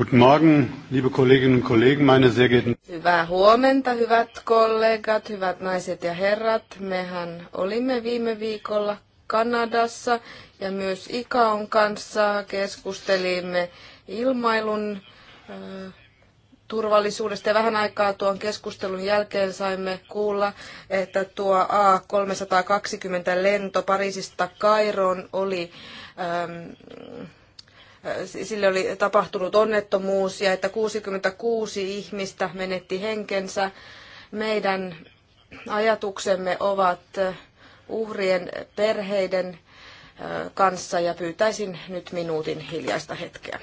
Guten Morgen, liebe Kolleginnen und Kollegen, meine sehr geehrten. Hyvää huomenta, hyvät kollegat, hyvät naiset ja herrat. Mehän olimme viime viikolla Kanadassa ja myös ICAON kanssa keskustelimme ilmailun äh, turvallisuudesta. Ja vähän aikaa tuon keskustelun jälkeen saimme kuulla, että tuo A320 lento Pariisista Kairoon oli ähm, Äh, sille oli tapahtunut onnettomuus ja että 66 ihmistä menetti henkensä. Meidän ajatuksemme ovat äh, uhrien perheiden äh, kanssa ja pyytäisin nyt minuutin hiljaista hetkeä.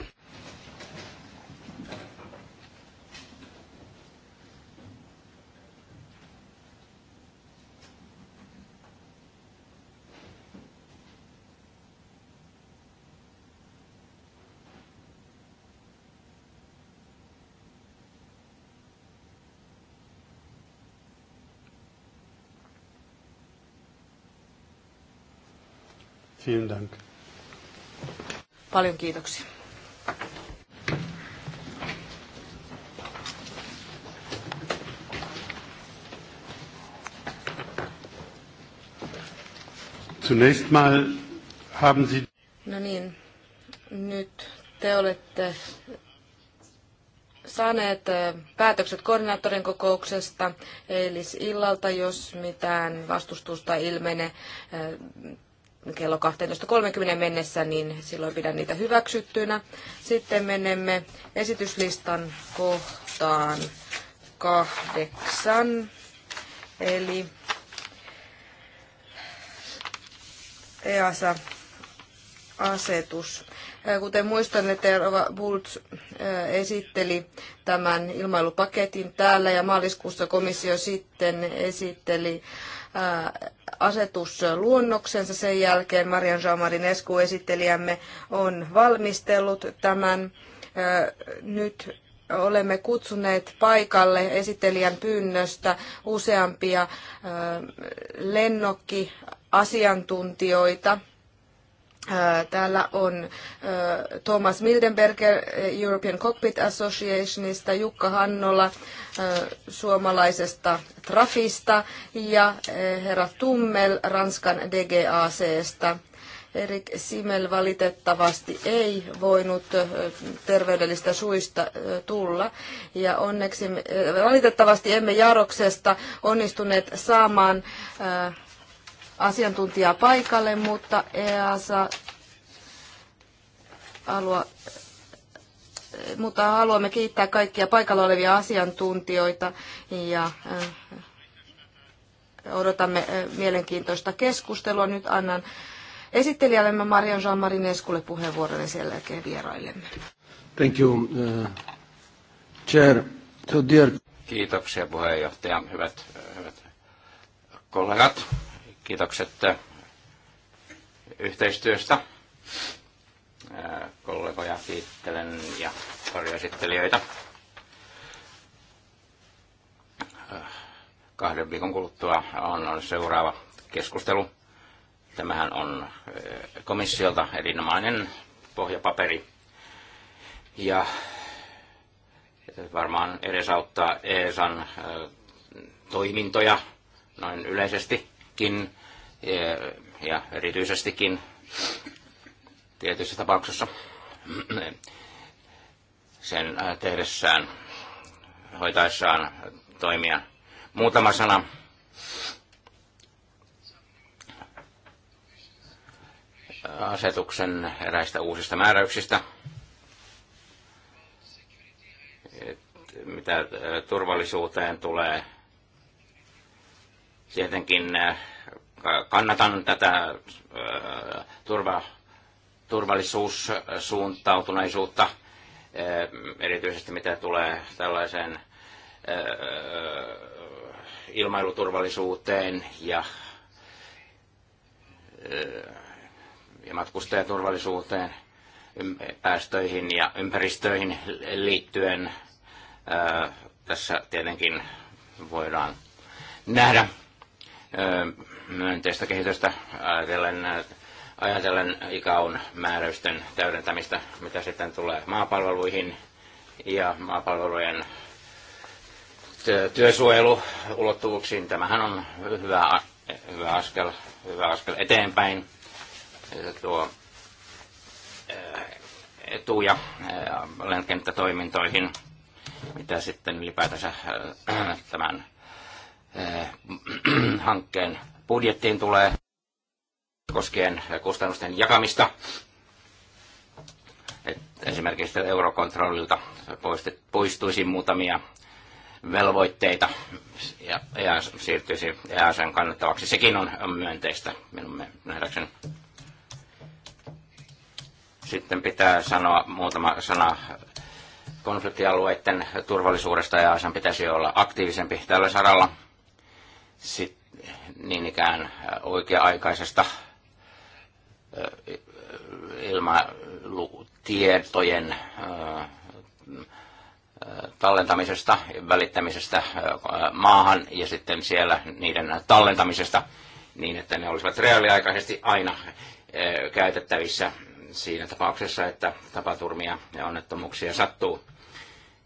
Vielen Dank. Paljon kiitoksia. Zunächst mal haben Sie... No niin, nyt te olette saaneet päätökset koordinaattorin kokouksesta eilis illalta, jos mitään vastustusta ilmenee kello 12.30 mennessä, niin silloin pidän niitä hyväksyttynä. Sitten menemme esityslistan kohtaan kahdeksan, eli EASA asetus. Kuten muistan, että Bulls esitteli tämän ilmailupaketin täällä ja maaliskuussa komissio sitten esitteli asetusluonnoksensa. Sen jälkeen Marian Jean-Marin Esku esittelijämme on valmistellut tämän. Nyt olemme kutsuneet paikalle esittelijän pyynnöstä useampia lennokkiasiantuntijoita Äh, täällä on äh, Thomas Mildenberger äh, European Cockpit Associationista, Jukka Hannola suomalaisesta Trafista ja herra Tummel Ranskan DGACsta. Erik Simel valitettavasti ei voinut terveydellistä suista tulla. Ja onneksi, valitettavasti emme Jaroksesta onnistuneet saamaan äh, asiantuntijaa paikalle, mutta EASA haluaa mutta haluamme kiittää kaikkia paikalla olevia asiantuntijoita ja äh, odotamme äh, mielenkiintoista keskustelua. Nyt annan esittelijällemme Marian jean Marineskulle puheenvuoron ja sen jälkeen vieraillemme. Thank you, uh, chair. So dear... Kiitoksia puheenjohtaja. Hyvät, äh, hyvät kollegat. Kiitokset äh, yhteistyöstä. Äh, kollegoja kiittelen ja tarjoesittelijöitä. Äh, kahden viikon kuluttua on seuraava keskustelu. Tämähän on komissiolta erinomainen pohjapaperi. Ja varmaan edesauttaa ESAn toimintoja noin yleisestikin ja erityisestikin tietyissä tapauksissa sen äh, tehdessään, hoitaessaan toimia. Muutama sana asetuksen eräistä uusista määräyksistä, mitä äh, turvallisuuteen tulee. Tietenkin äh, kannatan tätä turva, turvallisuussuuntautuneisuutta, erityisesti mitä tulee tällaiseen ilmailuturvallisuuteen ja, ja matkustajaturvallisuuteen, päästöihin ja ympäristöihin liittyen. Tässä tietenkin voidaan nähdä myönteistä kehitystä ajatellen, ajatellen ikäun määräysten täydentämistä, mitä sitten tulee maapalveluihin ja maapalvelujen työsuojeluulottuvuuksiin. Tämähän on hyvä, hyvä, askel, hyvä askel eteenpäin. Tuo eh, etuja eh, lentokenttätoimintoihin, mitä sitten ylipäätänsä eh, tämän hankkeen budjettiin tulee koskien kustannusten jakamista. Et esimerkiksi eurokontrollilta poistuisi muutamia velvoitteita ja, EAS siirtyisi EASan kannattavaksi. Sekin on, myönteistä minun nähdäkseni. Sitten pitää sanoa muutama sana konfliktialueiden turvallisuudesta ja sen pitäisi olla aktiivisempi tällä saralla. sitten niin ikään äh, oikea-aikaisesta äh, ilmatietojen äh, tallentamisesta, välittämisestä maahan ja sitten siellä niiden tallentamisesta niin, että ne olisivat reaaliaikaisesti aina käytettävissä siinä tapauksessa, että tapaturmia ja onnettomuuksia sattuu.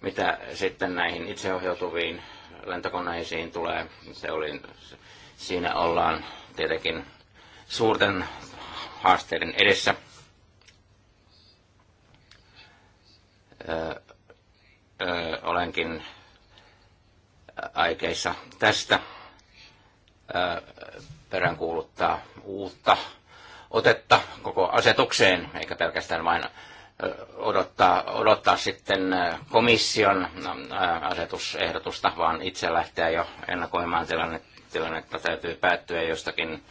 Mitä sitten näihin itseohjautuviin lentokoneisiin tulee, se oli Siinä ollaan tietenkin suurten haasteiden edessä. Öö, öö, olenkin aikeissa tästä öö, peräänkuuluttaa uutta otetta koko asetukseen, eikä pelkästään vain odottaa, odottaa sitten komission asetusehdotusta, vaan itse lähteä jo ennakoimaan tilannetta tilannetta täytyy päättyä jostakin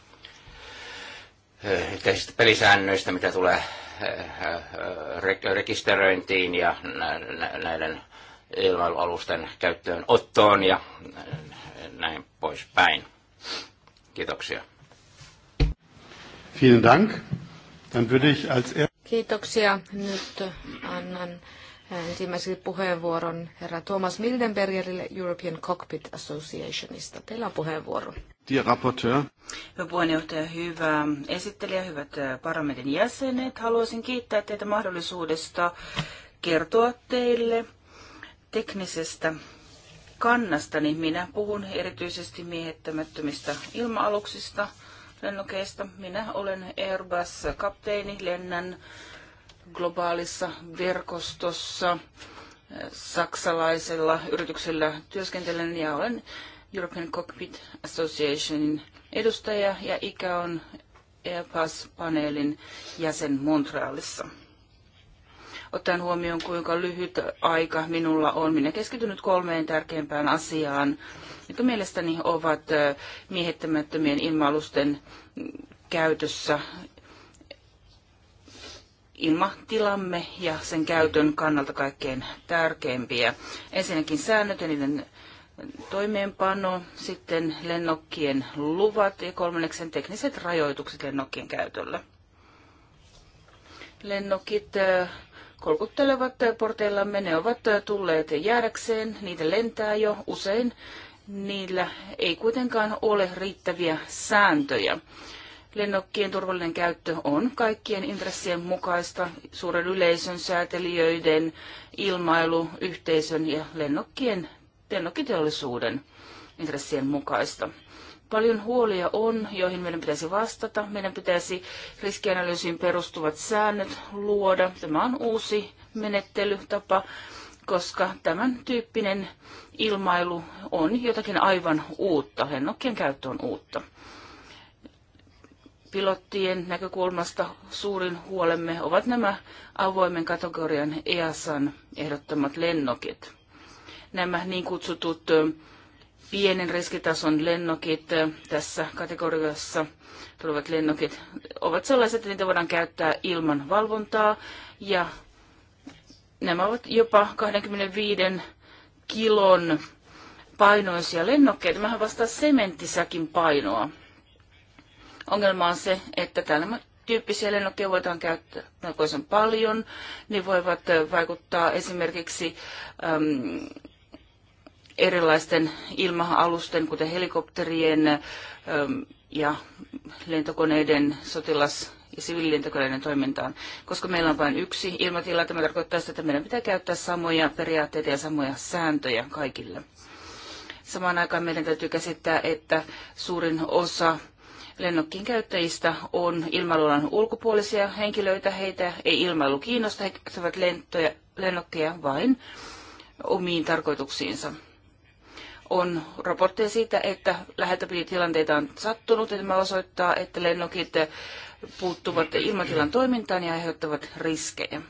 eh, yhteisistä pelisäännöistä, mitä tulee eh, eh, rekisteröintiin ja näiden ilmailualusten käyttöön ottoon ja näin poispäin. Kiitoksia. Vielen Dank. Dann würde ich als er Kiitoksia. Nyt annan ensimmäiseksi puheenvuoron herra Thomas Mildenbergerille European Cockpit Associationista. Teillä on puheenvuoro. Hyvä puheenjohtaja, hyvä esittelijä, hyvät äh, parlamentin jäsenet. Haluaisin kiittää teitä mahdollisuudesta kertoa teille teknisestä kannastani. Niin minä puhun erityisesti miehittämättömistä ilma-aluksista, lennokeista. Minä olen Airbus-kapteeni, lennän globaalissa verkostossa eh, saksalaisella yrityksellä työskentelen ja olen European Cockpit Associationin edustaja ja ikä on airbus paneelin jäsen Montrealissa. Ottaen huomioon, kuinka lyhyt aika minulla on, minä nyt kolmeen tärkeimpään asiaan, jotka mielestäni ovat eh, miehittämättömien ilma-alusten käytössä ilmatilamme ja sen käytön kannalta kaikkein tärkeimpiä. Ensinnäkin säännöt ja niiden toimeenpano, sitten lennokkien luvat ja kolmanneksi tekniset rajoitukset lennokkien käytölle. Lennokit kolkuttelevat porteillamme, ne ovat tulleet jäädäkseen, niitä lentää jo usein, niillä ei kuitenkaan ole riittäviä sääntöjä. Lennokkien turvallinen käyttö on kaikkien intressien mukaista suuren yleisön, säätelijöiden, yhteisön ja lennokkien, lennokkiteollisuuden intressien mukaista. Paljon huolia on, joihin meidän pitäisi vastata. Meidän pitäisi riskianalyysiin perustuvat säännöt luoda. Tämä on uusi menettelytapa, koska tämän tyyppinen ilmailu on jotakin aivan uutta. Lennokkien käyttö on uutta pilottien näkökulmasta suurin huolemme ovat nämä avoimen kategorian EASan ehdottamat lennokit. Nämä niin kutsutut pienen riskitason lennokit tässä kategoriassa tulevat lennokit ovat sellaiset, että niitä voidaan käyttää ilman valvontaa ja nämä ovat jopa 25 kilon painoisia lennokkeita. Tämähän vastaa sementtisäkin painoa. Ongelma on se, että tällä tyyppisiä lennokkeja voidaan käyttää melkoisen paljon. Ne voivat vaikuttaa esimerkiksi äm, erilaisten ilma-alusten, kuten helikopterien äm, ja lentokoneiden sotilas- ja siviililentokoneiden toimintaan. Koska meillä on vain yksi ilmatila, tämä tarkoittaa sitä, että meidän pitää käyttää samoja periaatteita ja samoja sääntöjä kaikille. Samaan aikaan meidän täytyy käsittää, että suurin osa lennokkien käyttäjistä on ilmailualan ulkopuolisia henkilöitä. Heitä ei ilmailu kiinnosta, he käyttävät lentoja, lennokkeja vain omiin tarkoituksiinsa. On raportteja siitä, että läheltä piti tilanteita on sattunut, ja tämä osoittaa, että lennokit puuttuvat ilmatilan toimintaan ja aiheuttavat riskejä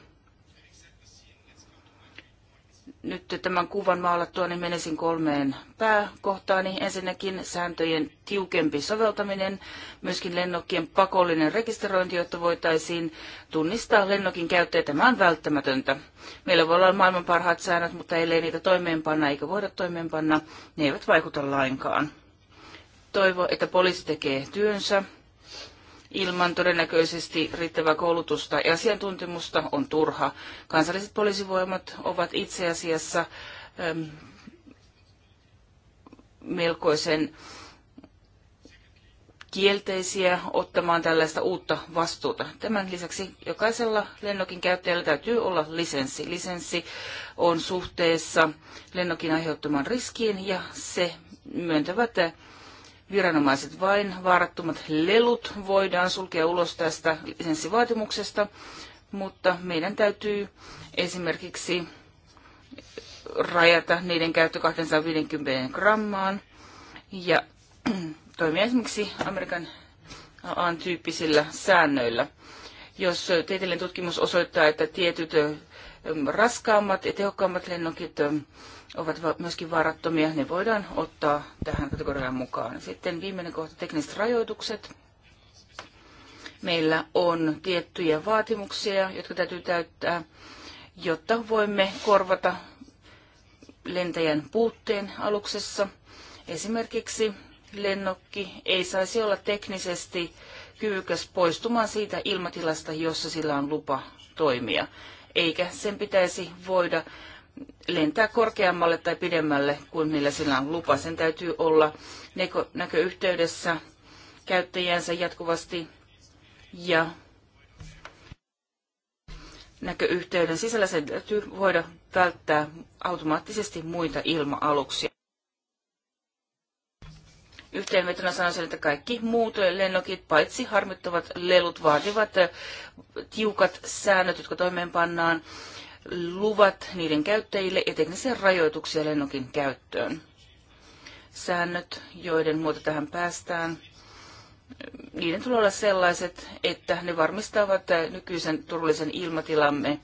nyt tämän kuvan maalattua, niin menisin kolmeen pääkohtaan. Niin ensinnäkin sääntöjen tiukempi soveltaminen, myöskin lennokkien pakollinen rekisteröinti, jotta voitaisiin tunnistaa lennokin käyttäjä. Tämä on välttämätöntä. Meillä voi olla maailman parhaat säännöt, mutta ellei niitä toimeenpanna eikä voida toimeenpanna, ne eivät vaikuta lainkaan. Toivo, että poliisi tekee työnsä ilman todennäköisesti riittävää koulutusta ja asiantuntemusta on turha. Kansalliset poliisivoimat ovat itse asiassa melkoisen kielteisiä ottamaan tällaista uutta vastuuta. Tämän lisäksi jokaisella lennokin käyttäjällä täytyy olla lisenssi. Lisenssi on suhteessa lennokin aiheuttamaan riskiin ja se myöntävät viranomaiset vain vaarattomat lelut voidaan sulkea ulos tästä lisenssivaatimuksesta, mutta meidän täytyy esimerkiksi rajata niiden käyttö 250 grammaan ja toimia esimerkiksi Amerikan AAN-tyyppisillä säännöillä. Jos tieteellinen tutkimus osoittaa, että tietyt raskaammat ja tehokkaammat lennokit ovat myöskin vaarattomia. Ne voidaan ottaa tähän kategoriaan mukaan. Sitten viimeinen kohta, tekniset rajoitukset. Meillä on tiettyjä vaatimuksia, jotka täytyy täyttää, jotta voimme korvata lentäjän puutteen aluksessa. Esimerkiksi lennokki ei saisi olla teknisesti kyvykäs poistumaan siitä ilmatilasta, jossa sillä on lupa toimia, eikä sen pitäisi voida lentää korkeammalle tai pidemmälle kuin millä sillä on lupa. Sen täytyy olla näköyhteydessä käyttäjänsä jatkuvasti ja näköyhteyden sisällä sen täytyy voida välttää automaattisesti muita ilma-aluksia. Yhteenvetona sanoisin, että kaikki muut lennokit, paitsi harmittavat lelut, vaativat tiukat säännöt, jotka toimeenpannaan luvat niiden käyttäjille ja teknisiä rajoituksia lennokin käyttöön. Säännöt, joiden muuta tähän päästään, niiden tulee olla sellaiset, että ne varmistavat nykyisen turvallisen ilmatilamme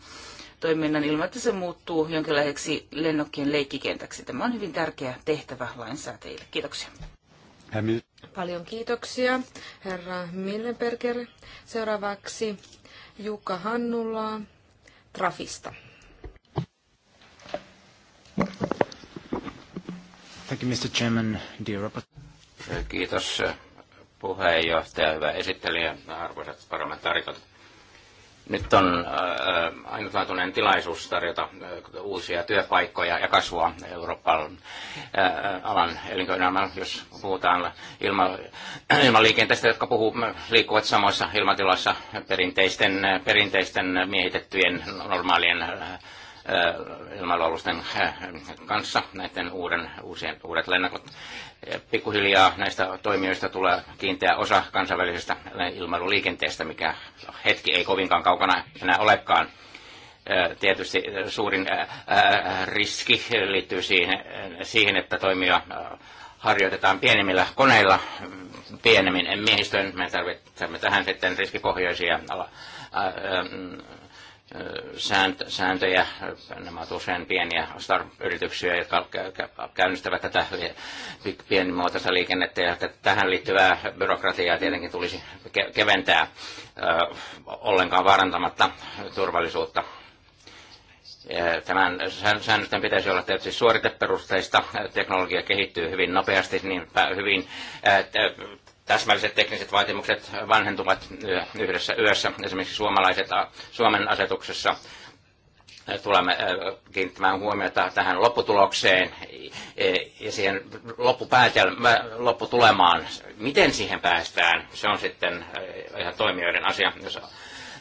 toiminnan ilman, että se muuttuu jonkinlaiseksi lennokkien leikkikentäksi. Tämä on hyvin tärkeä tehtävä lainsäätäjille. Kiitoksia. Paljon kiitoksia, herra Millenberger. Seuraavaksi Jukka Hannula Trafista. Thank you, Mr. Chairman, dear Kiitos eh, puheenjohtaja, hyvä esittelijä, arvoisat parlamentaarikot. Nyt on eh, ainutlaatuinen tilaisuus tarjota eh, uusia työpaikkoja ja kasvua Euroopan alan elinkeinoelämällä, jos puhutaan ilma, ilmaliikenteestä, jotka puhuu, liikkuvat samoissa ilmatilassa perinteisten, perinteisten miehitettyjen normaalien ilmailualusten äh, kanssa, näiden uuden, uusien, uudet lennokot. Pikkuhiljaa näistä toimijoista tulee kiinteä osa kansainvälisestä ilmailuliikenteestä, mikä hetki ei kovinkaan kaukana enää olekaan. Tietysti suurin riski liittyy siihen, että toimija harjoitetaan pienemmillä koneilla, pienemmin miehistöön. Me tarvitsemme tähän sitten riskipohjaisia sääntöjä. Nämä ovat usein pieniä yrityksiä, jotka käynnistävät tätä pienimuotoista liikennettä ja tähän liittyvää byrokratiaa tietenkin tulisi keventää ollenkaan vaarantamatta turvallisuutta. Tämän säännösten pitäisi olla tietysti suoriteperusteista. Teknologia kehittyy hyvin nopeasti, niin hyvin täsmälliset tekniset vaatimukset vanhentuvat yhdessä yössä. Esimerkiksi suomalaiset, Suomen asetuksessa tulemme kiinnittämään huomiota tähän lopputulokseen e- ja siihen lopputulemaan. Miten siihen päästään, se on sitten ihan toimijoiden asia, jos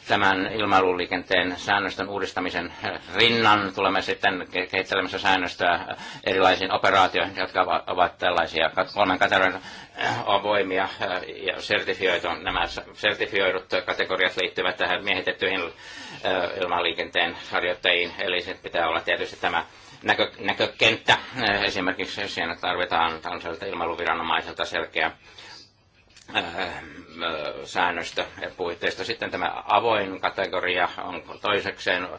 tämän ilmailuliikenteen säännöstön uudistamisen rinnan tulemme sitten kehittelemässä säännöstöä erilaisiin operaatioihin, jotka ovat tällaisia kolmen kategorian äh, avoimia äh, ja sertifioitu. Nämä sertifioidut kategoriat liittyvät tähän miehitettyihin äh, ilmaliikenteen harjoittajiin, eli se pitää olla tietysti tämä näkö, näkökenttä. Esimerkiksi siinä tarvitaan ilmailuviranomaiselta selkeä Äh, säännöstä ja puitteista. Sitten tämä avoin kategoria on toisekseen äh,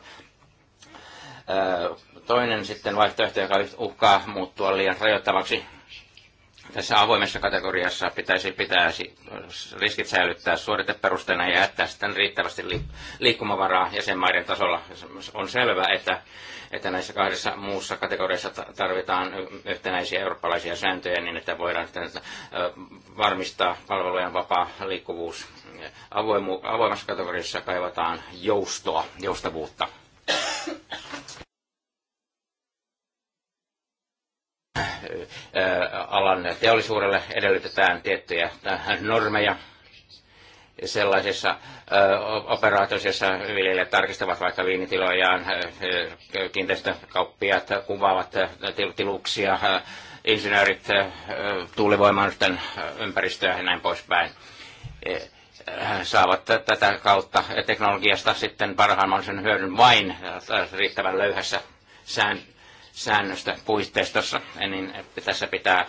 toinen sitten vaihtoehto, joka uhkaa muuttua liian rajoittavaksi tässä avoimessa kategoriassa pitäisi pitää riskit säilyttää suoriteperusteena ja jättää sitten riittävästi liikkumavaraa jäsenmaiden tasolla. On selvää, että, että näissä kahdessa muussa kategoriassa tarvitaan yhtenäisiä eurooppalaisia sääntöjä niin, että voidaan sitten varmistaa palvelujen vapaa liikkuvuus. Avoimu, avoimessa kategoriassa kaivataan joustoa, joustavuutta. alan teollisuudelle edellytetään tiettyjä normeja sellaisessa operaatioissa, viljelijät tarkistavat vaikka viinitilojaan, kiinteistökauppiat kuvaavat tiluksia, insinöörit tuulivoimaisten ympäristöä ja näin poispäin e, saavat tätä kautta teknologiasta sitten parhaan mahdollisen hyödyn vain riittävän löyhässä sään, säännöstä puisteistossa, niin tässä pitää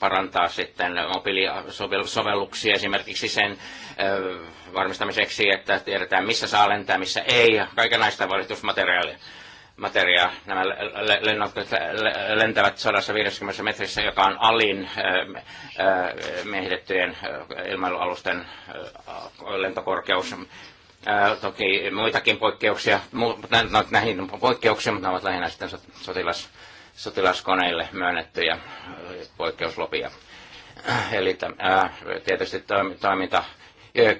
parantaa sitten mobiilisovelluksia esimerkiksi sen varmistamiseksi, että tiedetään missä saa lentää, missä ei, ja kaikenlaista valitusmateriaalia. Materia. Nämä lennot lentävät 150 metrissä, joka on alin miehitettyjen ilmailualusten lentokorkeus. Toki muitakin poikkeuksia, näihin poikkeuksia, mutta ne ovat lähinnä sitten sotilas, sotilaskoneille myönnettyjä poikkeuslopia. Eli tietysti toiminta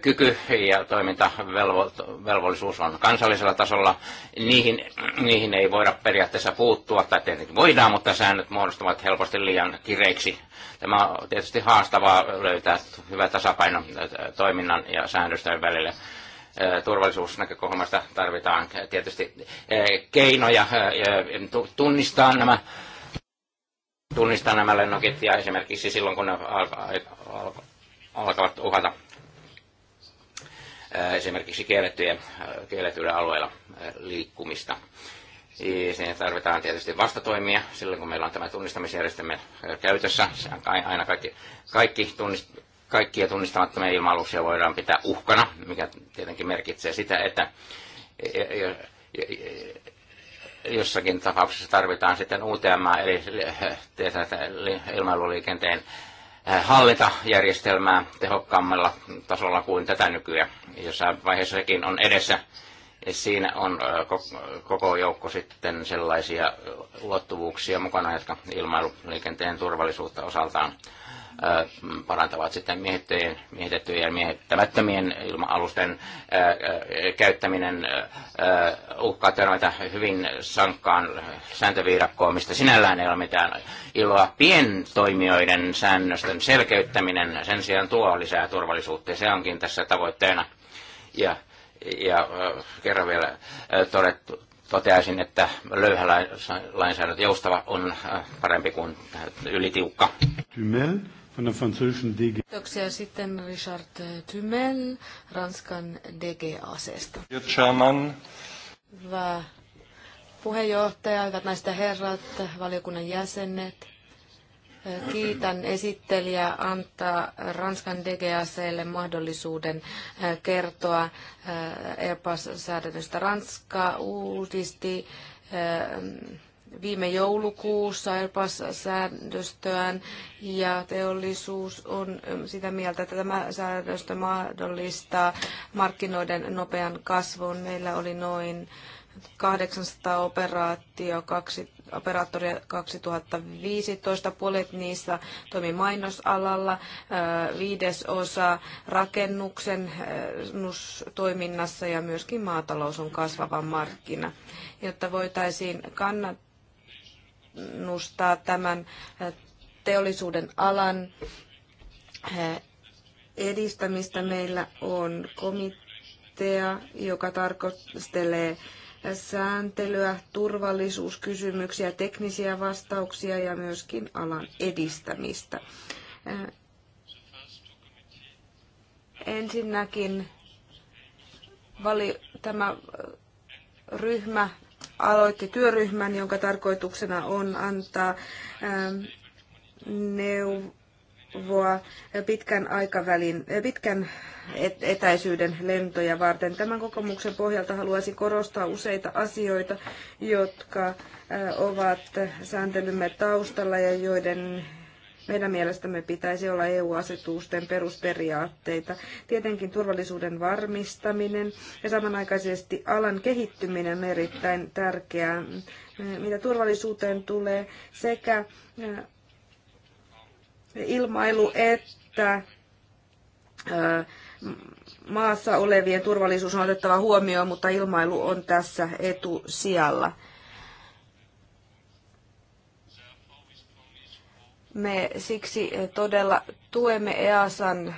kyky ja toimintavelvollisuus on kansallisella tasolla. Niihin, niihin ei voida periaatteessa puuttua, tai tietenkin voidaan, mutta säännöt muodostuvat helposti liian kireiksi. Tämä on tietysti haastavaa löytää hyvä tasapaino toiminnan ja säännösten välille turvallisuusnäkökulmasta tarvitaan tietysti keinoja tunnistaa nämä tunnistaa nämä lennokit ja esimerkiksi silloin kun ne alkavat uhata esimerkiksi kiellettyjen, kielletyillä alueilla liikkumista. Siinä tarvitaan tietysti vastatoimia silloin, kun meillä on tämä tunnistamisjärjestelmä käytössä. Se on aina kaikki, kaikki tunnist, kaikkia tunnistamattomia ilma-aluksia voidaan pitää uhkana, mikä tietenkin merkitsee sitä, että e, e, e, jossakin tapauksessa tarvitaan sitten UTM, eli ilmailuliikenteen hallintajärjestelmää tehokkaammalla tasolla kuin tätä nykyään. Jossain vaiheessa sekin on edessä. Siinä on koko joukko sitten sellaisia ulottuvuuksia mukana, jotka ilmailuliikenteen turvallisuutta osaltaan parantavat sitten miehitettyjen, miehitettyjen ja miehittämättömien ilma-alusten käyttäminen uhkaa törmätä hyvin sankkaan sääntöviidakkoon, mistä sinällään ei ole mitään iloa. Pientoimijoiden säännösten selkeyttäminen sen sijaan tuo lisää turvallisuutta ja se onkin tässä tavoitteena. Ja, ja kerran vielä todettu, toteaisin, että löyhä lainsäädäntö joustava on parempi kuin ylitiukka. Tymel. Kiitoksia sitten Richard Tymel Ranskan DG-aseesta. Hyvä puheenjohtaja, hyvät naiset ja herrat, valiokunnan jäsenet. Kiitän esittelijä antaa Ranskan DGAClle mahdollisuuden kertoa Airbus-säädännöstä. Ranska uudisti viime joulukuussa Airbus-säädöstöään ja teollisuus on ähm, sitä mieltä, että tämä säädöstö mahdollistaa markkinoiden nopean kasvun. Meillä oli noin 800 operaatio, kaksi, operaattoria 2015, puolet niistä toimi mainosalalla, äh, osa rakennuksen äh, toiminnassa ja myöskin maatalous on kasvava markkina. Jotta voitaisiin kannat, parannustaa tämän eh, teollisuuden alan eh, edistämistä. Meillä on komitea, joka tarkastelee sääntelyä, turvallisuuskysymyksiä, teknisiä vastauksia ja myöskin alan edistämistä. Eh, ensinnäkin vali, tämä ryhmä aloitti työryhmän, jonka tarkoituksena on antaa ähm, neuvoa pitkän aikavälin, äh, pitkän etäisyyden lentoja varten. Tämän kokemuksen pohjalta haluaisin korostaa useita asioita, jotka äh, ovat sääntelymme taustalla ja joiden meidän mielestämme pitäisi olla EU-asetusten perusperiaatteita. Tietenkin turvallisuuden varmistaminen ja samanaikaisesti alan kehittyminen on erittäin tärkeää, mitä turvallisuuteen tulee sekä eh, ilmailu että eh, maassa olevien turvallisuus on otettava huomioon, mutta ilmailu on tässä etusijalla. Me siksi todella tuemme EASan äh,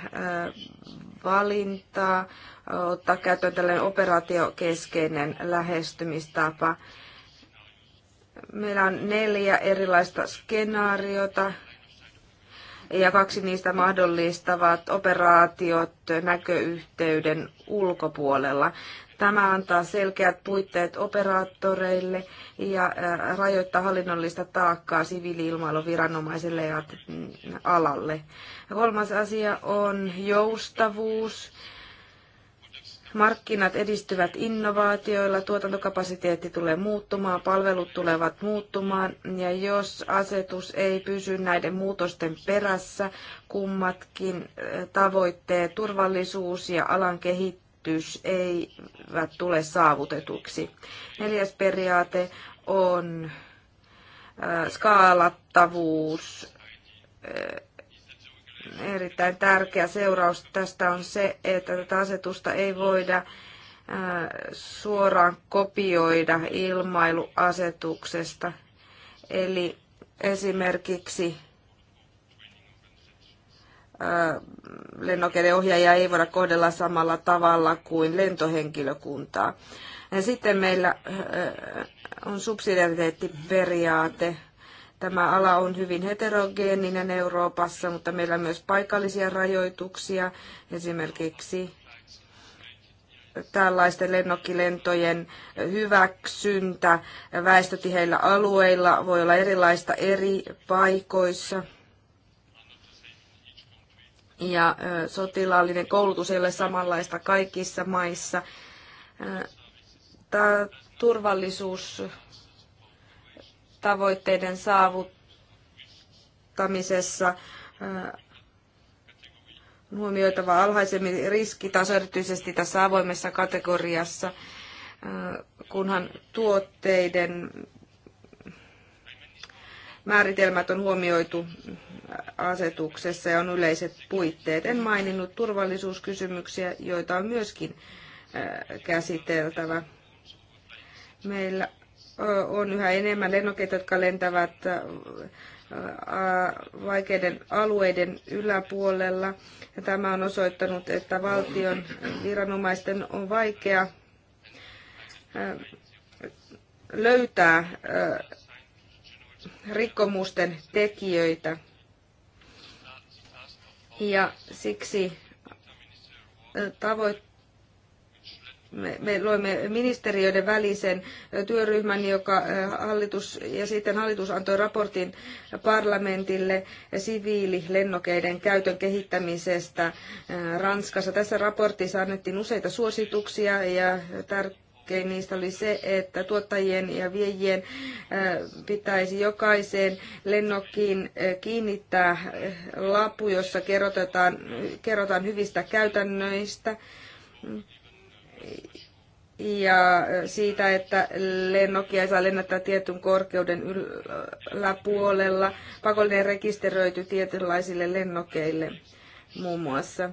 valintaa äh, ottaa käyttöön tällainen operaatiokeskeinen lähestymistapa. Meillä on neljä erilaista skenaariota ja kaksi niistä mahdollistavat operaatiot näköyhteyden ulkopuolella. Tämä antaa selkeät puitteet operaattoreille ja rajoittaa hallinnollista taakkaa siviiliilmailuviranomaiselle ja mm, alalle. Kolmas asia on joustavuus Markkinat edistyvät innovaatioilla, tuotantokapasiteetti tulee muuttumaan, palvelut tulevat muuttumaan ja jos asetus ei pysy näiden muutosten perässä, kummatkin eh, tavoitteet, turvallisuus ja alan kehitys eivät tule saavutetuksi. Neljäs periaate on eh, skaalattavuus eh, erittäin tärkeä seuraus tästä on se, että tätä asetusta ei voida äh, suoraan kopioida ilmailuasetuksesta. Eli esimerkiksi äh, lennokeiden ohjaajia ei voida kohdella samalla tavalla kuin lentohenkilökuntaa. Ja sitten meillä äh, on subsidiariteettiperiaate. Tämä ala on hyvin heterogeeninen Euroopassa, mutta meillä on myös paikallisia rajoituksia, esimerkiksi tällaisten lennokkilentojen hyväksyntä väestötiheillä alueilla voi olla erilaista eri paikoissa. Ja sotilaallinen koulutus ei ole samanlaista kaikissa maissa. Tämä turvallisuus tavoitteiden saavuttamisessa on äh, huomioitava alhaisemmin riskitaso, erityisesti tässä avoimessa kategoriassa, äh, kunhan tuotteiden määritelmät on huomioitu asetuksessa ja on yleiset puitteet. En maininnut turvallisuuskysymyksiä, joita on myöskin äh, käsiteltävä. Meillä on yhä enemmän lennokeita, jotka lentävät vaikeiden alueiden yläpuolella. Ja tämä on osoittanut, että valtion viranomaisten on vaikea löytää rikkomusten tekijöitä. Ja siksi tavoitteet me, me loimme ministeriöiden välisen työryhmän, joka hallitus, ja sitten hallitus antoi raportin parlamentille siviililennokeiden käytön kehittämisestä Ranskassa. Tässä raportissa annettiin useita suosituksia ja tärkeitä tärkein niistä oli se, että tuottajien ja viejien pitäisi jokaiseen lennokkiin kiinnittää lappu, jossa kerrotaan hyvistä käytännöistä ja siitä, että lennokia ei saa lennättää tietyn korkeuden yläpuolella, pakollinen rekisteröity tietynlaisille lennokeille muun muassa.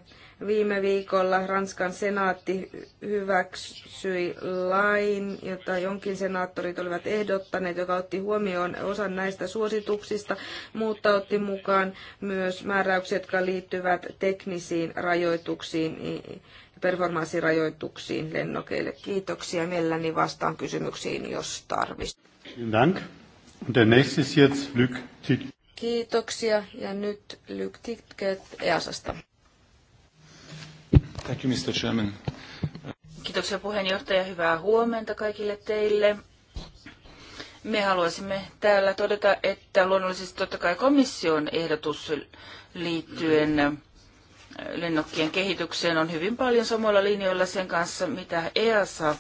Viime viikolla Ranskan senaatti hyväksyi lain, jota jonkin senaattorit olivat ehdottaneet, joka otti huomioon osan näistä suosituksista, mutta otti mukaan myös määräykset, jotka liittyvät teknisiin rajoituksiin performanssirajoituksiin lennokeille. Kiitoksia. Mielelläni vastaan kysymyksiin, jos tarvitsisi. Kiitoksia. Ja nyt Lyk Titket EASasta. Kiitoksia puheenjohtaja. Hyvää huomenta kaikille teille. Me haluaisimme täällä todeta, että luonnollisesti totta kai komission ehdotus liittyen lennokkien kehitykseen on hyvin paljon samoilla linjoilla sen kanssa, mitä EASA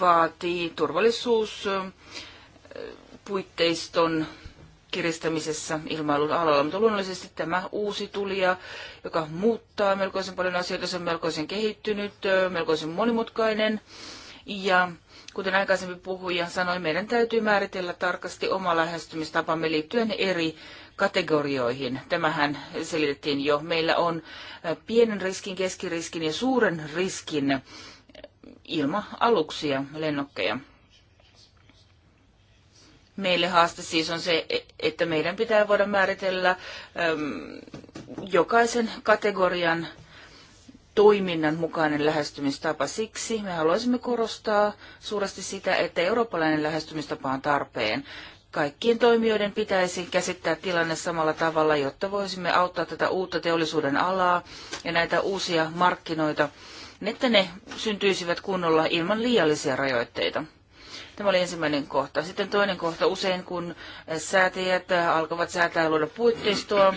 vaatii turvallisuuspuitteiston kiristämisessä ilmailun alalla. Mutta luonnollisesti tämä uusi tulija, joka muuttaa melkoisen paljon asioita, se on melkoisen kehittynyt, melkoisen monimutkainen. Ja kuten aikaisemmin puhuja sanoi, meidän täytyy määritellä tarkasti oma lähestymistapamme liittyen eri kategorioihin. Tämähän selitettiin jo. Meillä on pienen riskin, keskiriskin ja suuren riskin ilma-aluksia, lennokkeja. Meille haaste siis on se, e, että meidän pitää voida määritellä äm, jokaisen kategorian toiminnan mukainen lähestymistapa. Siksi me haluaisimme korostaa suuresti sitä, että eurooppalainen lähestymistapa on tarpeen kaikkien toimijoiden pitäisi käsittää tilanne samalla tavalla, jotta voisimme auttaa tätä uutta teollisuuden alaa ja näitä uusia markkinoita, että ne syntyisivät kunnolla ilman liiallisia rajoitteita. Tämä oli ensimmäinen kohta. Sitten toinen kohta, usein kun säätäjät alkavat säätää luoda puitteistoa,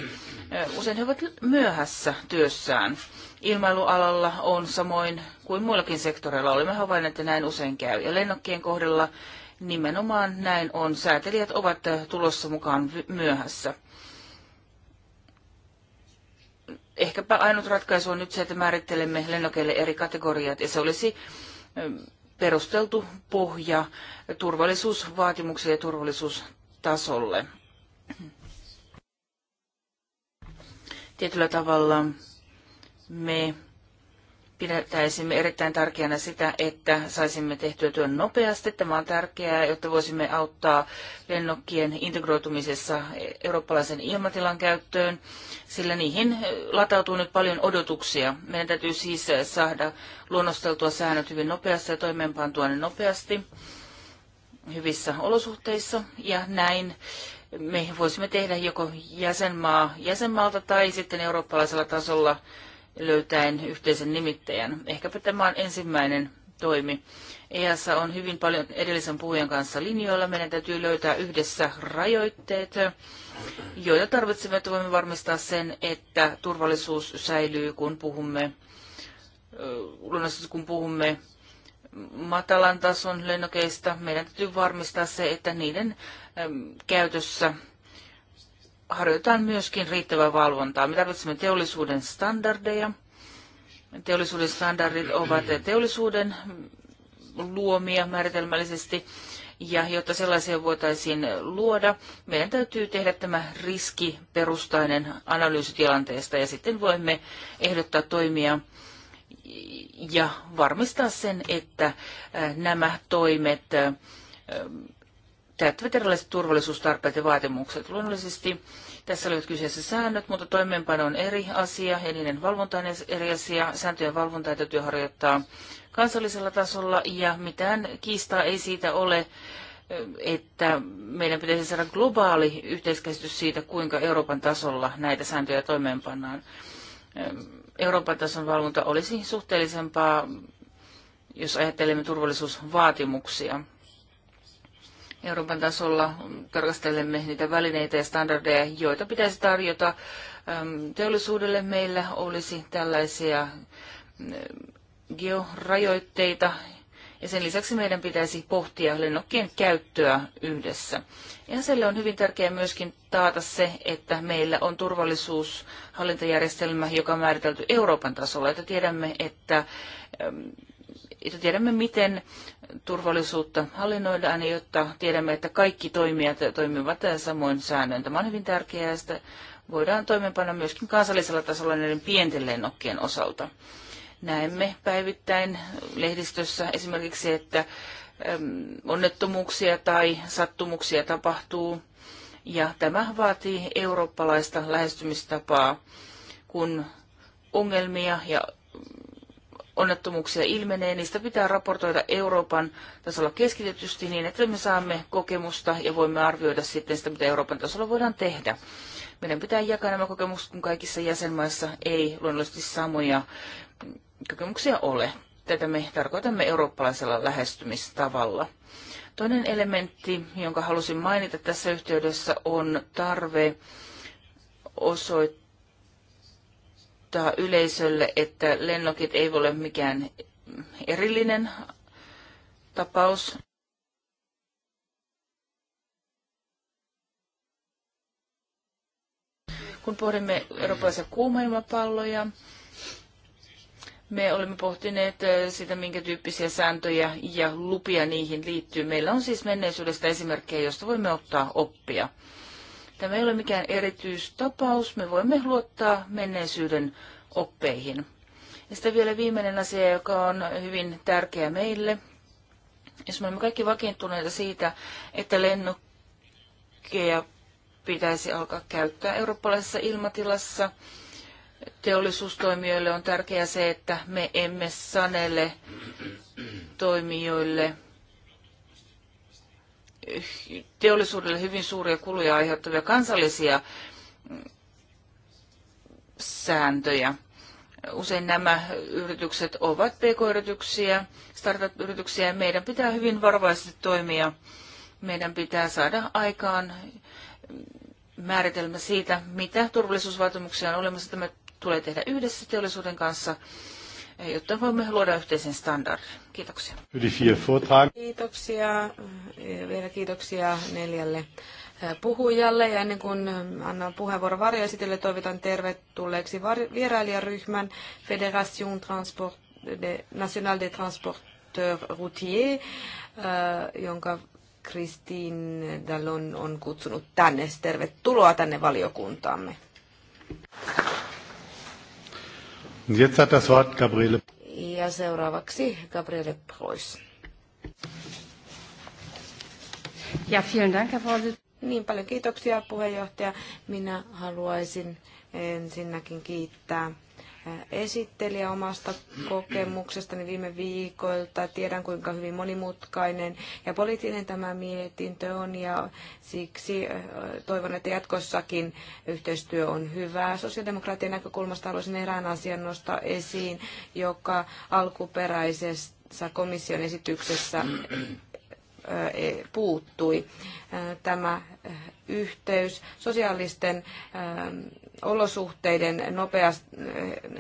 usein he ovat myöhässä työssään. Ilmailualalla on samoin kuin muillakin sektoreilla olemme havainneet, että näin usein käy. Ja lennokkien kohdalla Nimenomaan näin on. Säätelijät ovat tulossa mukaan myöhässä. Ehkäpä ainut ratkaisu on nyt se, että määrittelemme lennokeille eri kategoriat, ja se olisi perusteltu pohja turvallisuusvaatimuksille ja turvallisuustasolle. Tietyllä tavalla me pidättäisimme erittäin tärkeänä sitä, että saisimme tehtyä työn nopeasti. Tämä on tärkeää, jotta voisimme auttaa lennokkien integroitumisessa eurooppalaisen ilmatilan käyttöön, sillä niihin latautuu nyt paljon odotuksia. Meidän täytyy siis saada luonnosteltua säännöt hyvin nopeasti ja toimeenpantua ne nopeasti hyvissä olosuhteissa ja näin me voisimme tehdä joko jäsenmaa jäsenmaalta tai sitten eurooppalaisella tasolla löytäen yhteisen nimittäjän. Ehkäpä tämä on ensimmäinen toimi. EAS on hyvin paljon edellisen puhujan kanssa linjoilla. Meidän täytyy löytää yhdessä rajoitteet, joita tarvitsemme, että voimme varmistaa sen, että turvallisuus säilyy, kun puhumme, kun puhumme matalan tason lennokeista. Meidän täytyy varmistaa se, että niiden käytössä harjoitetaan myöskin riittävää valvontaa. Me tarvitsemme teollisuuden standardeja. Teollisuuden standardit ovat teollisuuden luomia määritelmällisesti. Ja jotta sellaisia voitaisiin luoda, meidän täytyy tehdä tämä riskiperustainen analyysi tilanteesta ja sitten voimme ehdottaa toimia ja varmistaa sen, että äh, nämä toimet äh, täyttävät erilaiset turvallisuustarpeet ja vaatimukset. Luonnollisesti tässä olivat kyseessä säännöt, mutta toimeenpano on eri asia ja niiden valvonta on eri asia. Sääntöjen valvontaa täytyy harjoittaa kansallisella tasolla ja mitään kiistaa ei siitä ole että meidän pitäisi saada globaali yhteiskäsitys siitä, kuinka Euroopan tasolla näitä sääntöjä toimeenpannaan. Euroopan tason valvonta olisi suhteellisempaa, jos ajattelemme turvallisuusvaatimuksia. Euroopan tasolla tarkastelemme niitä välineitä ja standardeja, joita pitäisi tarjota teollisuudelle. Meillä olisi tällaisia georajoitteita ja sen lisäksi meidän pitäisi pohtia lennokkien käyttöä yhdessä. Ja sille on hyvin tärkeää myöskin taata se, että meillä on turvallisuushallintajärjestelmä, joka on määritelty Euroopan tasolla, että tiedämme, että, että tiedämme miten turvallisuutta hallinnoidaan, jotta tiedämme, että kaikki toimijat toimivat samoin säännöin. Tämä on hyvin tärkeää ja sitä voidaan toimeenpanna myöskin kansallisella tasolla näiden pienten lennokkien osalta. Näemme päivittäin lehdistössä esimerkiksi, että onnettomuuksia tai sattumuksia tapahtuu ja tämä vaatii eurooppalaista lähestymistapaa, kun ongelmia ja onnettomuuksia ilmenee, niistä pitää raportoida Euroopan tasolla keskitetysti niin, että me saamme kokemusta ja voimme arvioida sitten sitä, mitä Euroopan tasolla voidaan tehdä. Meidän pitää jakaa nämä kokemukset, kun kaikissa jäsenmaissa ei luonnollisesti samoja kokemuksia ole. Tätä me tarkoitamme eurooppalaisella lähestymistavalla. Toinen elementti, jonka halusin mainita tässä yhteydessä, on tarve osoittaa, muistuttaa yleisölle, että lennokit ei ole mikään erillinen tapaus. Kun pohdimme eurooppalaisia kuumailmapalloja, me olemme pohtineet äh, sitä, minkä tyyppisiä sääntöjä ja lupia niihin liittyy. Meillä on siis menneisyydestä esimerkkejä, joista voimme ottaa oppia. Tämä ei ole mikään erityistapaus. Me voimme luottaa menneisyyden oppeihin. Ja sitten vielä viimeinen asia, joka on hyvin tärkeä meille. Jos me olemme kaikki vakiintuneita siitä, että lennokkeja pitäisi alkaa käyttää eurooppalaisessa ilmatilassa, teollisuustoimijoille on tärkeää se, että me emme sanele toimijoille teollisuudelle hyvin suuria kuluja aiheuttavia kansallisia sääntöjä. Usein nämä yritykset ovat pk-yrityksiä, startup-yrityksiä. Meidän pitää hyvin varovaisesti toimia. Meidän pitää saada aikaan määritelmä siitä, mitä turvallisuusvaatimuksia on olemassa. Tämä tulee tehdä yhdessä teollisuuden kanssa jotta voimme luoda yhteisen standardin. Kiitoksia. Kiitoksia. Vielä kiitoksia neljälle puhujalle. Ja ennen kuin annan puheenvuoron varjoesitelle, toivotan tervetulleeksi vierailijaryhmän Federation Transport de, National de Transporteurs Routiers, jonka Christine Dallon on kutsunut tänne. Tervetuloa tänne valiokuntaamme. Thank you. Jetzt hat das Wort Gabriele. Ja seuraavaksi Gabriele Preuss. Ja, vielen Dank, Herr Niin paljon kiitoksia puheenjohtaja. Minä haluaisin ensinnäkin kiittää esittelijä omasta kokemuksestani viime viikoilta. Tiedän, kuinka hyvin monimutkainen ja poliittinen tämä mietintö on ja siksi toivon, että jatkossakin yhteistyö on hyvää. Sosiaalidemokraattien näkökulmasta haluaisin erään asian nostaa esiin, joka alkuperäisessä komission esityksessä e, puuttui tämä yhteys sosiaalisten olosuhteiden nopean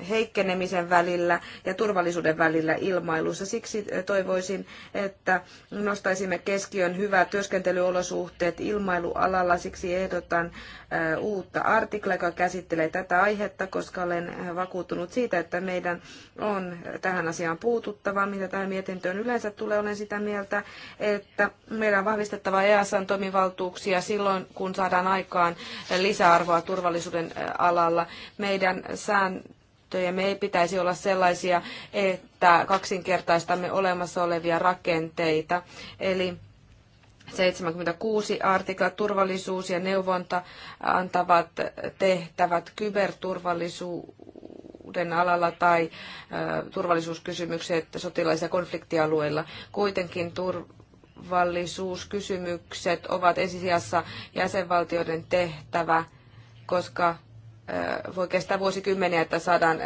heikkenemisen välillä ja turvallisuuden välillä ilmailussa. Siksi toivoisin, että nostaisimme keskiön hyvät työskentelyolosuhteet ilmailualalla. Siksi ehdotan äh, uutta artikla, joka käsittelee tätä aihetta, koska olen vakuuttunut siitä, että meidän on tähän asiaan puututtava. Mitä tähän mietintöön yleensä tulee, olen sitä mieltä, että meidän on vahvistettava EASan toimivaltuuksia silloin, kun saadaan aikaan lisäarvoa turvallisuuden äh, alalla. Meidän sääntöjemme ei pitäisi olla sellaisia, että kaksinkertaistamme olemassa olevia rakenteita. Eli 76 artikla turvallisuus ja neuvonta antavat tehtävät kyberturvallisuuden alalla tai turvallisuuskysymykset sotilaisilla konfliktialueilla. Kuitenkin turvallisuuskysymykset ovat ensisijassa jäsenvaltioiden tehtävä, koska voi kestää vuosikymmeniä, että saadaan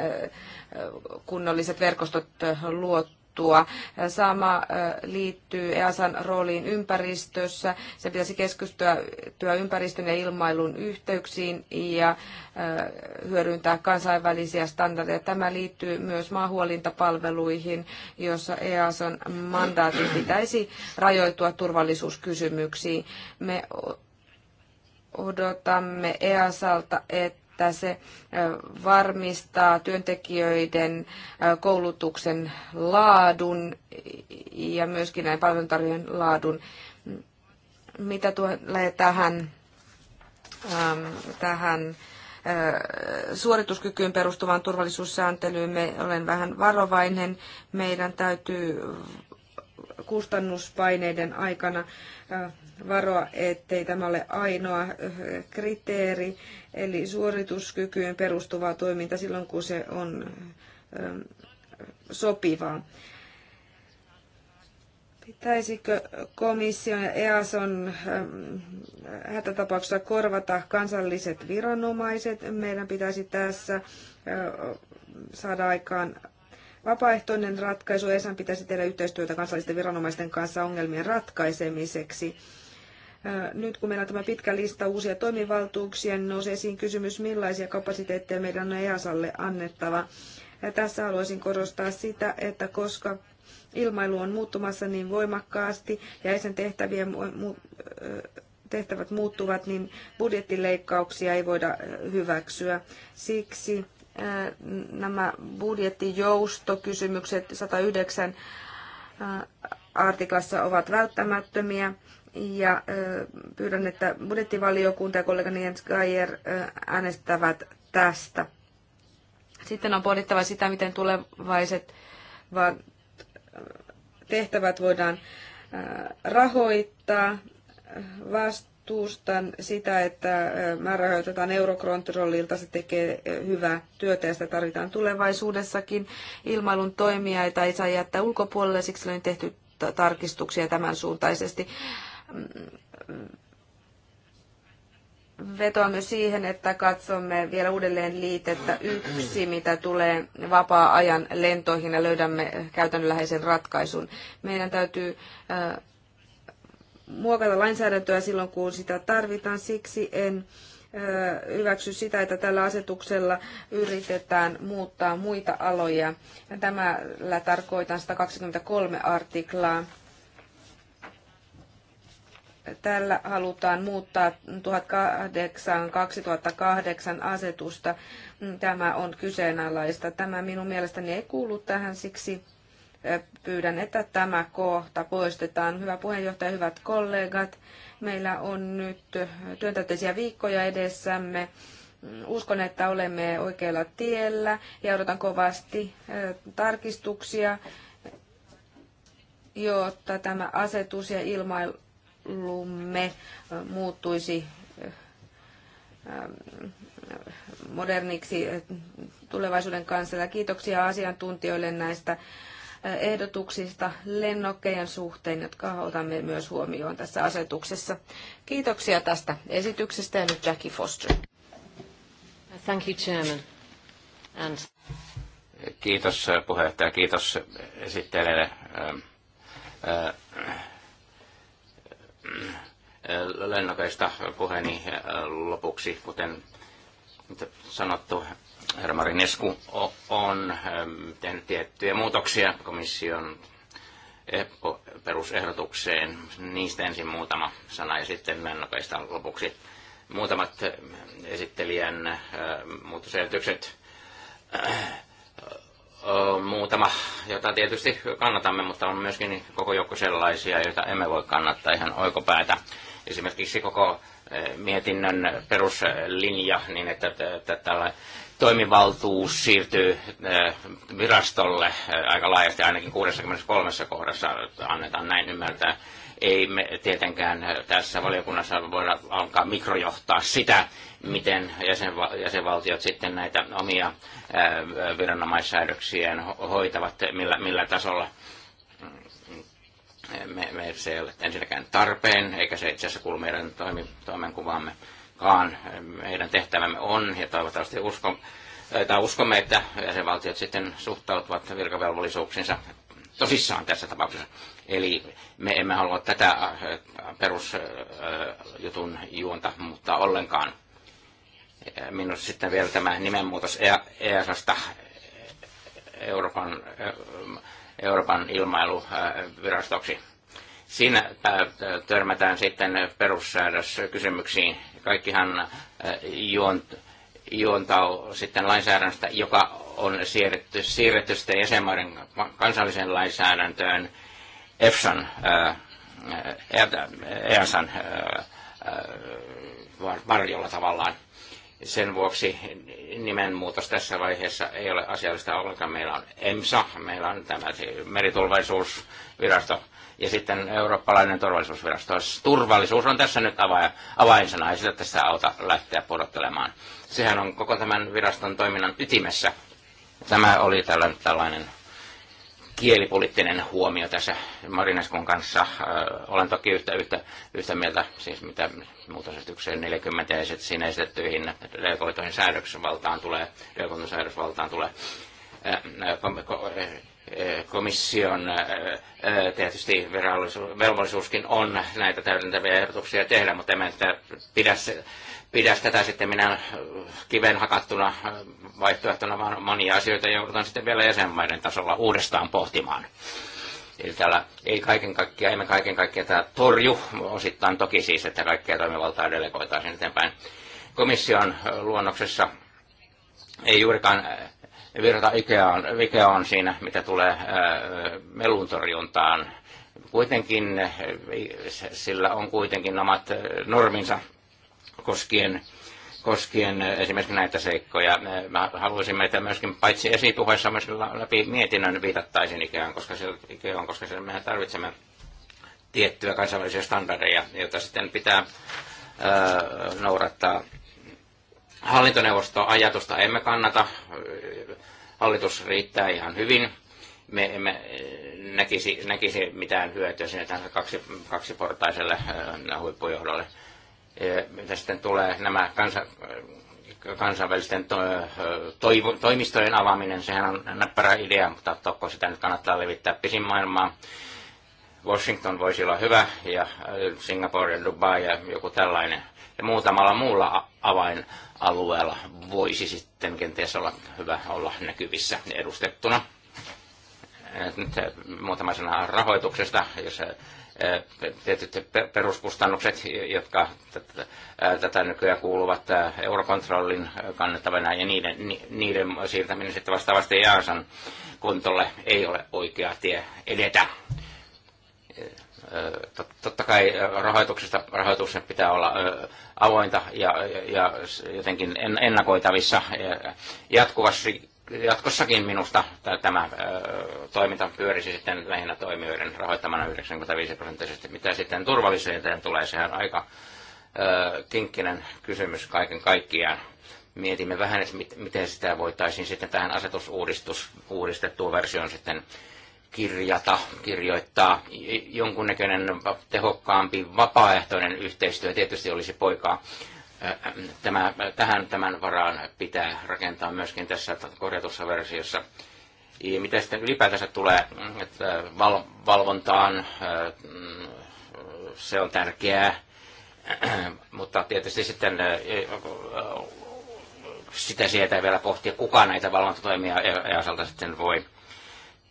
kunnolliset verkostot luottua. Sama liittyy EASAn rooliin ympäristössä. Se pitäisi keskittyä ympäristön ja ilmailun yhteyksiin ja hyödyntää kansainvälisiä standardeja. Tämä liittyy myös maahuolintapalveluihin, jossa EASAn mandaatin pitäisi rajoittua turvallisuuskysymyksiin. Me odotamme EASalta, että että se varmistaa työntekijöiden koulutuksen laadun ja myöskin näin palveluntarjoajien laadun. Mitä tulee tähän, tähän suorituskykyyn perustuvaan turvallisuussääntelyyn me olen vähän varovainen. Meidän täytyy kustannuspaineiden aikana varoa, ettei tämä ole ainoa kriteeri, eli suorituskykyyn perustuvaa toiminta silloin, kun se on sopivaa. Pitäisikö komission ja EASON hätätapauksessa korvata kansalliset viranomaiset? Meidän pitäisi tässä saada aikaan vapaaehtoinen ratkaisu. ESAN pitäisi tehdä yhteistyötä kansallisten viranomaisten kanssa ongelmien ratkaisemiseksi. Nyt kun meillä on tämä pitkä lista uusia toimivaltuuksia, niin nousee esiin kysymys, millaisia kapasiteetteja meidän on EASalle annettava. Ja tässä haluaisin korostaa sitä, että koska ilmailu on muuttumassa niin voimakkaasti ja sen tehtävien tehtävät muuttuvat, niin budjettileikkauksia ei voida hyväksyä. Siksi nämä budjettijoustokysymykset 109 artiklassa ovat välttämättömiä. Ja pyydän, että budjettivaliokunta ja kollegani Jens Geier äänestävät tästä. Sitten on pohdittava sitä, miten tulevaiset tehtävät voidaan rahoittaa. Vastuustan sitä, että mä otetaan Eurokontrollilta, se tekee hyvää työtä ja sitä tarvitaan tulevaisuudessakin. Ilmailun toimijaita ei saa jättää ulkopuolelle, siksi on tehty tarkistuksia tämän suuntaisesti vetoamme myös siihen, että katsomme vielä uudelleen liitettä yksi, mitä tulee vapaa-ajan lentoihin ja löydämme käytännönläheisen ratkaisun. Meidän täytyy äh, muokata lainsäädäntöä silloin, kun sitä tarvitaan. Siksi en äh, hyväksy sitä, että tällä asetuksella yritetään muuttaa muita aloja. Tämällä tarkoitan 123 artiklaa Tällä halutaan muuttaa 1008-2008 asetusta. Tämä on kyseenalaista. Tämä minun mielestäni ei kuulu tähän, siksi pyydän, että tämä kohta poistetaan. Hyvä puheenjohtaja, hyvät kollegat, meillä on nyt työntäyteisiä viikkoja edessämme. Uskon, että olemme oikealla tiellä ja odotan kovasti tarkistuksia, jotta tämä asetus ja ilmailu koulumme äh, muuttuisi äh, moderniksi äh, tulevaisuuden kanssa. Ja kiitoksia asiantuntijoille näistä ehdotuksista lennokkeen suhteen, jotka otamme myös huomioon tässä asetuksessa. Kiitoksia tästä esityksestä ja nyt Jackie Foster. Thank you, Chairman. And... Kiitos puheenjohtaja, kiitos esittelijälle ähm, lennokeista puheeni lopuksi, kuten sanottu, herra Marinescu on ähm, tehnyt tiettyjä muutoksia komission perusehdotukseen. Niistä ensin muutama sana ja sitten lennokeista lopuksi muutamat esittelijän äh, muutosehdotukset muutama, jota tietysti kannatamme, mutta on myöskin koko joukko sellaisia, joita emme voi kannattaa ihan oikopäätä. Esimerkiksi koko mietinnön peruslinja, niin että tällä toimivaltuus siirtyy virastolle aika laajasti, ainakin 63 kohdassa annetaan näin ymmärtää. Ei me tietenkään tässä valiokunnassa voida alkaa mikrojohtaa sitä, miten jäsenvaltiot sitten näitä omia viranomaissäädöksiä hoitavat, millä, millä tasolla me, me, se ei ole ensinnäkään tarpeen, eikä se itse asiassa kuulu meidän toimi, toimenkuvaammekaan. Meidän tehtävämme on, ja toivottavasti uskon, tai uskomme, että jäsenvaltiot sitten suhtautuvat virkavelvollisuuksiinsa tosissaan tässä tapauksessa. Eli me emme halua tätä äh, perusjutun juonta muuttaa ollenkaan. Minusta sitten vielä tämä nimenmuutos EASasta, e Euroopan, äh, Euroopan ilmailuvirastoksi. Siinä äh, törmätään sitten perussäädöskysymyksiin. Kaikkihan juontaa sitten lainsäädännöstä, joka on siirretty, siirretty sitten jäsenmaiden kansalliseen lainsäädäntöön – EFSAn, EASAn varjolla tavallaan. Sen vuoksi nimenmuutos tässä vaiheessa ei ole asiallista ollenkaan. Meillä on EMSA, meillä on tämä meriturvallisuusvirasto ja sitten eurooppalainen turvallisuusvirasto. Turvallisuus on tässä nyt avain, avainsana, ei sitä tässä auta lähteä pudottelemaan. Sehän on koko tämän viraston toiminnan ytimessä. Tämä oli tällainen, tällainen kielipoliittinen huomio tässä Marineskun kanssa. Olen toki yhtä, yhtä, yhtä mieltä, siis mitä muutosesitykseen 40 ja sitten siinä esitettyihin delegoituihin säädöksvaltaan tulee, reagoitoihin tulee komission tietysti velvollisuuskin on näitä täydentäviä ehdotuksia tehdä, mutta emme pidä pidä tätä sitten minä kiven hakattuna vaihtoehtona, vaan monia asioita joudutaan sitten vielä jäsenmaiden tasolla uudestaan pohtimaan. Eli täällä ei kaiken kaikkiaan, emme kaiken kaikkiaan tämä torju, osittain toki siis, että kaikkea toimivaltaa delegoitaisiin eteenpäin. Komission luonnoksessa ei juurikaan virta Ikeaan, Ikeaan siinä, mitä tulee meluntorjuntaan. Kuitenkin sillä on kuitenkin omat norminsa koskien koskien esimerkiksi näitä seikkoja. Äh, mä haluaisimme, että myöskin paitsi esipuheessa myös läpi mietinnön viitattaisiin ikään, koska siellä, ikään, koska siellä mehän tarvitsemme tiettyjä kansainvälisiä standardeja, joita sitten pitää ää, äh, noudattaa. Hallintoneuvosto ajatusta emme kannata. Hallitus riittää ihan hyvin. Me emme äh, näkisi, näkisi mitään hyötyä sinne kaksi, kaksiportaiselle öö, huippujohdolle Eh, mitä sitten tulee nämä kansa, kansainvälisten to, toivo, toimistojen avaaminen, sehän on näppärä idea, mutta toko sitä nyt kannattaa levittää pisin maailmaa. Washington voisi olla hyvä, ja äh, Singapore ja Dubai ja joku tällainen. Ja muutamalla muulla avainalueella voisi sitten kenties olla hyvä olla näkyvissä edustettuna. Nyt muutama sana rahoituksesta, jos tietyt peruskustannukset, jotka tätä nykyään kuuluvat eurokontrollin kannettavana ja niiden, niiden siirtäminen sitten vastaavasti Jaansan kontolle ei ole oikea tie edetä. Totta kai rahoituksesta, rahoituksen pitää olla avointa ja, ja jotenkin ennakoitavissa jatkuvasti jatkossakin minusta tämä toiminta pyörisi sitten lähinnä toimijoiden rahoittamana 95 prosenttisesti. Mitä sitten turvallisuuteen tulee, sehän on aika kinkkinen kysymys kaiken kaikkiaan. Mietimme vähän, että miten sitä voitaisiin sitten tähän asetusuudistus, uudistettuun versioon sitten kirjata, kirjoittaa. Jonkunnäköinen tehokkaampi vapaaehtoinen yhteistyö tietysti olisi poikaa tämä, tähän tämän varaan pitää rakentaa myöskin tässä korjatussa versiossa. Ja mitä sitten ylipäätänsä tulee että val, valvontaan, se on tärkeää, mutta tietysti sitten sitä sieltä vielä pohtia, kuka näitä valvontatoimia EASalta e, sitten voi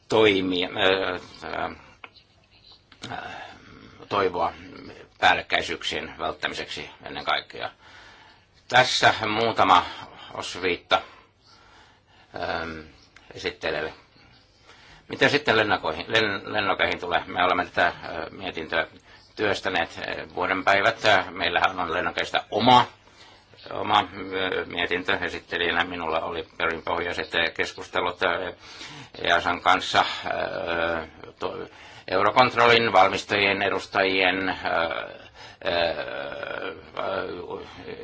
toimia, toivoa päällekkäisyyksien välttämiseksi ennen kaikkea. Tässä muutama osviitta ähm, esittelee. Miten sitten lennokoihin, len, lennokeihin tulee? Me olemme tätä äh, mietintöä työstäneet äh, vuoden päivät. Äh, meillähän on lennokeista oma, oma mietintö esittelijänä. Minulla oli perinpohjaiset keskustelut EASan kanssa Eurokontrollin valmistajien edustajien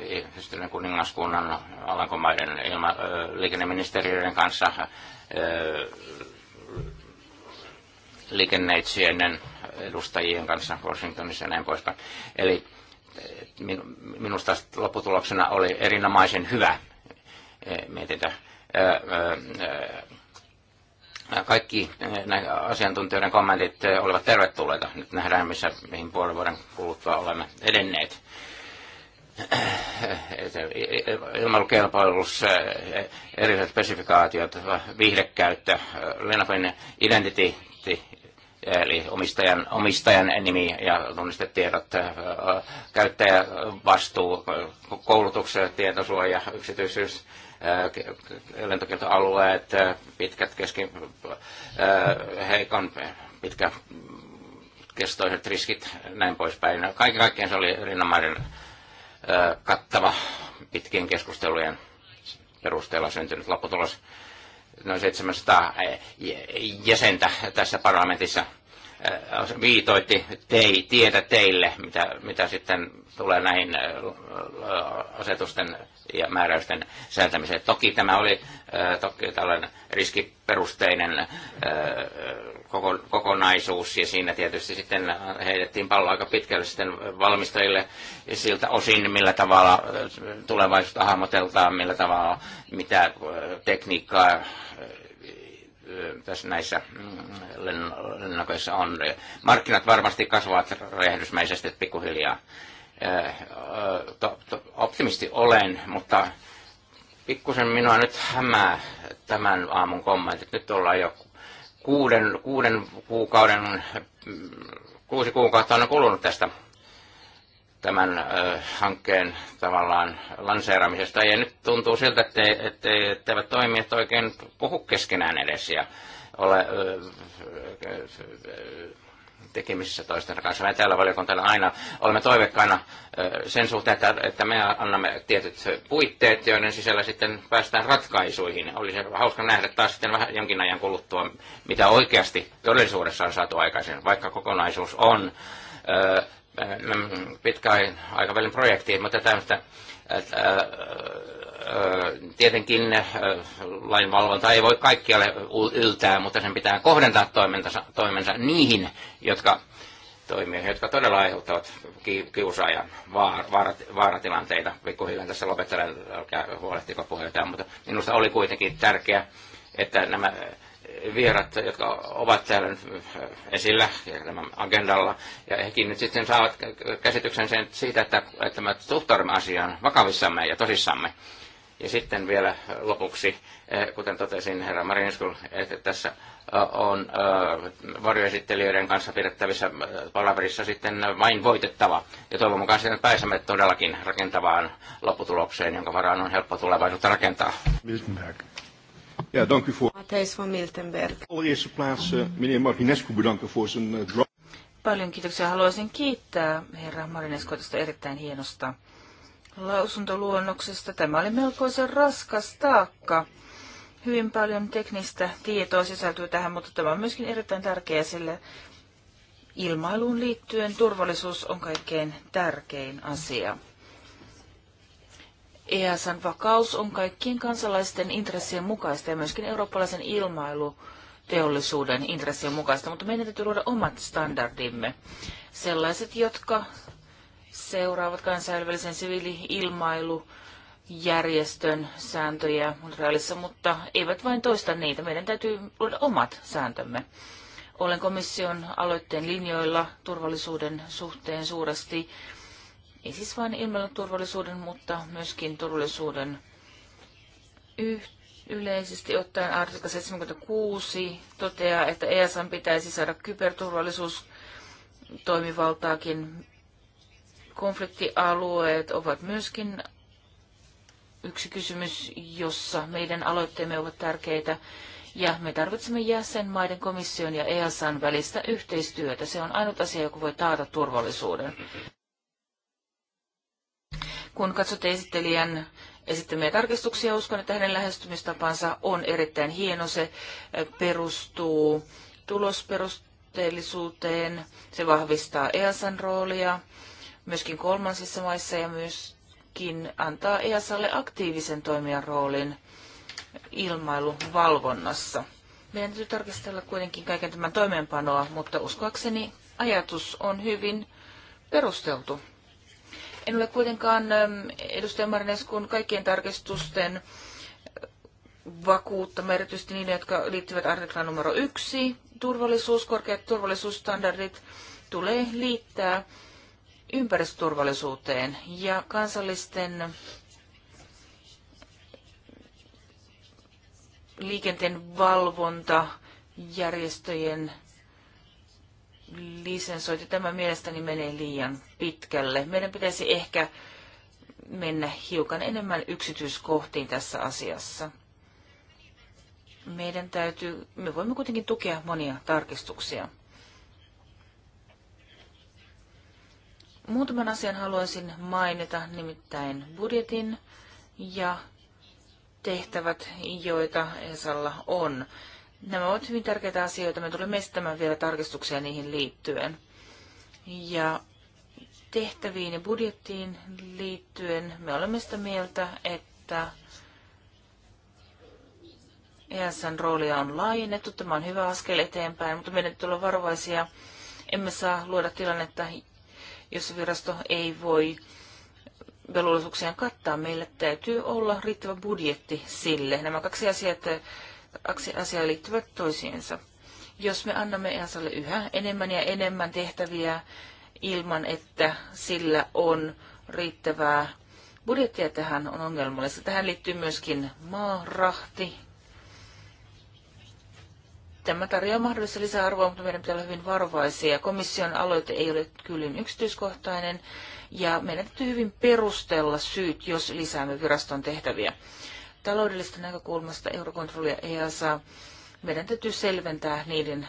yhdistyneen kuningaskunnan alankomaiden ilma, liikenneministeriöiden kanssa liikenneitsijöiden edustajien kanssa Washingtonissa ja näin poispäin. Eli minusta lopputuloksena oli erinomaisen hyvä ää, kaikki eh, asiantuntijoiden kommentit eh, olivat tervetulleita. Nyt nähdään, missä, mihin puolen vuoden kuluttua olemme edenneet. Eh, ilmailukelpoilus, erilaiset spesifikaatiot, viihdekäyttö, Lennofin identiteetti, eli omistajan, omistajan nimi ja tunnistetiedot, käyttäjävastuu, koulutuksen tietosuoja, yksityisyys, lentokieltoalueet, pitkät keski, heikon, pitkä kestoiset riskit, näin poispäin. Kaiken kaikkiaan se oli erinomainen kattava pitkien keskustelujen perusteella syntynyt lopputulos. Noin 700 jäsentä tässä parlamentissa – Äh, viitoitti tei, tietä teille, mitä, mitä sitten tulee näihin äh, äh, asetusten ja määräysten säätämiseen. Toki tämä oli toki tällainen riskiperusteinen kokonaisuus ja siinä tietysti sitten heitettiin pallo aika pitkälle sitten valmistajille siltä osin, millä tavalla tulevaisuutta hahmoteltaan, millä tavalla mitä tekniikkaa tässä näissä mm, lennokoissa on. Markkinat varmasti kasvavat räjähdysmäisesti pikkuhiljaa. Optimisti olen, mutta pikkusen minua nyt hämää tämän aamun kommentit. Nyt ollaan jo kuuden, kuuden kuukauden, mm, kuusi kuukautta on kulunut tästä tämän hankkeen tavallaan lanseeramisesta. Ja nyt tuntuu siltä, että ettei, etteivät toimijat oikein puhu keskenään edes ja ole tekemisissä toisten kanssa. Me täällä valiokuntana aina olemme toivekkaina sen suhteen, että, että me annamme tietyt puitteet, joiden sisällä sitten päästään ratkaisuihin. Olisi hauska nähdä taas sitten vähän jonkin ajan kuluttua, mitä oikeasti todellisuudessa on saatu aikaisin, vaikka kokonaisuus on pitkään aikavälin projektiin, mutta tämmöistä tietenkin lainvalvonta ei voi kaikkialle yltää, mutta sen pitää kohdentaa toimensa, toimensa niihin, jotka toimii, jotka todella aiheuttavat kiusaajan vaaratilanteita. Pikkuhiljaa tässä lopettelen, älkää huolehtiko puheenjohtaja, mutta minusta oli kuitenkin tärkeää, että nämä vierat, jotka ovat täällä nyt esillä ja tämän agendalla, ja hekin nyt sitten saavat käsityksen sen siitä, että, että me suhtaudumme asiaan vakavissamme ja tosissamme. Ja sitten vielä lopuksi, eh, kuten totesin herra Marinskul, että tässä eh, on eh, varjoesittelijöiden kanssa pidettävissä palaverissa sitten vain voitettava. Ja toivon mukaan sitten pääsemme todellakin rakentavaan lopputulokseen, jonka varaan on helppo tulevaisuutta rakentaa. Ja, dank u voor. Matthijs van Miltenberg. Allereerste uh, meneer bedanken voor zijn uh, Paljon kiitoksia. Haluaisin kiittää herra Marinesko tästä erittäin hienosta lausuntoluonnoksesta. Tämä oli melkoisen raskas taakka. Hyvin paljon teknistä tietoa sisältyy tähän, mutta tämä on myöskin erittäin tärkeä, sillä ilmailuun liittyen turvallisuus on kaikkein tärkein asia. EASan vakaus on kaikkien kansalaisten intressien mukaista ja myöskin eurooppalaisen ilmailuteollisuuden intressien mukaista, mutta meidän täytyy luoda omat standardimme. Sellaiset, jotka seuraavat kansainvälisen siviili-ilmailujärjestön sääntöjä Montrealissa, mutta eivät vain toista niitä. Meidän täytyy luoda omat sääntömme. Olen komission aloitteen linjoilla turvallisuuden suhteen suuresti ei siis vain ilmailun turvallisuuden, mutta myöskin turvallisuuden yhteydessä yleisesti ottaen artikla 76 toteaa, että EASan pitäisi saada kyberturvallisuus toimivaltaakin. Konfliktialueet ovat myöskin yksi kysymys, jossa meidän aloitteemme ovat tärkeitä. Ja me tarvitsemme jäsenmaiden komission ja EASan välistä yhteistyötä. Se on ainut asia, joka voi taata turvallisuuden. Kun katsotte esittelijän esittämiä tarkistuksia, uskon, että hänen lähestymistapansa on erittäin hieno. Se eh, perustuu tulosperusteellisuuteen, se vahvistaa EASan roolia myöskin kolmansissa maissa ja myöskin antaa EASalle aktiivisen toimijan roolin ilmailuvalvonnassa. Meidän täytyy tarkistella kuitenkin kaiken tämän toimeenpanoa, mutta uskoakseni ajatus on hyvin perusteltu. En ole kuitenkaan ähm, edustaja Marineskun kaikkien tarkistusten äh, vakuutta, erityisesti niiden, jotka liittyvät artiklaan numero yksi. Turvallisuus, korkeat turvallisuusstandardit tulee liittää ympäristöturvallisuuteen ja kansallisten liikenteen valvontajärjestöjen lisensointi. Tämä mielestäni menee liian pitkälle. Meidän pitäisi ehkä mennä hiukan enemmän yksityiskohtiin tässä asiassa. Meidän täytyy, me voimme kuitenkin tukea monia tarkistuksia. Muutaman asian haluaisin mainita, nimittäin budjetin ja tehtävät, joita Esalla on. Nämä ovat hyvin tärkeitä asioita. Me tulemme esittämään vielä tarkistuksia niihin liittyen. Ja tehtäviin ja budjettiin liittyen me olemme sitä mieltä, että ESN roolia on laajennettu. Tämä on hyvä askel eteenpäin, mutta meidän tulee varovaisia. Emme saa luoda tilannetta, jossa virasto ei voi velvollisuuksiaan kattaa. Meillä täytyy olla riittävä budjetti sille. Nämä kaksi asiaa kaksi asiaa liittyvät toisiinsa. Jos me annamme EASalle yhä enemmän ja enemmän tehtäviä ilman, että sillä on riittävää budjettia tähän on ongelmallista. Tähän liittyy myöskin maarahti. Tämä tarjoaa mahdollista lisäarvoa, mutta meidän pitää olla hyvin varovaisia. Komission aloite ei ole kyllin yksityiskohtainen ja meidän täytyy hyvin perustella syyt, jos lisäämme viraston tehtäviä taloudellisesta näkökulmasta Eurocontrol ja EASA, meidän täytyy selventää niiden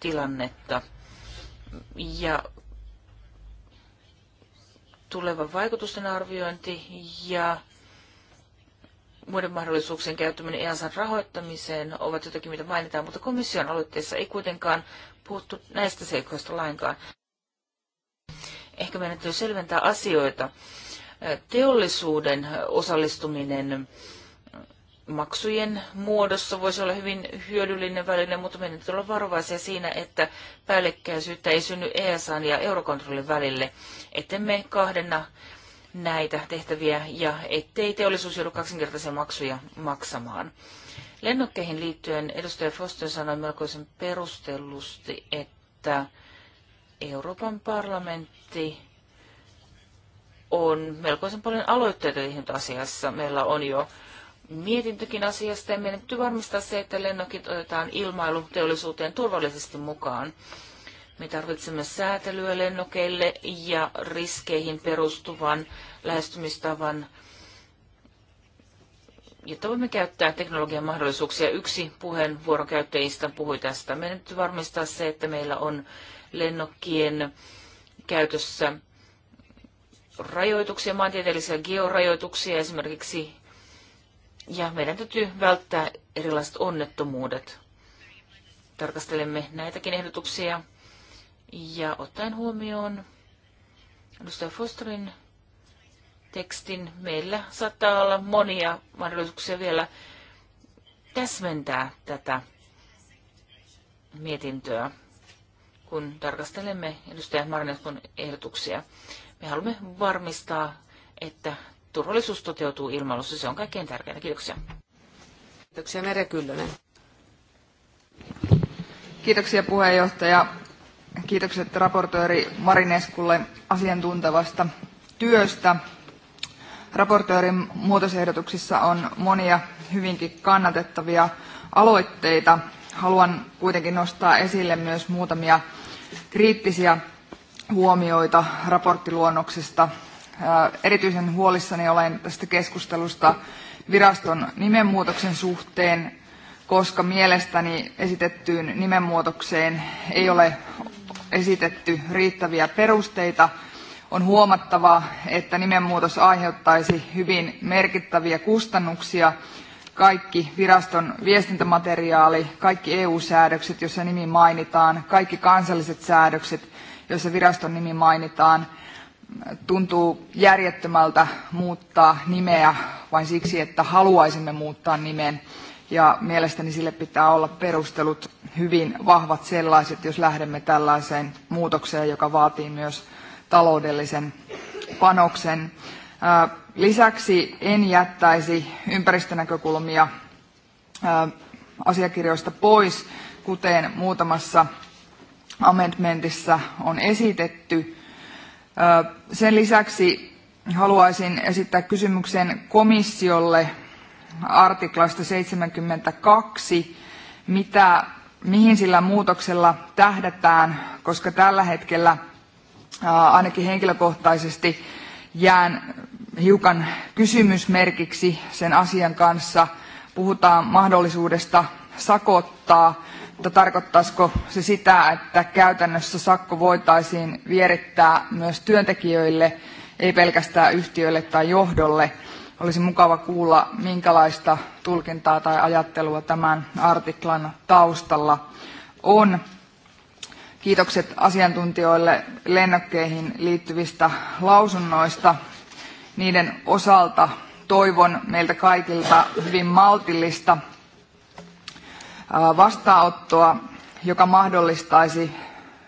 tilannetta. Ja tulevan vaikutusten arviointi ja muiden mahdollisuuksien käyttäminen EASAn rahoittamiseen ovat jotakin, mitä mainitaan, mutta komission aloitteessa ei kuitenkaan puhuttu näistä seikoista lainkaan. Ehkä meidän täytyy selventää asioita teollisuuden osallistuminen maksujen muodossa voisi olla hyvin hyödyllinen väline, mutta meidän täytyy olla varovaisia siinä, että päällekkäisyyttä ei synny ESAn ja eurokontrollin välille, ettemme kahdenna näitä tehtäviä ja ettei teollisuus joudu kaksinkertaisia maksuja maksamaan. Lennokkeihin liittyen edustaja Foster sanoi melkoisen perustellusti, että Euroopan parlamentti on melkoisen paljon aloitteita niihin asiassa. Meillä on jo mietintökin asiasta ja meidän täytyy varmistaa se, että lennokit otetaan ilmailuteollisuuteen turvallisesti mukaan. Me tarvitsemme säätelyä lennokeille ja riskeihin perustuvan lähestymistavan, jotta voimme käyttää teknologian mahdollisuuksia. Yksi puheenvuoro käyttäjistä puhui tästä. Meidän täytyy varmistaa se, että meillä on lennokkien käytössä rajoituksia, maantieteellisiä georajoituksia esimerkiksi, ja meidän täytyy välttää erilaiset onnettomuudet. Tarkastelemme näitäkin ehdotuksia ja ottaen huomioon edustaja Fosterin tekstin, meillä saattaa olla monia mahdollisuuksia vielä täsmentää tätä mietintöä, kun tarkastelemme edustaja Marnetkun ehdotuksia. Me haluamme varmistaa, että turvallisuus toteutuu ilmailussa. Se on kaikkein tärkeintä. Kiitoksia. Kiitoksia Merja Kyllönen. Kiitoksia puheenjohtaja. Kiitokset raportööri Marineskulle asiantuntevasta työstä. Raportöörin muutosehdotuksissa on monia hyvinkin kannatettavia aloitteita. Haluan kuitenkin nostaa esille myös muutamia kriittisiä huomioita raporttiluonnoksesta. Erityisen huolissani olen tästä keskustelusta viraston nimenmuutoksen suhteen, koska mielestäni esitettyyn nimenmuutokseen ei ole esitetty riittäviä perusteita. On huomattava, että nimenmuutos aiheuttaisi hyvin merkittäviä kustannuksia. Kaikki viraston viestintämateriaali, kaikki EU-säädökset, joissa nimi mainitaan, kaikki kansalliset säädökset – joissa viraston nimi mainitaan. Tuntuu järjettömältä muuttaa nimeä vain siksi, että haluaisimme muuttaa nimen. Ja mielestäni sille pitää olla perustelut hyvin vahvat sellaiset, jos lähdemme tällaiseen muutokseen, joka vaatii myös taloudellisen panoksen. Lisäksi en jättäisi ympäristönäkökulmia asiakirjoista pois, kuten muutamassa amendmentissa on esitetty. Sen lisäksi haluaisin esittää kysymyksen komissiolle artiklasta 72, mitä, mihin sillä muutoksella tähdätään, koska tällä hetkellä ainakin henkilökohtaisesti jään hiukan kysymysmerkiksi sen asian kanssa. Puhutaan mahdollisuudesta sakottaa mutta tarkoittaisiko se sitä, että käytännössä sakko voitaisiin vierittää myös työntekijöille, ei pelkästään yhtiöille tai johdolle? Olisi mukava kuulla, minkälaista tulkintaa tai ajattelua tämän artiklan taustalla on. Kiitokset asiantuntijoille lennokkeihin liittyvistä lausunnoista. Niiden osalta toivon meiltä kaikilta hyvin maltillista vastaanottoa, joka mahdollistaisi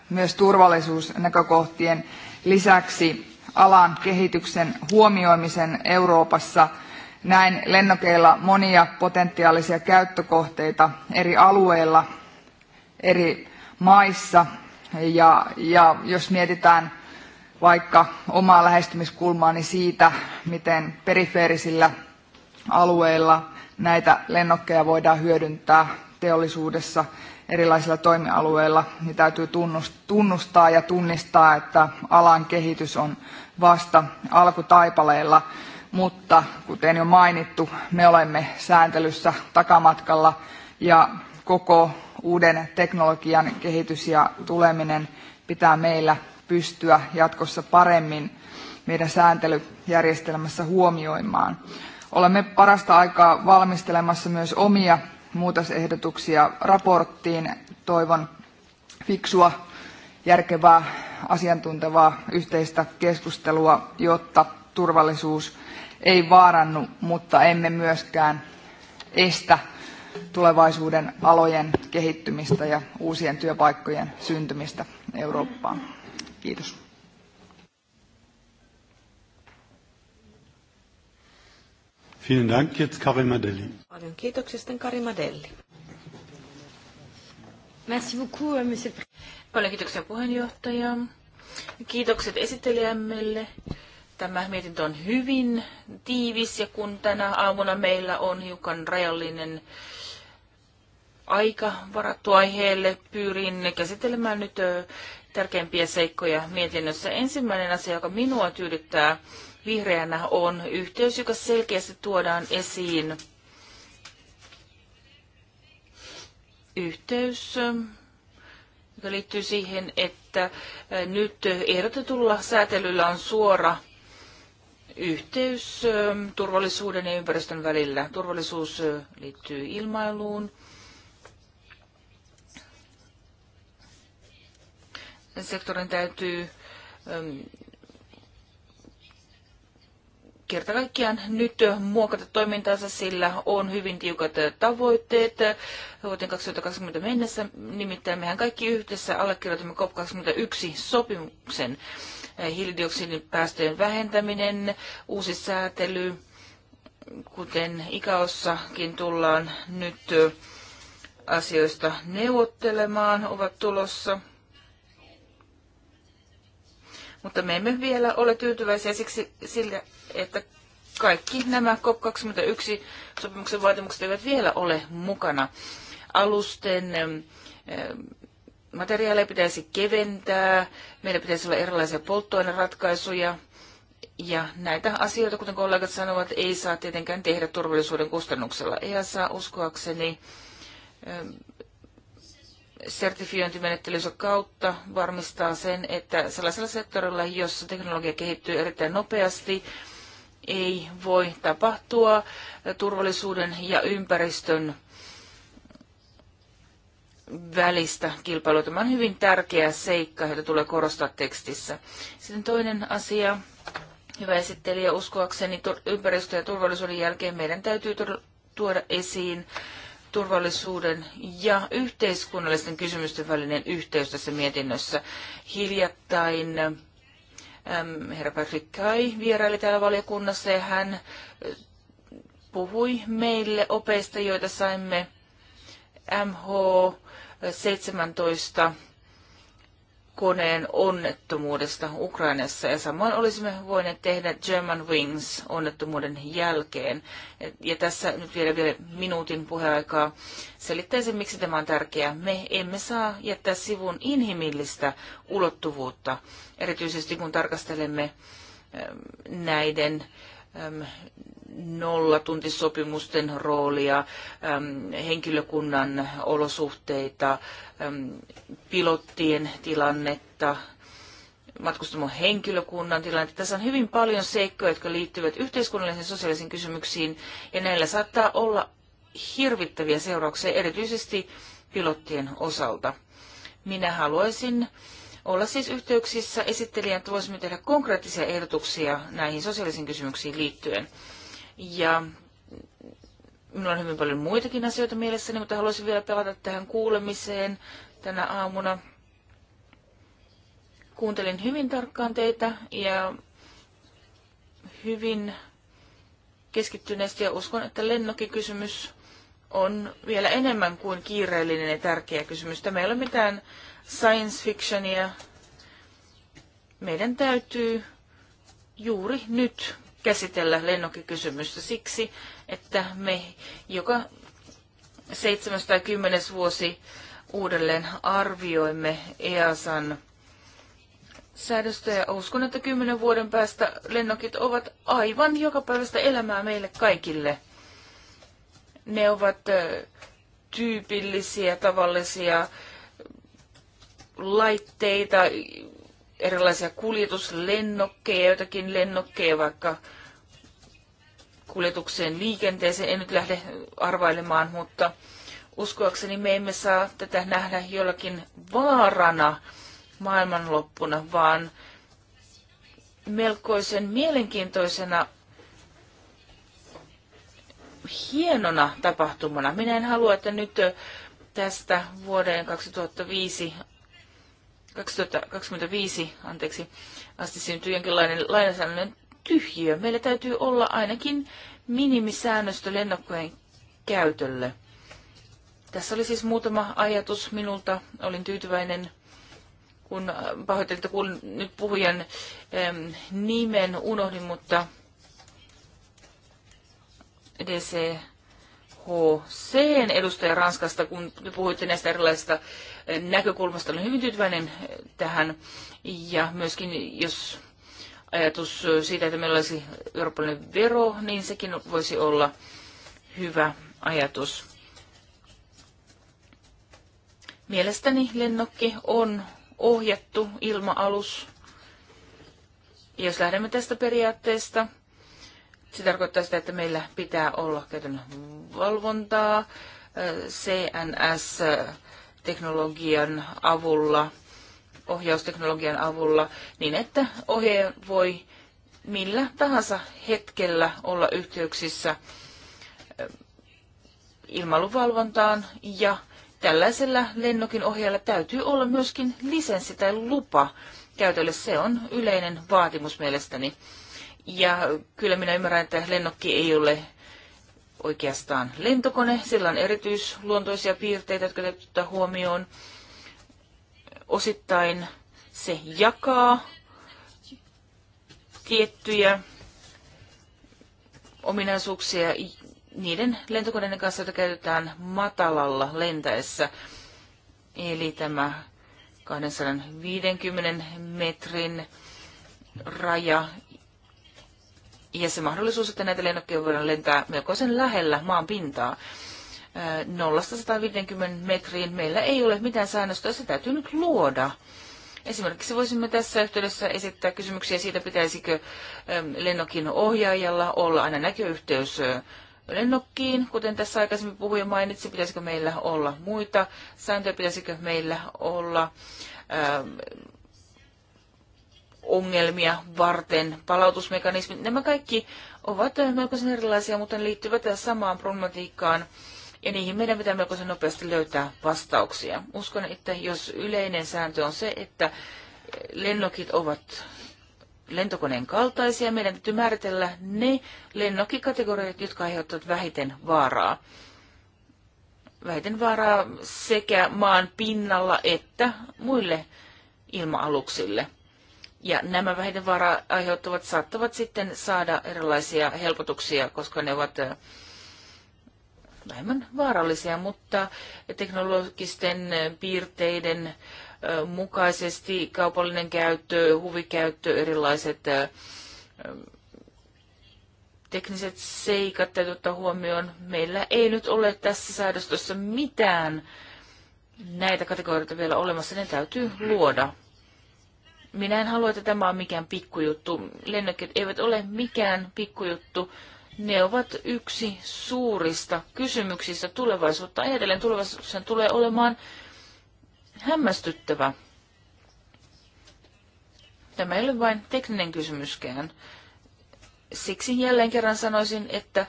myös turvallisuusnäkökohtien lisäksi alan kehityksen huomioimisen Euroopassa. Näin lennokeilla monia potentiaalisia käyttökohteita eri alueilla, eri maissa. Ja, ja jos mietitään vaikka omaa lähestymiskulmaani niin siitä, miten perifeerisillä alueilla näitä lennokkeja voidaan hyödyntää teollisuudessa erilaisilla toimialueilla, niin täytyy tunnustaa ja tunnistaa, että alan kehitys on vasta alkutaipaleella, mutta kuten jo mainittu, me olemme sääntelyssä takamatkalla ja koko uuden teknologian kehitys ja tuleminen pitää meillä pystyä jatkossa paremmin meidän sääntelyjärjestelmässä huomioimaan. Olemme parasta aikaa valmistelemassa myös omia muutosehdotuksia raporttiin. Toivon fiksua, järkevää, asiantuntevaa yhteistä keskustelua, jotta turvallisuus ei vaarannu, mutta emme myöskään estä tulevaisuuden alojen kehittymistä ja uusien työpaikkojen syntymistä Eurooppaan. Kiitos. Vielen Dank. Jetzt Karin Paljon kiitoksia sitten Merci beaucoup, euh, monsieur. Paljon kiitoksia puheenjohtaja. Kiitokset esittelijämmelle. Tämä mietintö on hyvin tiivis ja kun tänä aamuna meillä on hiukan rajallinen aika varattu aiheelle, pyrin käsittelemään nyt tärkeimpiä seikkoja mietinnössä. Ensimmäinen asia, joka minua tyydyttää vihreänä, on yhteys, joka selkeästi tuodaan esiin yhteys, joka liittyy siihen, että nyt ehdotetulla säätelyllä on suora yhteys turvallisuuden ja ympäristön välillä. Turvallisuus liittyy ilmailuun. Sektorin täytyy kerta kaikkiaan nyt muokata toimintansa, sillä on hyvin tiukat tavoitteet vuoteen 2020 mennessä. Nimittäin mehän kaikki yhdessä allekirjoitimme COP21-sopimuksen hiilidioksidin päästöjen vähentäminen, uusi säätely, kuten ikäossakin tullaan nyt asioista neuvottelemaan, ovat tulossa – mutta me emme vielä ole tyytyväisiä siksi, sillä, että kaikki nämä COP21 sopimuksen vaatimukset eivät vielä ole mukana. Alusten materiaaleja pitäisi keventää, meillä pitäisi olla erilaisia polttoaineratkaisuja, ja näitä asioita, kuten kollegat sanovat, ei saa tietenkään tehdä turvallisuuden kustannuksella. Ei saa uskoakseni sertifiointimenettelynsä kautta varmistaa sen, että sellaisella sektorilla, jossa teknologia kehittyy erittäin nopeasti, ei voi tapahtua turvallisuuden ja ympäristön välistä kilpailua. Tämä on hyvin tärkeä seikka, jota tulee korostaa tekstissä. Sitten toinen asia, hyvä esittelijä, uskoakseni ympäristö- ja turvallisuuden jälkeen meidän täytyy tuoda esiin turvallisuuden ja yhteiskunnallisten kysymysten välinen yhteys tässä mietinnössä. Hiljattain äm, herra Patrick Kai vieraili täällä valiokunnassa ja hän äh, puhui meille opeista, joita saimme MH17 koneen onnettomuudesta Ukrainassa ja samoin olisimme voineet tehdä German Wings onnettomuuden jälkeen. Ja tässä nyt vielä, vielä minuutin puheaikaa selittäisin, miksi tämä on tärkeää. Me emme saa jättää sivun inhimillistä ulottuvuutta, erityisesti kun tarkastelemme näiden nollatuntisopimusten roolia, henkilökunnan olosuhteita, pilottien tilannetta, matkustamon henkilökunnan tilannetta. Tässä on hyvin paljon seikkoja, jotka liittyvät yhteiskunnallisiin ja sosiaalisiin kysymyksiin, ja näillä saattaa olla hirvittäviä seurauksia, erityisesti pilottien osalta. Minä haluaisin olla siis yhteyksissä esittelijän, että voisimme tehdä konkreettisia ehdotuksia näihin sosiaalisiin kysymyksiin liittyen. Ja minulla on hyvin paljon muitakin asioita mielessäni, mutta haluaisin vielä palata tähän kuulemiseen tänä aamuna. Kuuntelin hyvin tarkkaan teitä ja hyvin keskittyneesti ja uskon, että kysymys on vielä enemmän kuin kiireellinen ja tärkeä kysymys. Tämä ei ole mitään science fictionia. Meidän täytyy juuri nyt käsitellä lennokkikysymystä siksi, että me joka 710. vuosi uudelleen arvioimme EASan säädöstä ja uskon, että kymmenen vuoden päästä lennokit ovat aivan jokapäiväistä elämää meille kaikille. Ne ovat tyypillisiä, tavallisia laitteita, erilaisia kuljetuslennokkeja, joitakin lennokkeja, vaikka kuljetukseen liikenteeseen. En nyt lähde arvailemaan, mutta uskoakseni me emme saa tätä nähdä jollakin vaarana maailmanloppuna, vaan melkoisen mielenkiintoisena hienona tapahtumana. Minä en halua, että nyt tästä vuoden 2005, 2025 anteeksi, asti syntyy jonkinlainen lainsäädännön tyhjiö. Meillä täytyy olla ainakin minimisäännöstö lennokkojen käytölle. Tässä oli siis muutama ajatus minulta. Olin tyytyväinen, kun äh, pahoittelen, että nyt puhujan äm, nimen, unohdin, mutta DCHC edustaja Ranskasta, kun puhuitte näistä erilaisista äh, näkökulmasta, olen hyvin tyytyväinen äh, tähän. Ja myöskin, jos ajatus siitä, että meillä olisi eurooppalainen vero, niin sekin voisi olla hyvä ajatus. Mielestäni lennokki on ohjattu ilma-alus. Jos lähdemme tästä periaatteesta, se tarkoittaa sitä, että meillä pitää olla käytännön valvontaa äh, CNS-teknologian äh, avulla – ohjausteknologian avulla niin, että ohje voi millä tahansa hetkellä olla yhteyksissä eh, ilmailuvalvontaan ja tällaisella lennokin ohjaajalla täytyy olla myöskin lisenssi tai lupa käytölle. Se on yleinen vaatimus mielestäni. Ja kyllä minä ymmärrän, että lennokki ei ole oikeastaan lentokone. Sillä on erityisluontoisia piirteitä, jotka täytyy ottaa huomioon osittain se jakaa tiettyjä ominaisuuksia niiden lentokoneiden kanssa, joita käytetään matalalla lentäessä. Eli tämä 250 metrin raja ja se mahdollisuus, että näitä lennokkeja voidaan lentää melkoisen lähellä maan pintaa. 0-150 metriin. Meillä ei ole mitään säännöstä, se täytyy nyt luoda. Esimerkiksi voisimme tässä yhteydessä esittää kysymyksiä siitä, pitäisikö ähm, lennokin ohjaajalla olla aina näköyhteys äh, lennokkiin, kuten tässä aikaisemmin puhuja mainitsi, pitäisikö meillä olla muita sääntöjä, pitäisikö meillä olla ähm, ongelmia varten, palautusmekanismit, nämä kaikki ovat äh, melkoisen erilaisia, mutta ne liittyvät samaan problematiikkaan ja niihin meidän pitää melkoisen nopeasti löytää vastauksia. Uskon, että jos yleinen sääntö on se, että lennokit ovat lentokoneen kaltaisia, meidän täytyy määritellä ne lennokkikategoriat, jotka aiheuttavat vähiten vaaraa. Vähiten vaaraa sekä maan pinnalla että muille ilma-aluksille. Ja nämä vähiten vaaraa aiheuttavat saattavat sitten saada erilaisia helpotuksia, koska ne ovat vähemmän vaarallisia, mutta teknologisten piirteiden mukaisesti kaupallinen käyttö, huvikäyttö, erilaiset tekniset seikat täytyy ottaa huomioon. Meillä ei nyt ole tässä säädöstössä mitään näitä kategorioita vielä olemassa, ne täytyy luoda. Minä en halua, että tämä on mikään pikkujuttu. Lennokit eivät ole mikään pikkujuttu. Ne ovat yksi suurista kysymyksistä tulevaisuutta ajatellen. Tulevaisuus tulee olemaan hämmästyttävä. Tämä ei ole vain tekninen kysymyskään. Siksi jälleen kerran sanoisin, että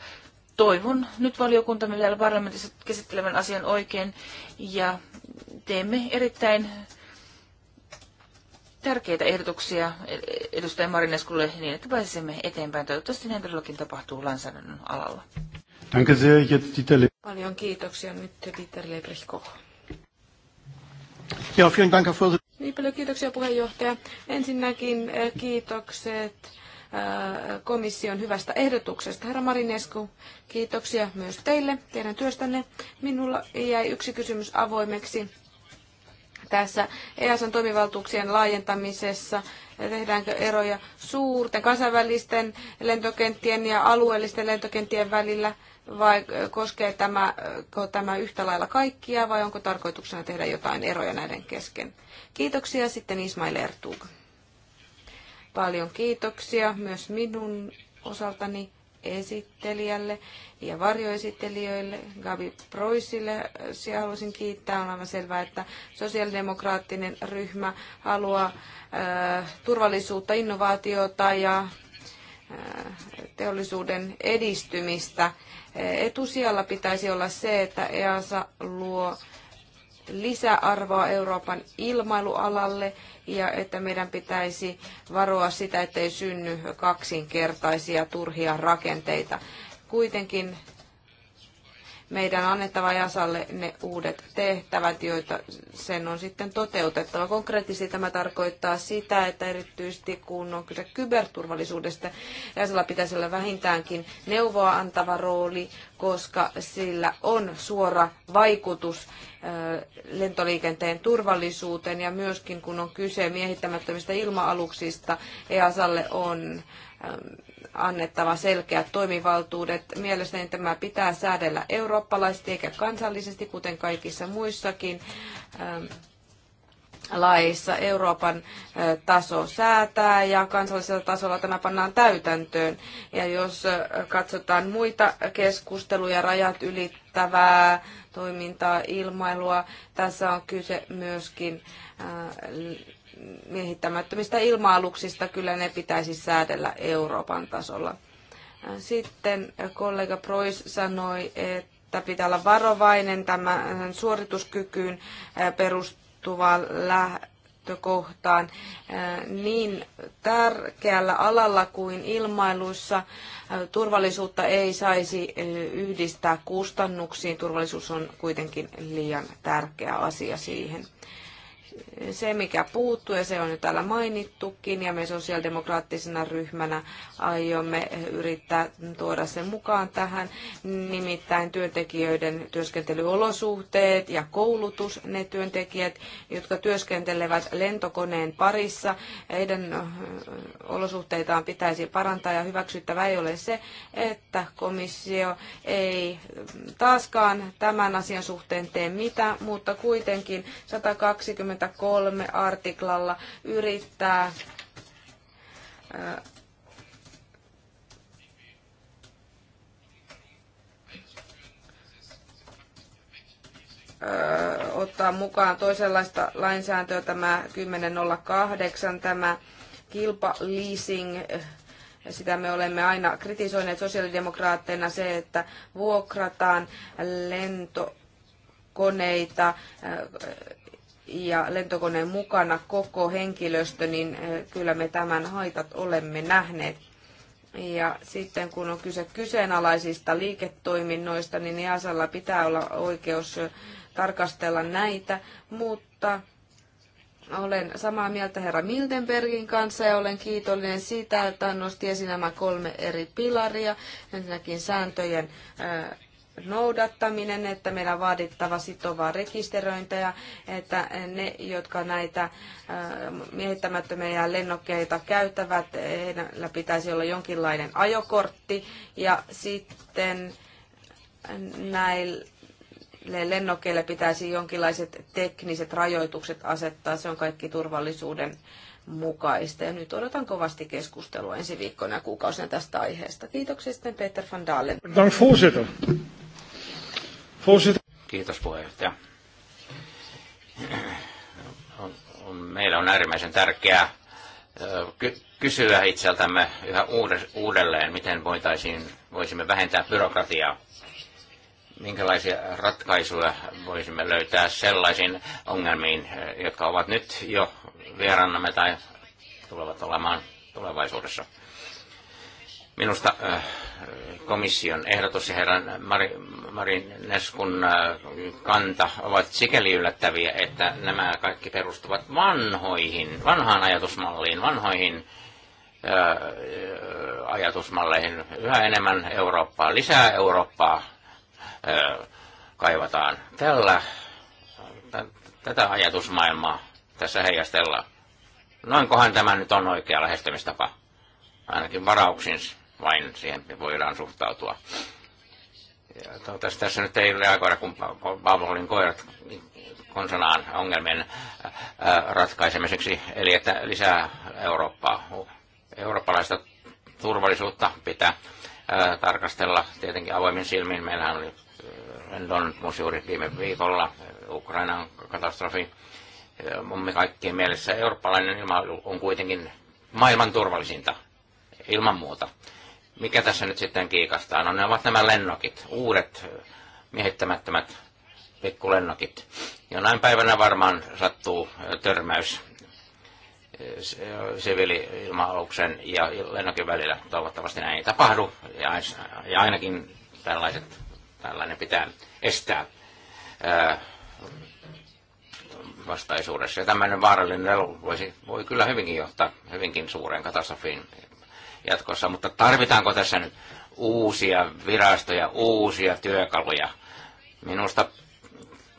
toivon nyt valiokuntamme täällä parlamentissa käsittelevän asian oikein ja teemme erittäin tärkeitä ehdotuksia edustaja Marineskulle niin, että pääsemme eteenpäin. Toivottavasti näin todellakin tapahtuu lainsäädännön alalla. Danke sehr, jetzt Paljon kiitoksia nyt Dieter Lebrecht-Koch. Ja, vielen Dank, Herr Niin paljon kiitoksia puheenjohtaja. Ensinnäkin äh, kiitokset äh, komission hyvästä ehdotuksesta. Herra Marinescu, kiitoksia myös teille, teidän työstänne. Minulla jäi yksi kysymys avoimeksi tässä EASan toimivaltuuksien laajentamisessa? Tehdäänkö eroja suurten kansainvälisten lentokenttien ja alueellisten lentokenttien välillä? Vai koskee tämä, tämä yhtä lailla kaikkia vai onko tarkoituksena tehdä jotain eroja näiden kesken? Kiitoksia sitten Ismail Ertug. Paljon kiitoksia myös minun osaltani esittelijälle ja varjoesittelijöille, Gabi Proisille. Siellä haluaisin kiittää. On aivan selvää, että sosiaalidemokraattinen ryhmä haluaa äh, turvallisuutta, innovaatiota ja äh, teollisuuden edistymistä. Äh, etusijalla pitäisi olla se, että EASA luo lisäarvoa Euroopan ilmailualalle ja että meidän pitäisi varoa sitä, ettei synny kaksinkertaisia turhia rakenteita. Kuitenkin meidän annettava Jasalle ne uudet tehtävät, joita sen on sitten toteutettava. Konkreettisesti tämä tarkoittaa sitä, että erityisesti kun on kyse kyberturvallisuudesta, Jasalla pitäisi olla vähintäänkin neuvoa antava rooli, koska sillä on suora vaikutus lentoliikenteen turvallisuuteen ja myöskin kun on kyse miehittämättömistä ilma-aluksista, EASalle on annettava selkeät toimivaltuudet. Mielestäni tämä pitää säädellä eurooppalaisesti eikä kansallisesti, kuten kaikissa muissakin ähm, laissa Euroopan äh, taso säätää ja kansallisella tasolla tämä pannaan täytäntöön. Ja jos äh, katsotaan muita keskusteluja, rajat ylittävää toimintaa, ilmailua, tässä on kyse myöskin äh, miehittämättömistä ilma-aluksista, kyllä ne pitäisi säädellä Euroopan tasolla. Sitten kollega Prois sanoi, että pitää olla varovainen tämän suorituskykyyn perustuvan lähtökohtaan niin tärkeällä alalla kuin ilmailuissa. Turvallisuutta ei saisi yhdistää kustannuksiin. Turvallisuus on kuitenkin liian tärkeä asia siihen se, mikä puuttuu, ja se on jo täällä mainittukin, ja me sosiaalidemokraattisena ryhmänä aiomme yrittää tuoda sen mukaan tähän, nimittäin työntekijöiden työskentelyolosuhteet ja koulutus, ne työntekijät, jotka työskentelevät lentokoneen parissa, heidän olosuhteitaan pitäisi parantaa, ja hyväksyttävä ei ole se, että komissio ei taaskaan tämän asian suhteen tee mitään, mutta kuitenkin 123 kolme artiklalla yrittää ottaa mukaan toisenlaista lainsääntöä, tämä 10.08, tämä kilpaleasing, sitä me olemme aina kritisoineet sosiaalidemokraatteina se, että vuokrataan lentokoneita ja lentokoneen mukana koko henkilöstö, niin eh, kyllä me tämän haitat olemme nähneet. Ja sitten kun on kyse kyseenalaisista liiketoiminnoista, niin EASalla pitää olla oikeus eh, tarkastella näitä, mutta olen samaa mieltä herra Miltenbergin kanssa ja olen kiitollinen siitä, että hän nosti esiin nämä kolme eri pilaria. Ensinnäkin sääntöjen eh, noudattaminen, että meillä on vaadittava sitovaa rekisteröintiä, että ne, jotka näitä äh, miehittämättömiä lennokkeita käyttävät, heillä pitäisi olla jonkinlainen ajokortti ja sitten näille lennokeille pitäisi jonkinlaiset tekniset rajoitukset asettaa. Se on kaikki turvallisuuden mukaista. Ja nyt odotan kovasti keskustelua ensi viikkoina ja kuukausina tästä aiheesta. Kiitoksia sitten Peter van Dalen. Dank voorzitter. Kiitos puheenjohtaja. On, on, meillä on äärimmäisen tärkeää ky- kysyä itseltämme yhä uudelleen, miten voitaisiin, voisimme vähentää byrokratiaa minkälaisia ratkaisuja voisimme löytää sellaisiin ongelmiin, jotka ovat nyt jo vierannamme tai tulevat olemaan tulevaisuudessa. Minusta äh, komission ehdotus ja herran Marin Neskun äh, kanta ovat sikäli yllättäviä, että nämä kaikki perustuvat vanhoihin, vanhaan ajatusmalliin, vanhoihin äh, ajatusmalleihin. Yhä enemmän Eurooppaa, lisää Eurooppaa kaivataan. Tällä, tätä ajatusmaailmaa tässä heijastellaan. Noinkohan tämä nyt on oikea lähestymistapa? Ainakin varauksinsa vain siihen voidaan suhtautua. Ja toivottavasti tässä nyt ei reagoida, kun Pavlovin koirat konsanaan ongelmien ratkaisemiseksi, eli että lisää Eurooppaa. Eurooppalaista turvallisuutta pitää tarkastella tietenkin avoimin silmin. Meillähän oli London juuri viime viikolla Ukrainan katastrofi. Mun kaikkien mielessä eurooppalainen ilma on kuitenkin maailman turvallisinta ilman muuta mikä tässä nyt sitten kiikastaa? No ne ovat nämä lennokit, uudet miehittämättömät pikkulennokit. Jonain päivänä varmaan sattuu törmäys siviili-ilma-aluksen ja lennokin välillä. Toivottavasti näin ei tapahdu ja ainakin tällaiset, tällainen pitää estää vastaisuudessa. Ja tämmöinen vaarallinen voisi, voi kyllä hyvinkin johtaa hyvinkin suureen katastrofiin jatkossa, mutta tarvitaanko tässä nyt uusia virastoja, uusia työkaluja? Minusta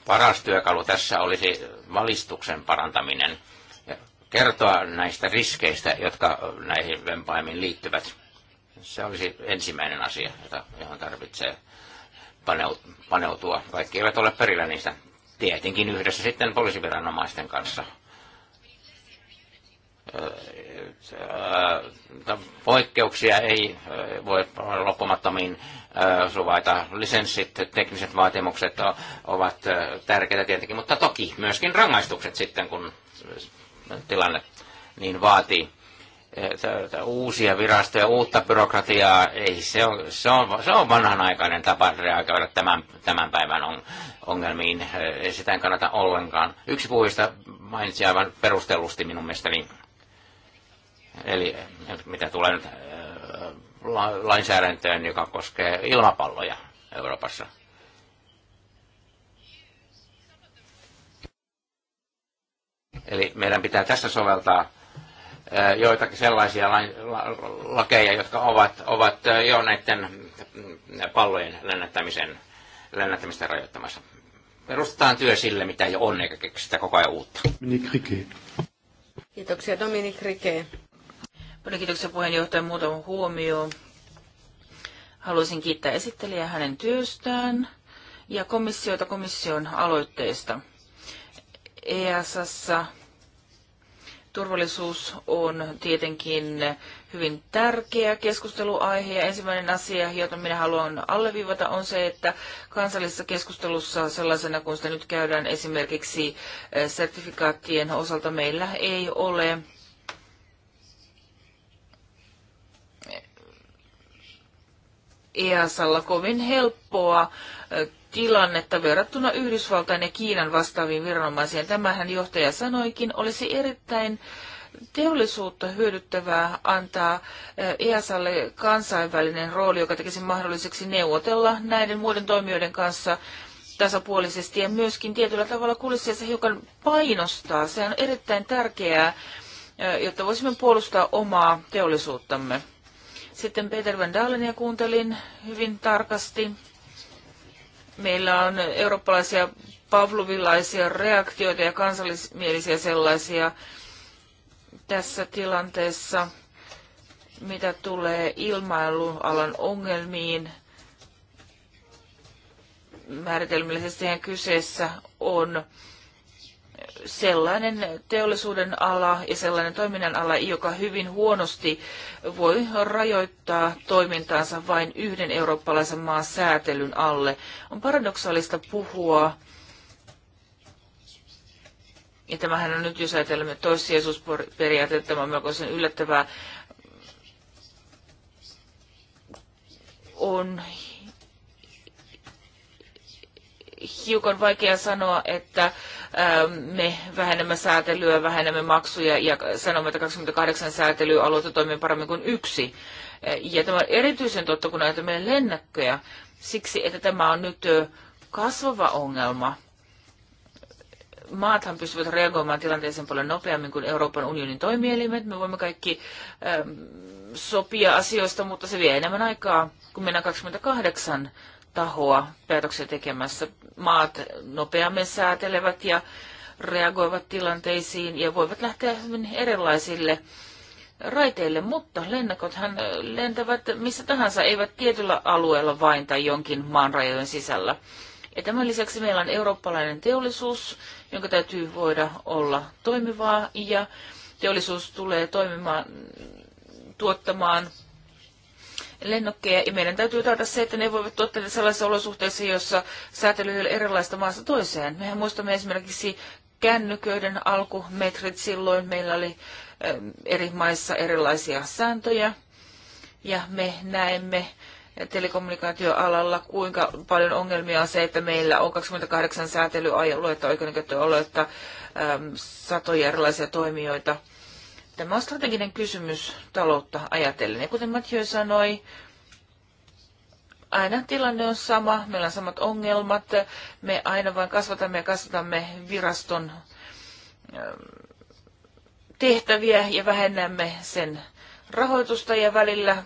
paras työkalu tässä olisi valistuksen parantaminen, ja kertoa näistä riskeistä, jotka näihin vempaimiin liittyvät. Se olisi ensimmäinen asia, jota, johon tarvitsee paneutua. Kaikki eivät ole perillä niistä. Tietenkin yhdessä sitten poliisiviranomaisten kanssa poikkeuksia ei voi loppumattomiin suvaita. Lisenssit, tekniset vaatimukset ovat tärkeitä tietenkin, mutta toki myöskin rangaistukset sitten, kun tilanne niin vaatii. Uusia virastoja, uutta byrokratiaa, ei, se, on, se, on, se on vanhanaikainen tapa reagoida tämän, tämän päivän on, ongelmiin. Sitä en kannata ollenkaan. Yksi puhujista mainitsi aivan perustellusti minun mielestäni niin Eli mitä tulee nyt äh, lainsäädäntöön, joka koskee ilmapalloja Euroopassa. Eli meidän pitää tässä soveltaa äh, joitakin sellaisia lakeja, jotka ovat, ovat äh, jo näiden mm, pallojen lennättämisen, lennättämistä rajoittamassa. Perustetaan työ sille, mitä jo on, eikä keksitä koko ajan uutta. Dominic Rike. Kiitoksia Dominik Rike. Paljon kiitoksia puheenjohtajan muutama huomio. Haluaisin kiittää esittelijää hänen työstään ja komissiota komission aloitteesta. EASassa turvallisuus on tietenkin hyvin tärkeä keskusteluaihe ja ensimmäinen asia, jota minä haluan alleviivata, on se, että kansallisessa keskustelussa sellaisena kuin sitä nyt käydään esimerkiksi eh, sertifikaattien osalta meillä ei ole EASalla kovin helppoa tilannetta verrattuna Yhdysvaltain ja Kiinan vastaaviin viranomaisiin. Tämähän johtaja sanoikin, olisi erittäin teollisuutta hyödyttävää antaa EASalle kansainvälinen rooli, joka tekisi mahdolliseksi neuvotella näiden muiden toimijoiden kanssa tasapuolisesti ja myöskin tietyllä tavalla kulisseissa hiukan painostaa. Se on erittäin tärkeää, jotta voisimme puolustaa omaa teollisuuttamme. Sitten Peter Van ja kuuntelin hyvin tarkasti. Meillä on eurooppalaisia pavluvilaisia reaktioita ja kansallismielisiä sellaisia tässä tilanteessa, mitä tulee ilmailualan ongelmiin. Määritelmällisesti kyseessä on sellainen teollisuuden ala ja sellainen toiminnan ala, joka hyvin huonosti voi rajoittaa toimintaansa vain yhden eurooppalaisen maan säätelyn alle. On paradoksaalista puhua, ja tämähän on nyt, jos ajatellaan toissijaisuusperiaatteet, tämä on sen yllättävää, on hiukan vaikea sanoa, että Ähm, me vähennämme säätelyä, vähennämme maksuja ja sanomme, että 28 säätelyaluetta toimii paremmin kuin yksi. Äh, ja tämä on erityisen totta, kun ajatellaan lennäkköjä, siksi että tämä on nyt kasvava ongelma. Maathan pystyvät reagoimaan tilanteeseen paljon nopeammin kuin Euroopan unionin toimielimet. Me voimme kaikki äm, sopia asioista, mutta se vie enemmän aikaa, kun mennään 28 tahoa päätöksiä tekemässä. Maat nopeammin säätelevät ja reagoivat tilanteisiin ja voivat lähteä hyvin erilaisille raiteille, mutta lennakothan lentävät missä tahansa, eivät tietyllä alueella vain tai jonkin maan rajojen sisällä. Ja tämän lisäksi meillä on eurooppalainen teollisuus, jonka täytyy voida olla toimivaa, ja teollisuus tulee toimimaan, tuottamaan lennokkeja, ja meidän täytyy taata se, että ne voivat tuottaa sellaisissa olosuhteissa, joissa säätely ei ole erilaista maasta toiseen. Mehän muistamme esimerkiksi kännyköiden alkumetrit silloin. Meillä oli ähm, eri maissa erilaisia sääntöjä, ja me näemme telekommunikaatioalalla, kuinka paljon ongelmia on se, että meillä on 28 säätelyaluetta, oikeudenkäyttöaluetta, ähm, satoja erilaisia toimijoita – Tämä on strateginen kysymys taloutta ajatellen. Ja kuten Mathieu sanoi, aina tilanne on sama, meillä on samat ongelmat, me aina vain kasvatamme ja kasvatamme viraston ähm, tehtäviä ja vähennämme sen rahoitusta ja välillä.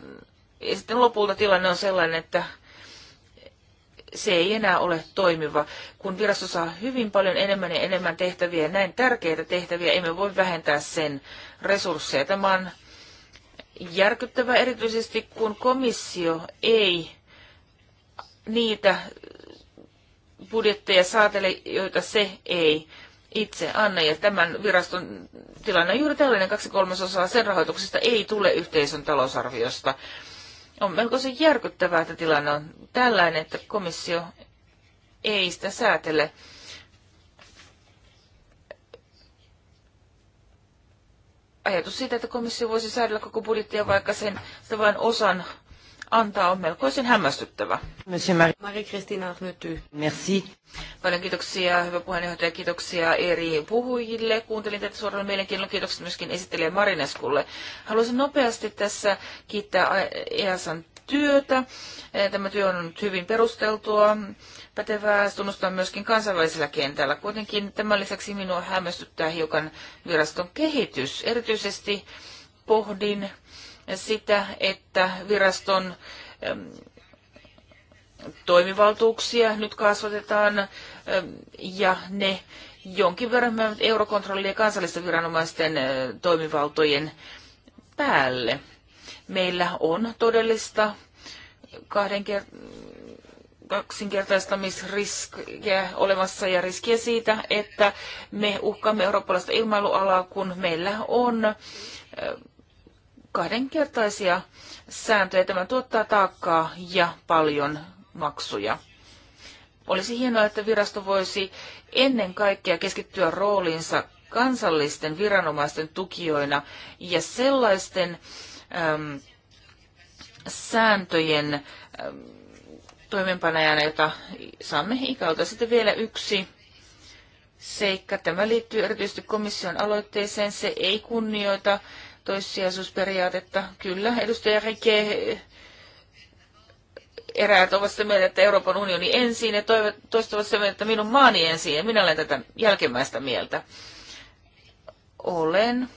Ja sitten lopulta tilanne on sellainen, että se ei enää ole toimiva. Kun virasto saa hyvin paljon enemmän ja enemmän tehtäviä, näin tärkeitä tehtäviä, emme voi vähentää sen resursseja. Tämä on järkyttävä erityisesti, kun komissio ei niitä budjetteja saatele, joita se ei itse anna. Ja tämän viraston tilanne on juuri tällainen kaksi kolmasosaa sen rahoituksesta ei tule yhteisön talousarviosta. On melko se järkyttävää, että tilanne on tällainen, että komissio ei sitä säätele. Ajatus siitä, että komissio voisi säädellä koko budjettia, vaikka sen, sitä vain osan antaa, on melkoisen hämmästyttävä. Marie-Kristina Ryty. Merci. Paljon kiitoksia, hyvä puheenjohtaja, kiitoksia eri puhujille. Kuuntelin tätä suoraan mielenkiinnolla. Kiitokset myöskin esittelijä Marineskulle. Haluaisin nopeasti tässä kiittää EASan työtä. Eh, tämä työ on nyt hyvin perusteltua, pätevää, tunnustaa myöskin kansainvälisellä kentällä. Kuitenkin tämän lisäksi minua hämmästyttää hiukan viraston kehitys. Erityisesti pohdin sitä, että viraston ähm, toimivaltuuksia nyt kasvatetaan ähm, ja ne jonkin verran menevät eurokontrolli- ja kansallisten viranomaisten äh, toimivaltojen päälle. Meillä on todellista kaksinkertaistamisriskiä olemassa ja riskiä siitä, että me uhkaamme eurooppalaista ilmailualaa, kun meillä on äh, kahdenkertaisia sääntöjä. Tämä tuottaa taakkaa ja paljon maksuja. Olisi hienoa, että virasto voisi ennen kaikkea keskittyä rooliinsa kansallisten viranomaisten tukijoina ja sellaisten äm, sääntöjen äm, toimenpanajana, jota saamme ikalta. Sitten vielä yksi seikka. Tämä liittyy erityisesti komission aloitteeseen. Se ei kunnioita toissijaisuusperiaatetta. Kyllä, edustaja Rike, eräät ovat sitä mieltä, että Euroopan unioni ensin ja toistuvat ovat sitä mieltä, että minun maani ensin ja minä olen tätä jälkimmäistä mieltä. Olen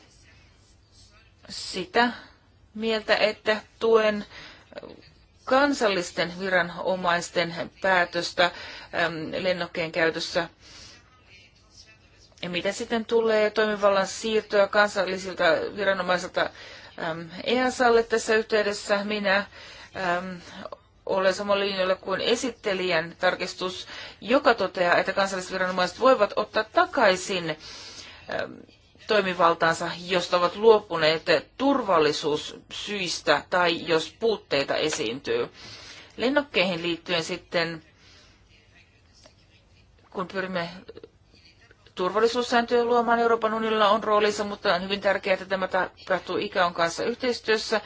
sitä mieltä, että tuen kansallisten viranomaisten päätöstä lennokkeen käytössä ja mitä sitten tulee toimivallan siirtoa kansallisilta viranomaisilta EASalle tässä yhteydessä, minä äm, olen samalla linjalla kuin esittelijän tarkistus, joka toteaa, että kansalliset viranomaiset voivat ottaa takaisin äm, toimivaltaansa, josta ovat luopuneet turvallisuussyistä tai jos puutteita esiintyy. Lennokkeihin liittyen sitten, kun pyrimme turvallisuussääntöjen luomaan. Euroopan unionilla on roolinsa, mutta on hyvin tärkeää, että tämä tapahtuu ikäon kanssa yhteistyössä,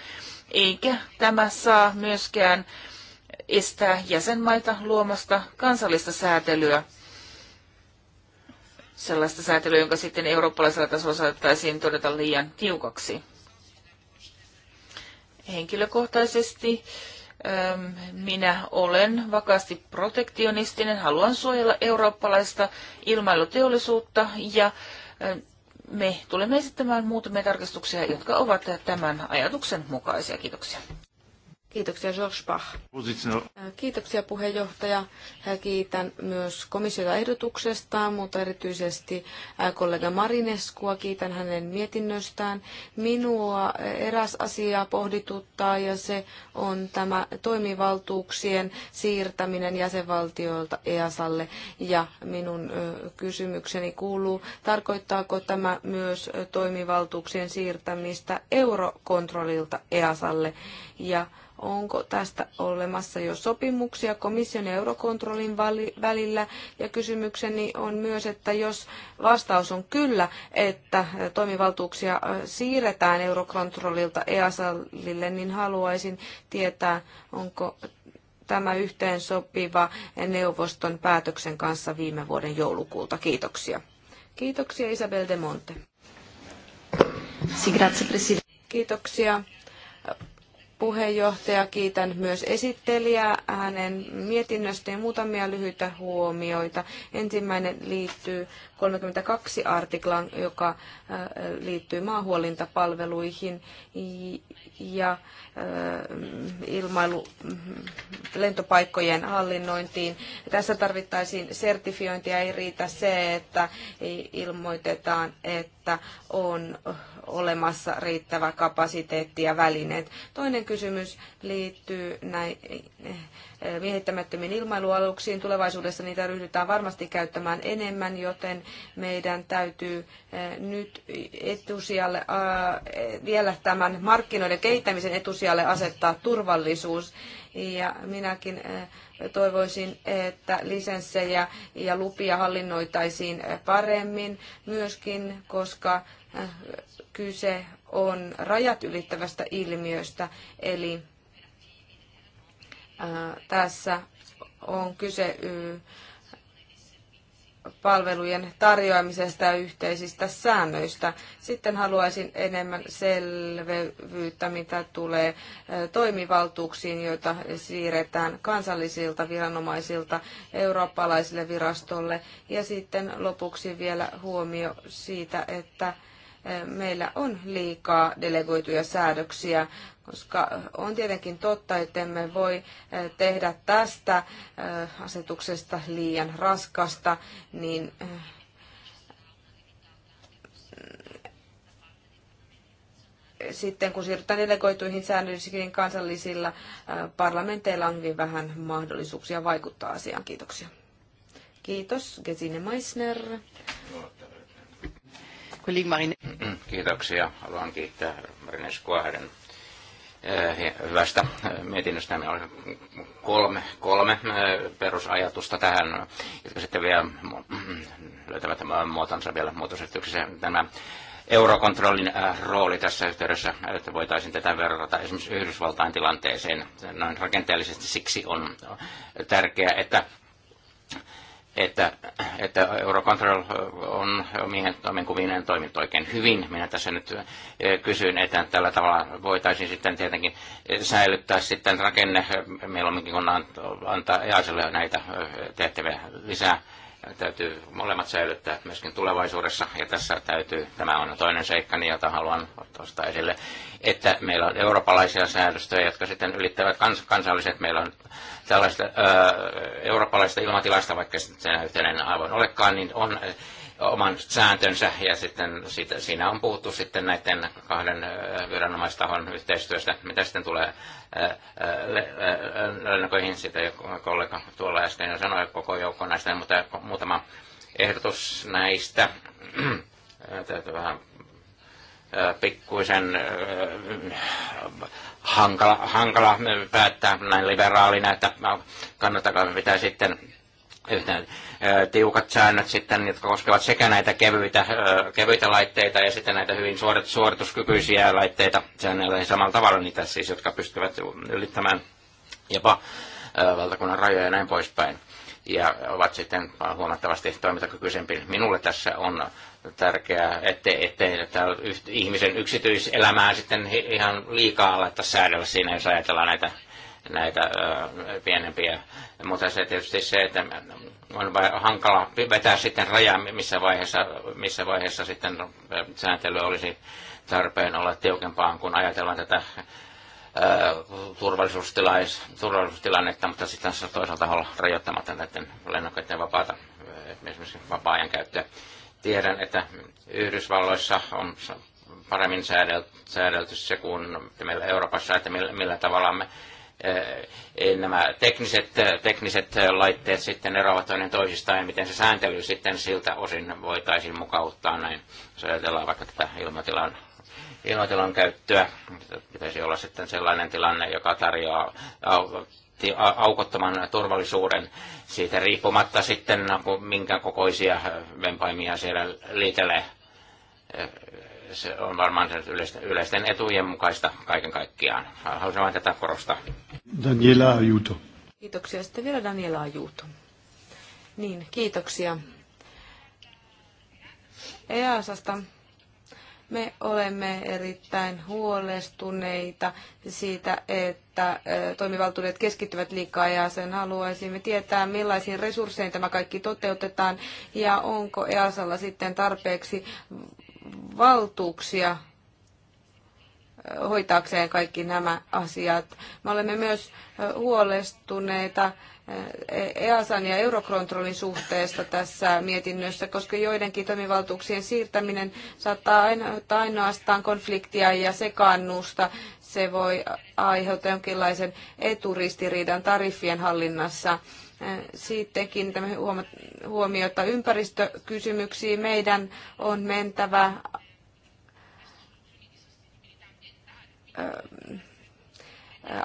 eikä tämä saa myöskään estää jäsenmaita luomasta kansallista säätelyä sellaista säätelyä, jonka sitten eurooppalaisella tasolla saattaisiin todeta liian tiukaksi. Henkilökohtaisesti minä olen vakaasti protektionistinen, haluan suojella eurooppalaista ilmailuteollisuutta ja me tulemme esittämään muutamia tarkistuksia, jotka ovat tämän ajatuksen mukaisia. Kiitoksia. Kiitoksia George Bach. Kiitoksia puheenjohtaja. Kiitän myös komissiota ehdotuksesta, mutta erityisesti kollega Marineskua. Kiitän hänen mietinnöstään. Minua eräs asia pohdituttaa ja se on tämä toimivaltuuksien siirtäminen jäsenvaltioilta EASalle. Ja minun kysymykseni kuuluu, tarkoittaako tämä myös toimivaltuuksien siirtämistä eurokontrollilta EASalle? Ja Onko tästä olemassa jo sopimuksia komission ja eurokontrollin välillä? Ja kysymykseni on myös, että jos vastaus on kyllä, että toimivaltuuksia siirretään eurokontrollilta EASALille, niin haluaisin tietää, onko tämä yhteen sopiva neuvoston päätöksen kanssa viime vuoden joulukuulta. Kiitoksia. Kiitoksia Isabel de Monte. Kiitoksia puheenjohtaja. Kiitän myös esittelijää hänen mietinnöstään muutamia lyhyitä huomioita. Ensimmäinen liittyy 32 artiklaan, joka äh, liittyy maahuolintapalveluihin ja äh, ilmailu mm, lentopaikkojen hallinnointiin. Tässä tarvittaisiin sertifiointia, ei riitä se, että ilmoitetaan, että on olemassa riittävä kapasiteetti ja välineet. Toinen kysymys liittyy näin, eh, miehittämättömiin ilmailualuksiin. Tulevaisuudessa niitä ryhdytään varmasti käyttämään enemmän, joten meidän täytyy eh, nyt etusijalle, eh, vielä tämän markkinoiden kehittämisen etusijalle asettaa turvallisuus. Ja minäkin toivoisin, että lisenssejä ja lupia hallinnoitaisiin paremmin myöskin, koska kyse on rajat ylittävästä ilmiöstä, eli tässä on kyse palvelujen tarjoamisesta ja yhteisistä säännöistä. Sitten haluaisin enemmän selvyyttä, mitä tulee toimivaltuuksiin, joita siirretään kansallisilta viranomaisilta eurooppalaisille virastolle. Ja sitten lopuksi vielä huomio siitä, että meillä on liikaa delegoituja säädöksiä, koska on tietenkin totta, että emme voi tehdä tästä asetuksesta liian raskasta, niin sitten kun siirrytään delegoituihin säännöllisiin, kansallisilla parlamenteilla on hyvin vähän mahdollisuuksia vaikuttaa asiaan. Kiitoksia. Kiitos, Gesine Meissner. Kiitoksia. Haluan kiittää Marineskua hänen eh, hyvästä eh, mietinnöstä. Meillä oli kolme, kolme eh, perusajatusta tähän, jotka sitten vielä löytävät muotonsa vielä muotoisyhtyksessä. Tämä eurokontrollin rooli tässä yhteydessä, että voitaisiin tätä verrata esimerkiksi Yhdysvaltain tilanteeseen noin rakenteellisesti. Siksi on tärkeää, että että, että Eurocontrol on omien, omien kuvineen toiminut oikein hyvin. Minä tässä nyt eh, kysyn, että tällä tavalla voitaisiin sitten tietenkin säilyttää sitten rakenne mieluumminkin, kun antaa EASille näitä eh, tehtäviä lisää. Täytyy molemmat säilyttää myöskin tulevaisuudessa, ja tässä täytyy, tämä on toinen seikka, niin, jota haluan ottaa esille, että meillä on eurooppalaisia säädöstöjä, jotka sitten ylittävät kans, kansalliset. Meillä on tällaista ää, eurooppalaista ilmatilasta, vaikka se yhtenäinen aivan olekaan, niin on oman sääntönsä ja sitten siitä, siinä on puhuttu sitten näiden kahden viranomaistahon yhteistyöstä, mitä sitten tulee lennokoihin, sitä kollega tuolla äsken sanoi koko joukko näistä, mutta muutama ehdotus näistä. Täytyy vähän pikkuisen hankala, hankala päättää näin liberaalina, että no, kannattakaa pitää sitten yhtä tiukat säännöt sitten, jotka koskevat sekä näitä kevyitä, kevyitä laitteita ja sitten näitä hyvin suorit, suorituskykyisiä laitteita säännöillä niin samalla tavalla niitä siis, jotka pystyvät ylittämään jopa valtakunnan rajoja ja näin poispäin ja ovat sitten huomattavasti toimintakykyisempi. Minulle tässä on tärkeää, ettei, ettei ihmisen yksityiselämää sitten ihan liikaa aleta säädellä siinä, jos ajatellaan näitä, näitä ö, pienempiä. Mutta se tietysti se, että on hankala vetää sitten rajaa, missä vaiheessa, missä vaiheessa sitten sääntely olisi tarpeen olla tiukempaan, kun ajatellaan tätä turvallisuustilannetta, mutta sitten toisaalta olla rajoittamatta näiden lennokkeiden vapaata, esimerkiksi vapaa-ajan käyttöä. Tiedän, että Yhdysvalloissa on paremmin säädelty se kuin meillä Euroopassa, että millä, millä tavalla me nämä tekniset, tekniset laitteet sitten eroavat toinen toisistaan ja miten se sääntely sitten siltä osin voitaisiin mukauttaa näin. Jos ajatellaan vaikka tätä ilmatilan ilmatilan käyttöä. Pitäisi olla sitten sellainen tilanne, joka tarjoaa aukottoman turvallisuuden siitä riippumatta sitten, no, minkä kokoisia vempaimia siellä liitelee. Se on varmaan yleisten, yleisten etujen mukaista kaiken kaikkiaan. Haluaisin vain tätä korostaa. Daniela Ajuto. Kiitoksia. Sitten vielä Daniela Ajuto. Niin, kiitoksia. EASasta me olemme erittäin huolestuneita siitä, että toimivaltuudet keskittyvät liikaa ja sen haluaisimme tietää, millaisiin resursseihin tämä kaikki toteutetaan ja onko EASalla sitten tarpeeksi valtuuksia hoitaakseen kaikki nämä asiat. Me olemme myös huolestuneita EASAN ja Eurokontrollin suhteesta tässä mietinnössä, koska joidenkin toimivaltuuksien siirtäminen saattaa aiheuttaa ainoastaan konfliktia ja sekaannusta. Se voi aiheuttaa jonkinlaisen eturistiriidan tariffien hallinnassa. Sitten kiinnitämme huomiota ympäristökysymyksiin. Meidän on mentävä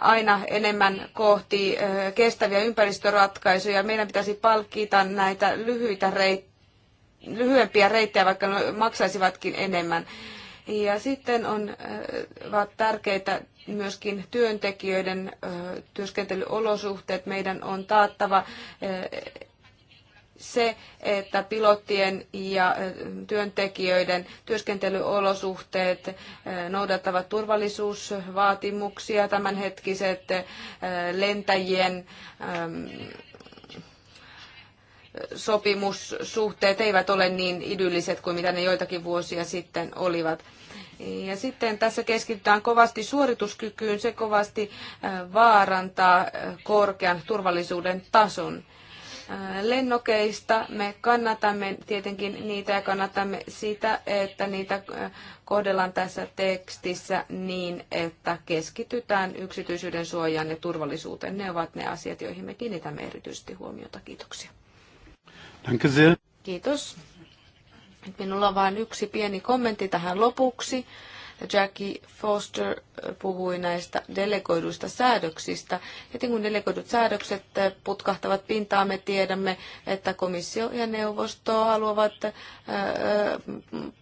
aina enemmän kohti kestäviä ympäristöratkaisuja. Meidän pitäisi palkita näitä lyhyitä reit, lyhyempiä reittejä, vaikka ne maksaisivatkin enemmän. Ja sitten on, tärkeitä myöskin työntekijöiden työskentelyolosuhteet. Meidän on taattava se, että pilottien ja työntekijöiden työskentelyolosuhteet noudattavat turvallisuusvaatimuksia, tämänhetkiset lentäjien sopimussuhteet eivät ole niin idylliset kuin mitä ne joitakin vuosia sitten olivat. Ja sitten tässä keskitytään kovasti suorituskykyyn, se kovasti vaarantaa korkean turvallisuuden tason. Äh, lennokeista. Me kannatamme tietenkin niitä ja kannatamme sitä, että niitä äh, kohdellaan tässä tekstissä niin, että keskitytään yksityisyyden suojaan ja turvallisuuteen. Ne ovat ne asiat, joihin me kiinnitämme erityisesti huomiota. Kiitoksia. Kiitos. Minulla on vain yksi pieni kommentti tähän lopuksi. Jackie Foster puhui näistä delegoiduista säädöksistä. Heti kun delegoidut säädökset putkahtavat pintaan, me tiedämme, että komissio ja neuvosto haluavat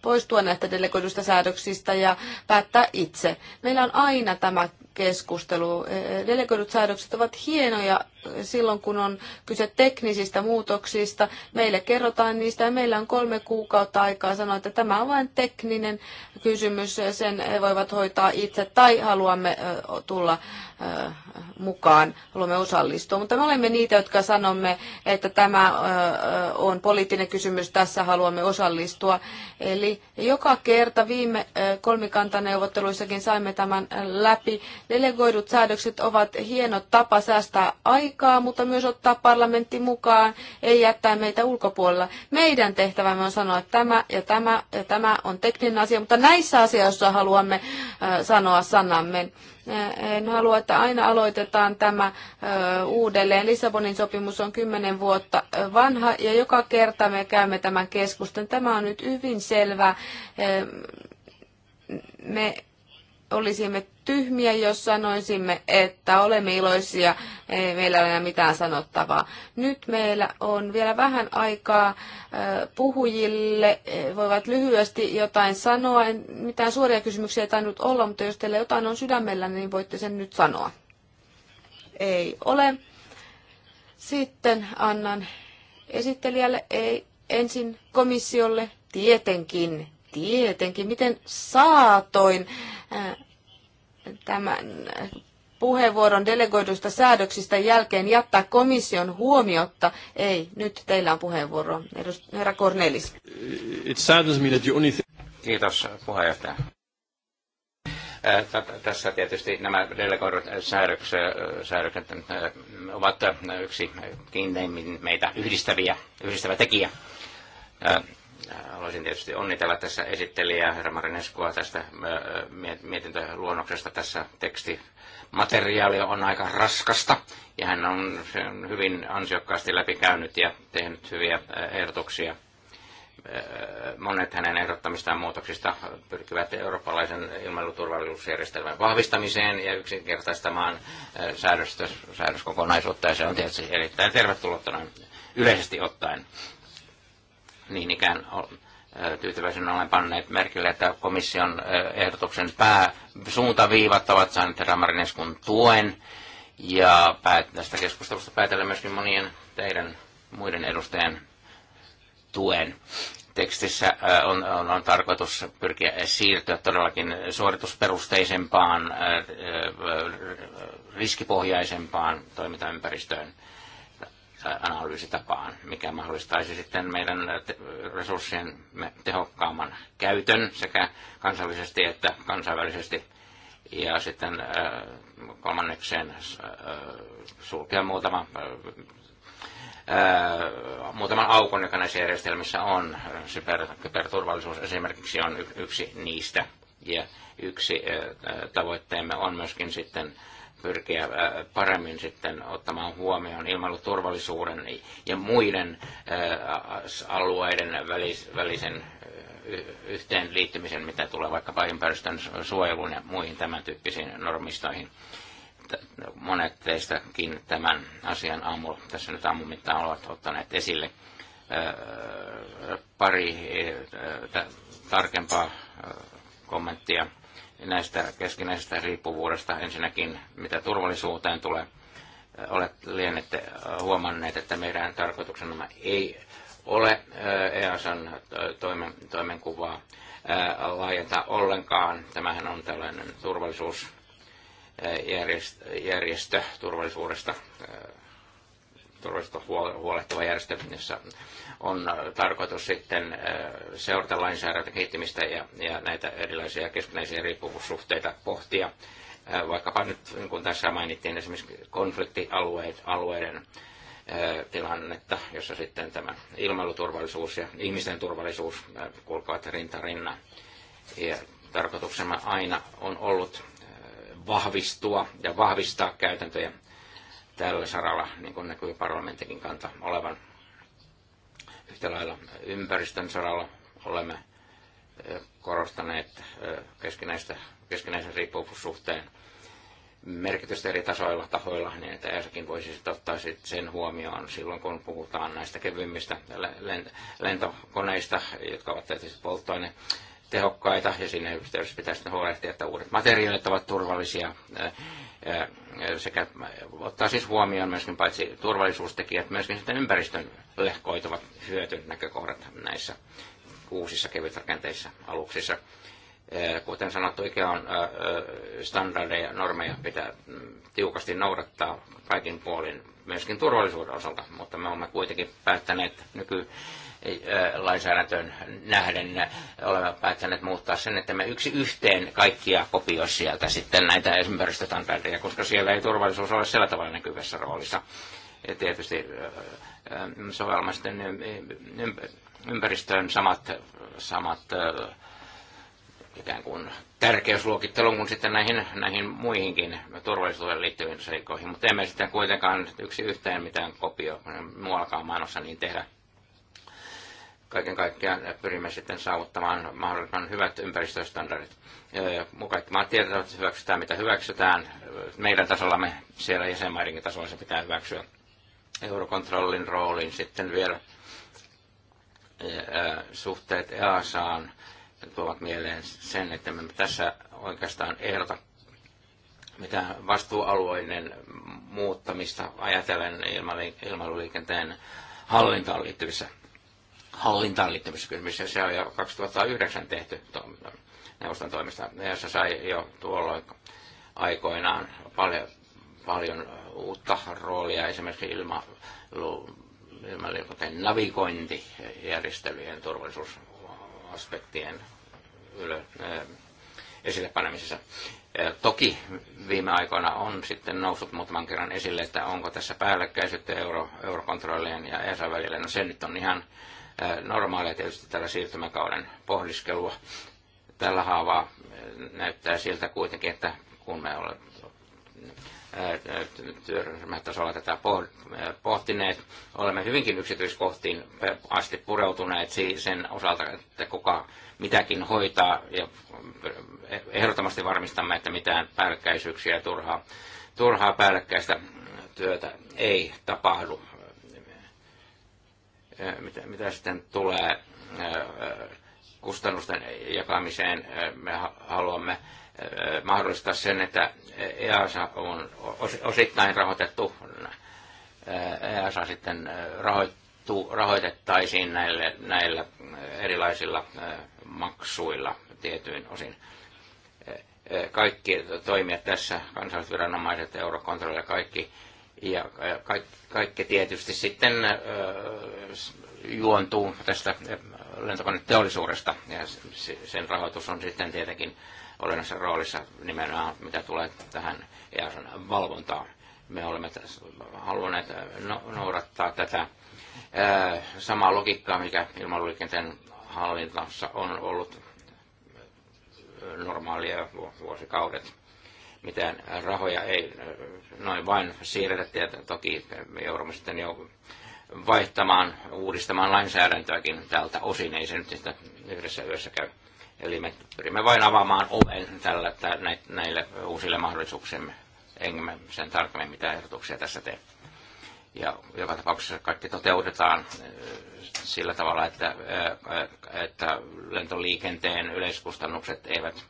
poistua näistä delegoiduista säädöksistä ja päättää itse. Meillä on aina tämä keskustelu. E, delegoidut säädökset ovat hienoja silloin, kun on kyse teknisistä muutoksista. Meille kerrotaan niistä ja meillä on kolme kuukautta aikaa sanoa, että tämä on vain tekninen kysymys, sen he voivat hoitaa itse tai haluamme e, tulla Äh, mukaan, haluamme osallistua. Mutta me olemme niitä, jotka sanomme, että tämä äh, äh, on poliittinen kysymys, tässä haluamme osallistua. Eli joka kerta viime kolmikantaneuvotteluissakin saimme tämän läpi. Delegoidut säädökset ovat hieno tapa säästää aikaa, mutta myös ottaa parlamentti mukaan, ei jättää meitä ulkopuolella. Meidän tehtävämme on sanoa, että tämä ja tämä ja tämä on tekninen asia, mutta näissä asioissa haluamme sanoa sanamme. En halua, että aina aloitetaan tämä uudelleen. Lissabonin sopimus on kymmenen vuotta vanha ja joka kerta me käymme tämän keskustelun. Tämä on nyt hyvin selvä. Me olisimme tyhmiä, jos sanoisimme, että olemme iloisia, ei meillä ole enää mitään sanottavaa. Nyt meillä on vielä vähän aikaa puhujille, e, voivat lyhyesti jotain sanoa. Mitään suoria kysymyksiä ei tainnut olla, mutta jos teillä jotain on sydämellä, niin voitte sen nyt sanoa. Ei ole. Sitten annan esittelijälle, ei, ensin komissiolle, tietenkin, tietenkin, miten saatoin tämän puheenvuoron delegoidusta säädöksistä jälkeen jättää komission huomiotta? Ei, nyt teillä on puheenvuoro, herra Cornelis. It saddens me that you only Kiitos puheenjohtaja. Tässä tietysti nämä delegoidut säädökset, säädökset ovat yksi kiinteimmin meitä yhdistäviä, yhdistävä tekijä Äh, haluaisin tietysti onnitella tässä esittelijää herra Marineskoa tästä äh, mietintöluonnoksesta. Tässä teksti materiaali on aika raskasta ja hän on sen hyvin ansiokkaasti läpikäynyt ja tehnyt hyviä äh, ehdotuksia. Monet hänen ehdottamistaan muutoksista pyrkivät eurooppalaisen ilmailuturvallisuusjärjestelmän vahvistamiseen ja yksinkertaistamaan säädöstä, säädöskokonaisuutta ja se on tietysti erittäin tervetullut yleisesti ottaen. Niin ikään tyytyväisenä olen panneet merkille, että komission ehdotuksen pääsuuntaviivat ovat saaneet herra Marineskun tuen. Ja päät- tästä keskustelusta päätellen myöskin monien teidän muiden edustajien tuen. Tekstissä on, on, on tarkoitus pyrkiä siirtyä todellakin suoritusperusteisempaan, riskipohjaisempaan toimintaympäristöön analyysitapaan, mikä mahdollistaisi sitten meidän resurssien tehokkaamman käytön sekä kansallisesti että kansainvälisesti. Ja sitten äh, kolmannekseen äh, sulkea muutama, äh, muutaman aukon, joka näissä järjestelmissä on. kyberturvallisuus esimerkiksi on yksi niistä. Ja yksi tavoitteemme on myöskin sitten pyrkiä paremmin sitten ottamaan huomioon ilmailuturvallisuuden ja muiden alueiden välisen yhteenliittymisen, mitä tulee vaikkapa ympäristön suojeluun ja muihin tämän tyyppisiin normistoihin. Monet teistäkin tämän asian aamulla, tässä nyt aamumittaan ovat ottaneet esille pari tarkempaa kommenttia näistä keskinäisistä riippuvuudesta. Ensinnäkin, mitä turvallisuuteen tulee, eh, olet lienette eh, huomanneet, että meidän tarkoituksena ei ole EASan eh, e toimen, toimenkuvaa laajentaa ollenkaan. Tämähän on tällainen turvallisuusjärjestö, turvallisuudesta, turvallisuudesta huolehtiva järjestö, jossa on tarkoitus sitten äh, seurata lainsäädäntö kehittymistä ja, ja näitä erilaisia keskinäisiä riippuvuussuhteita pohtia. Äh, vaikkapa nyt, niin kun tässä mainittiin esimerkiksi konfliktialueiden alueiden, äh, tilannetta, jossa sitten tämä ilmailuturvallisuus ja ihmisten turvallisuus kulkevat rinta rinnan. Ja tarkoituksena aina on ollut vahvistua ja vahvistaa käytäntöjä tällä saralla, niin kuin näkyy parlamentinkin kanta olevan Yhtä lailla ympäristön saralla olemme korostaneet keskinäistä, keskinäisen riippuvuussuhteen merkitystä eri tasoilla, tahoilla, niin että EASAkin voisi ottaa sit sen huomioon silloin, kun puhutaan näistä kevyimmistä lentokoneista, jotka ovat tietysti polttoaine tehokkaita, ja siinä yhteydessä pitäisi huolehtia, että uudet materiaalit ovat turvallisia sekä ottaa siis huomioon myöskin paitsi turvallisuustekijät, myöskin sitten ympäristön lehkoituvat näkökohdat näissä uusissa kevytrakenteissa aluksissa. Kuten sanottu, on standardeja ja normeja pitää mm, tiukasti noudattaa kaikin puolin myöskin turvallisuuden osalta, mutta me olemme kuitenkin päättäneet nyky lainsäädäntöön nähden olemme päättäneet muuttaa sen, että me yksi yhteen kaikkia kopioi sieltä sitten näitä ympäristötandardeja, koska siellä ei turvallisuus ole sillä tavalla näkyvässä roolissa. Ja tietysti sovelmasten ympäristöön samat, samat ikään kuin tärkeysluokitteluun kuin sitten näihin, näihin muihinkin turvallisuuteen liittyviin seikoihin, mutta emme sitten kuitenkaan yksi yhteen mitään kopio muuallakaan maailmassa niin tehdä kaiken kaikkiaan pyrimme sitten saavuttamaan mahdollisimman hyvät ympäristöstandardit. Kaikki maat tietävät, että hyväksytään mitä hyväksytään. Meidän tasollamme siellä jäsenmaidenkin tasolla se pitää hyväksyä. Eurokontrollin rooliin sitten vielä suhteet EASAan tuovat mieleen sen, että me tässä oikeastaan ehdota mitä vastuualueiden muuttamista ajatellen ilmailuliikenteen hallintaan liittyvissä hallintaan liittyvissä kysymyksissä. Se on jo 2009 tehty neuvoston toimesta, Se sai jo tuolloin aikoinaan paljon, paljon uutta roolia esimerkiksi ilma, ilma navigointijärjestelyjen turvallisuusaspektien ylö, eh, esille panemisessa. Eh, toki viime aikoina on sitten noussut muutaman kerran esille, että onko tässä päällekkäisyyttä euro, eurokontrollien ja ESA välillä. No se nyt on ihan normaaleja tietysti tällä siirtymäkauden pohdiskelua. Tällä haavaa näyttää siltä kuitenkin, että kun me olemme työryhmätasolla tätä pohtineet. Olemme hyvinkin yksityiskohtiin asti pureutuneet sen osalta, että kuka mitäkin hoitaa ja ehdottomasti varmistamme, että mitään päällekkäisyyksiä ja turhaa, turhaa päällekkäistä työtä ei tapahdu mitä, mitä sitten tulee kustannusten jakamiseen, me haluamme mahdollistaa sen, että EASA on osittain rahoitettu, EASA sitten rahoittu, rahoitettaisiin näille, näillä erilaisilla maksuilla tietyin osin. Kaikki toimijat tässä, kansallisviranomaiset, eurokontrolli ja kaikki ja kaikki, kaikki tietysti sitten juontuu tästä lentokoneteollisuudesta ja sen rahoitus on sitten tietenkin olennaisessa roolissa nimenomaan mitä tulee tähän EASan valvontaan. Me olemme halunneet no, noudattaa tätä samaa logiikkaa, mikä ilmailuliikenteen hallinnassa on ollut normaalia vuosikaudet mitään rahoja ei noin vain siirretä, ja toki joudumme sitten jo vaihtamaan, uudistamaan lainsäädäntöäkin tältä osin, ei se nyt sitä yhdessä yössä käy. Eli me pyrimme vain avaamaan oven tällä, näille uusille mahdollisuuksille, enkä sen tarkemmin mitä ehdotuksia tässä tee. Ja joka tapauksessa kaikki toteutetaan äh, sillä tavalla, että, äh, äh, että lentoliikenteen yleiskustannukset eivät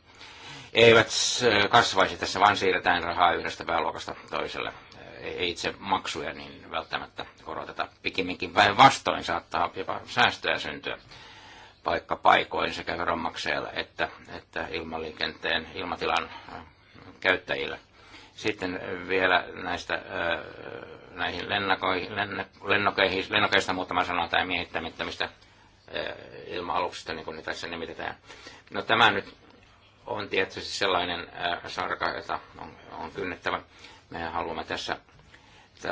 eivät äh, kasvaisi tässä, vaan siirretään rahaa yhdestä pääluokasta toiselle. Ei itse maksuja niin välttämättä koroteta. Pikemminkin päinvastoin saattaa jopa säästöjä syntyä paikka paikoin sekä veronmaksajalle että, että ilmaliikenteen ilmatilan äh, käyttäjille Sitten vielä näistä äh, näihin lennokeihin, lennokeista muutama sana tai miehittämättömistä ilma-aluksista, niin kuin niitä tässä nimitetään. No tämä nyt on tietysti sellainen äh, sarka, jota on, on kynnettävä. Me haluamme tässä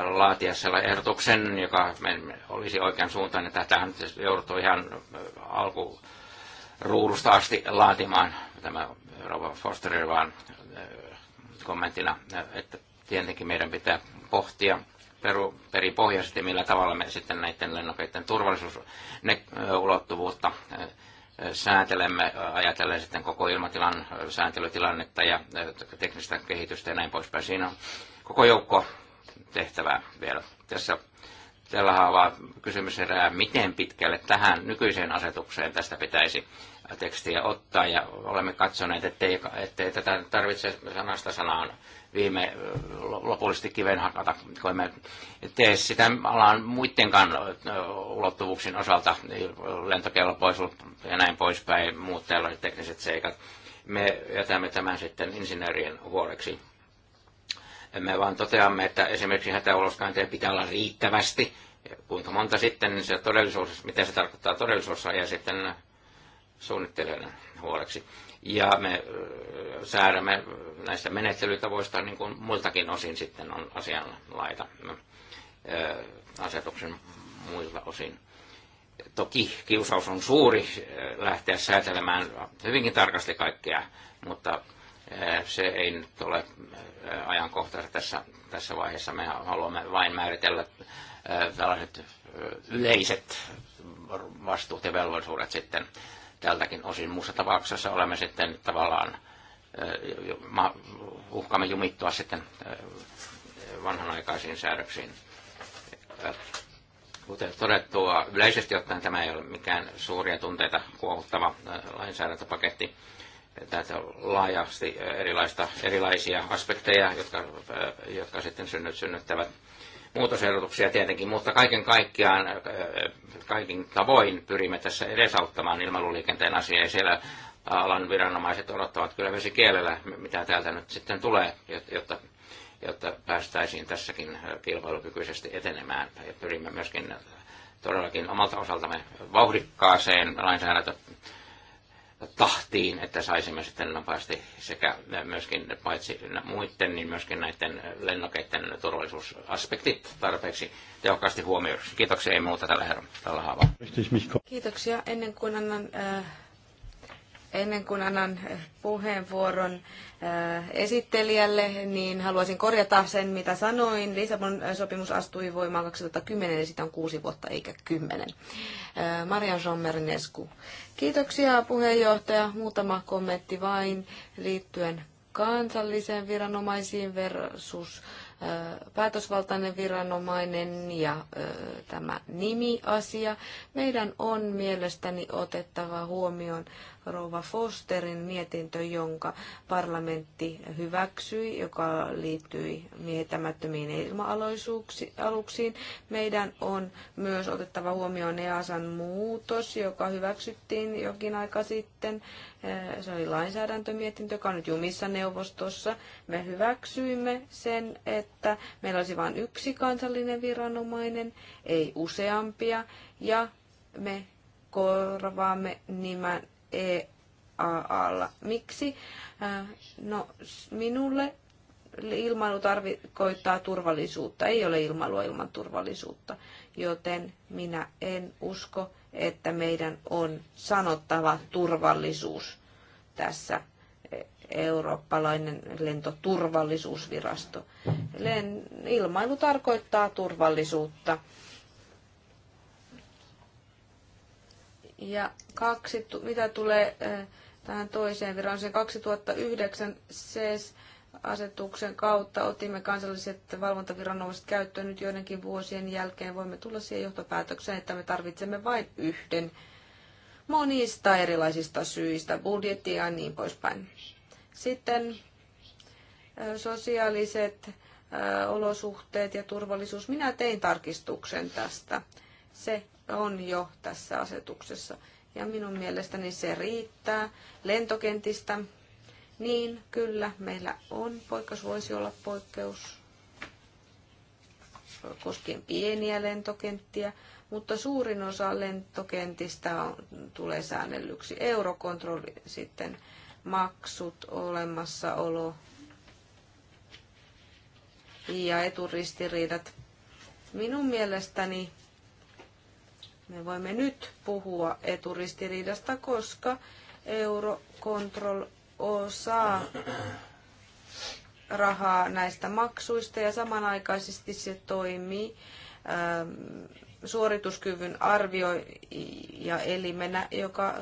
laatia sellainen ehdotuksen, joka olisi oikean suuntainen. Tätähän nyt siis jouduttu ihan äh, alku asti laatimaan tämä Robert Fosterin vaan äh, kommenttina, että tietenkin meidän pitää pohtia peripohjaisesti, millä tavalla me sitten näiden lennokeiden turvallisuusulottuvuutta säätelemme, ajatellen sitten koko ilmatilan sääntelytilannetta ja teknistä kehitystä ja näin poispäin. Siinä on koko joukko tehtävää vielä. Tässä tällä haavaa kysymys herää, miten pitkälle tähän nykyiseen asetukseen tästä pitäisi tekstiä ottaa, ja olemme katsoneet, ettei, ettei tätä tarvitse sanasta sanaan viime lopullisesti kiven hakata, kun emme tee sitä alan muidenkaan ulottuvuuksien osalta, niin lentokelpoisuutta ja näin poispäin, muut tällaiset tekniset seikat. Me jätämme tämän sitten insinöörien huoleksi. Me vaan toteamme, että esimerkiksi hätäuloskäyntejä pitää olla riittävästi, kuinka monta sitten niin se todellisuus, mitä se tarkoittaa todellisuudessa ja sitten suunnittelijoiden huoleksi ja me äh, säädämme näistä menettelytavoista niin kuin muiltakin osin sitten on asianlaita äh, asetuksen muilta osin. Toki kiusaus on suuri äh, lähteä säätelemään hyvinkin tarkasti kaikkea, mutta se ei nyt ole ajankohtaisesti tässä, tässä vaiheessa. Me haluamme vain määritellä tällaiset yleiset vastuut ja velvollisuudet sitten tältäkin osin. Muussa tapauksessa olemme sitten tavallaan uhkaamme jumittua sitten vanhanaikaisiin säädöksiin. Kuten todettua, yleisesti ottaen tämä ei ole mikään suuria tunteita kuohuttava lainsäädäntöpaketti. Täältä on laajasti erilaista, erilaisia aspekteja, jotka, jotka sitten synnyttävät muutosehdotuksia tietenkin, mutta kaiken kaikkiaan, äh, kaikin tavoin pyrimme tässä edesauttamaan ilmailuliikenteen asiaa. Ja siellä alan viranomaiset odottavat kyllä vesikielellä, mitä täältä nyt sitten tulee, jotta, jotta päästäisiin tässäkin äh, kilpailukykyisesti etenemään. Ja pyrimme myöskin todellakin omalta osaltamme vauhdikkaaseen lainsäädäntöön, tahtiin, että saisimme sitten nopeasti sekä myöskin paitsi muiden, niin myöskin näiden lennokeiden turvallisuusaspektit tarpeeksi tehokkaasti huomioiduksi. Kiitoksia, ei muuta tällä, herra, tällä Kiitoksia. Ennen kuin annan äh, Ennen kuin annan eh, puheenvuoron eh, esittelijälle, niin haluaisin korjata sen, mitä sanoin. Lisabon eh, sopimus astui voimaan 2010, eli sitä on kuusi vuotta eikä kymmenen. Marian Sommernesku. Kiitoksia puheenjohtaja. Muutama kommentti vain liittyen kansalliseen viranomaisiin versus päätösvaltainen viranomainen ja tämä nimiasia. Meidän on mielestäni otettava huomioon rouva Fosterin mietintö, jonka parlamentti hyväksyi, joka liittyi miehittämättömiin ilma-aluksiin. Meidän on myös otettava huomioon EASan muutos, joka hyväksyttiin jokin aika sitten. Eh, se oli lainsäädäntömietintö, joka on nyt jumissa neuvostossa. Me hyväksyimme sen, että meillä olisi vain yksi kansallinen viranomainen, ei useampia, ja me korvaamme nimen EAAlla. Miksi? Äh, no, minulle ilmailu tarkoittaa turvallisuutta. Ei ole ilmailua ilman turvallisuutta, joten minä en usko, että meidän on sanottava turvallisuus tässä e, eurooppalainen lentoturvallisuusvirasto. ilmailu tarkoittaa turvallisuutta Ja kaksi, mitä tulee eh, tähän toiseen viranomaiseen, 2009 CES asetuksen kautta otimme kansalliset valvontaviranomaiset käyttöön nyt joidenkin vuosien jälkeen. Voimme tulla siihen johtopäätökseen, että me tarvitsemme vain yhden monista erilaisista syistä, budjettia ja niin poispäin. Sitten eh, sosiaaliset eh, olosuhteet ja turvallisuus. Minä tein tarkistuksen tästä. Se on jo tässä asetuksessa. Ja minun mielestäni se riittää. Lentokentistä, niin kyllä, meillä on poikkeus, voisi olla poikkeus koskien pieniä lentokenttiä, mutta suurin osa lentokentistä on, tulee säännellyksi. Eurokontrolli sitten maksut, olemassaolo ja eturistiriidat. Minun mielestäni me voimme nyt puhua eturistiriidasta, koska Eurocontrol osaa rahaa näistä maksuista ja samanaikaisesti se toimii ähm, suorituskyvyn arvioija elimenä, joka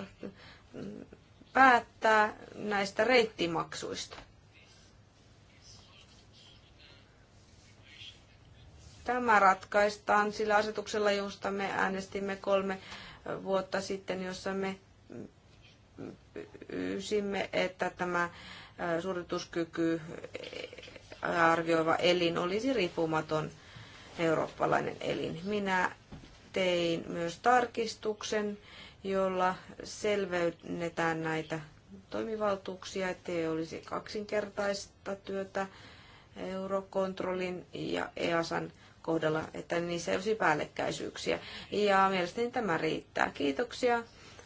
päättää näistä reittimaksuista. tämä ratkaistaan sillä asetuksella, josta me äänestimme kolme vuotta sitten, jossa me pyysimme, että tämä suorituskyky arvioiva elin olisi riippumaton eurooppalainen elin. Minä tein myös tarkistuksen, jolla selveytetään näitä toimivaltuuksia, ettei olisi kaksinkertaista työtä Eurokontrollin ja EASan kohdalla, että niissä ei olisi päällekkäisyyksiä. Ja mielestäni tämä riittää. Kiitoksia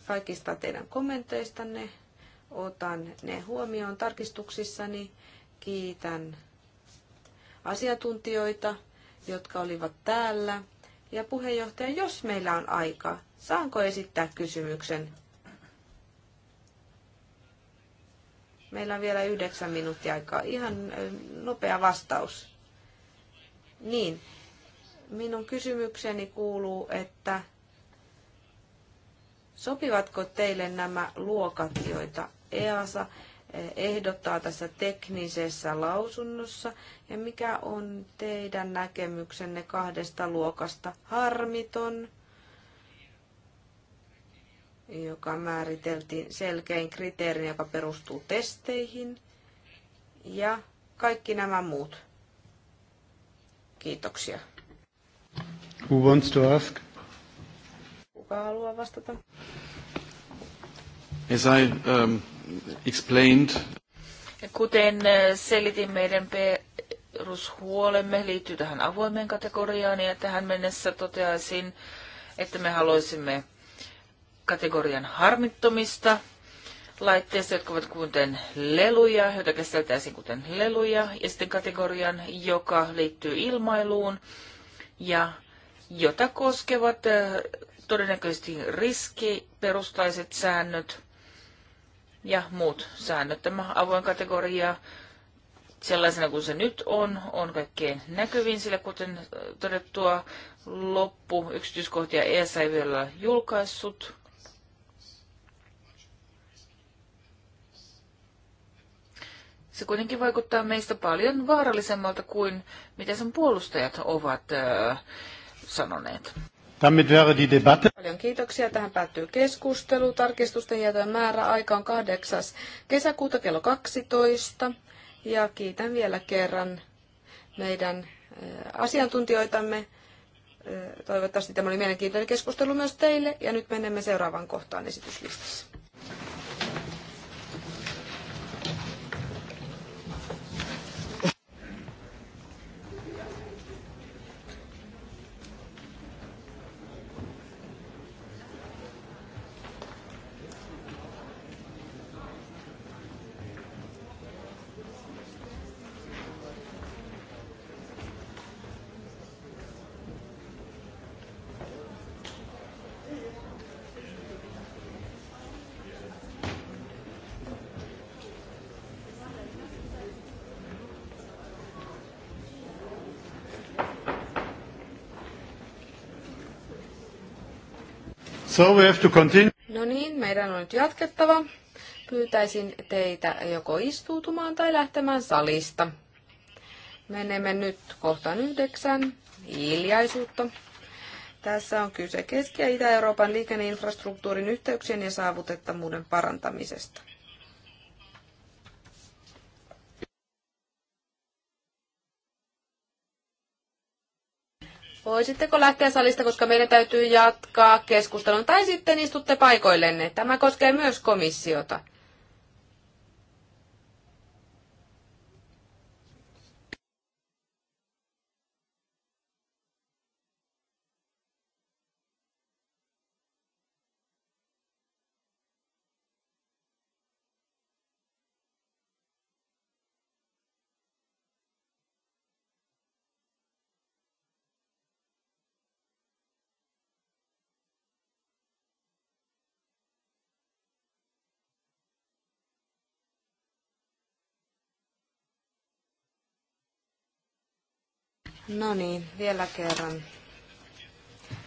kaikista teidän kommenteistanne. Otan ne huomioon tarkistuksissani. Kiitän asiantuntijoita, jotka olivat täällä. Ja puheenjohtaja, jos meillä on aika, saanko esittää kysymyksen? Meillä on vielä yhdeksän minuuttia aikaa. Ihan nopea vastaus. Niin, Minun kysymykseni kuuluu, että sopivatko teille nämä luokat, joita EASA eh, ehdottaa tässä teknisessä lausunnossa ja mikä on teidän näkemyksenne kahdesta luokasta harmiton, joka määriteltiin selkein kriteerin, joka perustuu testeihin ja kaikki nämä muut. Kiitoksia. Who wants to ask? Kuka haluaa vastata? As I um, explained, Kuten äh, selitin meidän perushuolemme liittyy tähän avoimeen kategoriaan ja tähän mennessä toteaisin, että me haluaisimme kategorian harmittomista laitteista, jotka ovat kuten leluja, joita käsiteltäisiin kuten leluja, ja sitten kategorian, joka liittyy ilmailuun, ja jota koskevat äh, todennäköisesti riskiperustaiset säännöt ja muut säännöt. Tämä avoin kategoria sellaisena kuin se nyt on, on kaikkein näkyvin, sillä kuten äh, todettua, loppu yksityiskohtia ESA ei vielä julkaissut. Se kuitenkin vaikuttaa meistä paljon vaarallisemmalta kuin mitä sen puolustajat ovat äh, sanoneet. Paljon kiitoksia. Tähän päättyy keskustelu. Tarkistusten jätön määrä aika on 8. kesäkuuta kello 12. Ja kiitän vielä kerran meidän asiantuntijoitamme. Toivottavasti tämä oli mielenkiintoinen keskustelu myös teille. Ja nyt menemme seuraavaan kohtaan esityslistassa. So we have to continue. No niin, meidän on nyt jatkettava. Pyytäisin teitä joko istuutumaan tai lähtemään salista. Menemme nyt kohtaan yhdeksän, hiljaisuutta. Tässä on kyse Keski- ja Itä-Euroopan liikenneinfrastruktuurin yhteyksien ja saavutettavuuden parantamisesta. Voisitteko lähteä salista, koska meidän täytyy jatkaa keskustelun, tai sitten istutte paikoillenne. Tämä koskee myös komissiota. No niin, vielä kerran.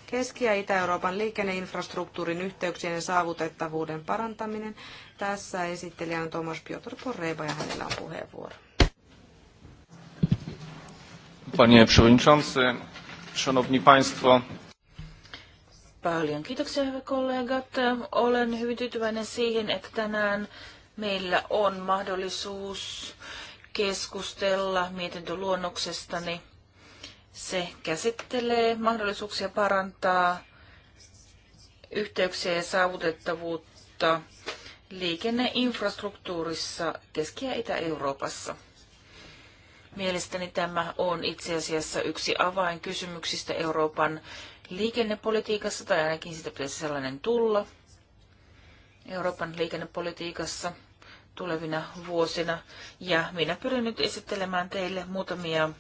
Keski- ja Itä-Euroopan liikenneinfrastruktuurin yhteyksien ja saavutettavuuden parantaminen. Tässä esittelijä on Tomas Piotr Porreiva ja hänellä on puheenvuoro. Panie przewodniczący, szanowni państwo. Paljon kiitoksia, hyvät kollegat. Olen hyvin tyytyväinen siihen, että tänään meillä on mahdollisuus keskustella mietintöluonnoksestani se käsittelee mahdollisuuksia parantaa yhteyksiä ja saavutettavuutta liikenneinfrastruktuurissa Keski- ja Itä-Euroopassa. Mielestäni tämä on itse asiassa yksi avainkysymyksistä Euroopan liikennepolitiikassa, tai ainakin siitä pitäisi sellainen tulla. Euroopan liikennepolitiikassa tulevina vuosina. Ja minä pyrin nyt esittelemään teille muutamia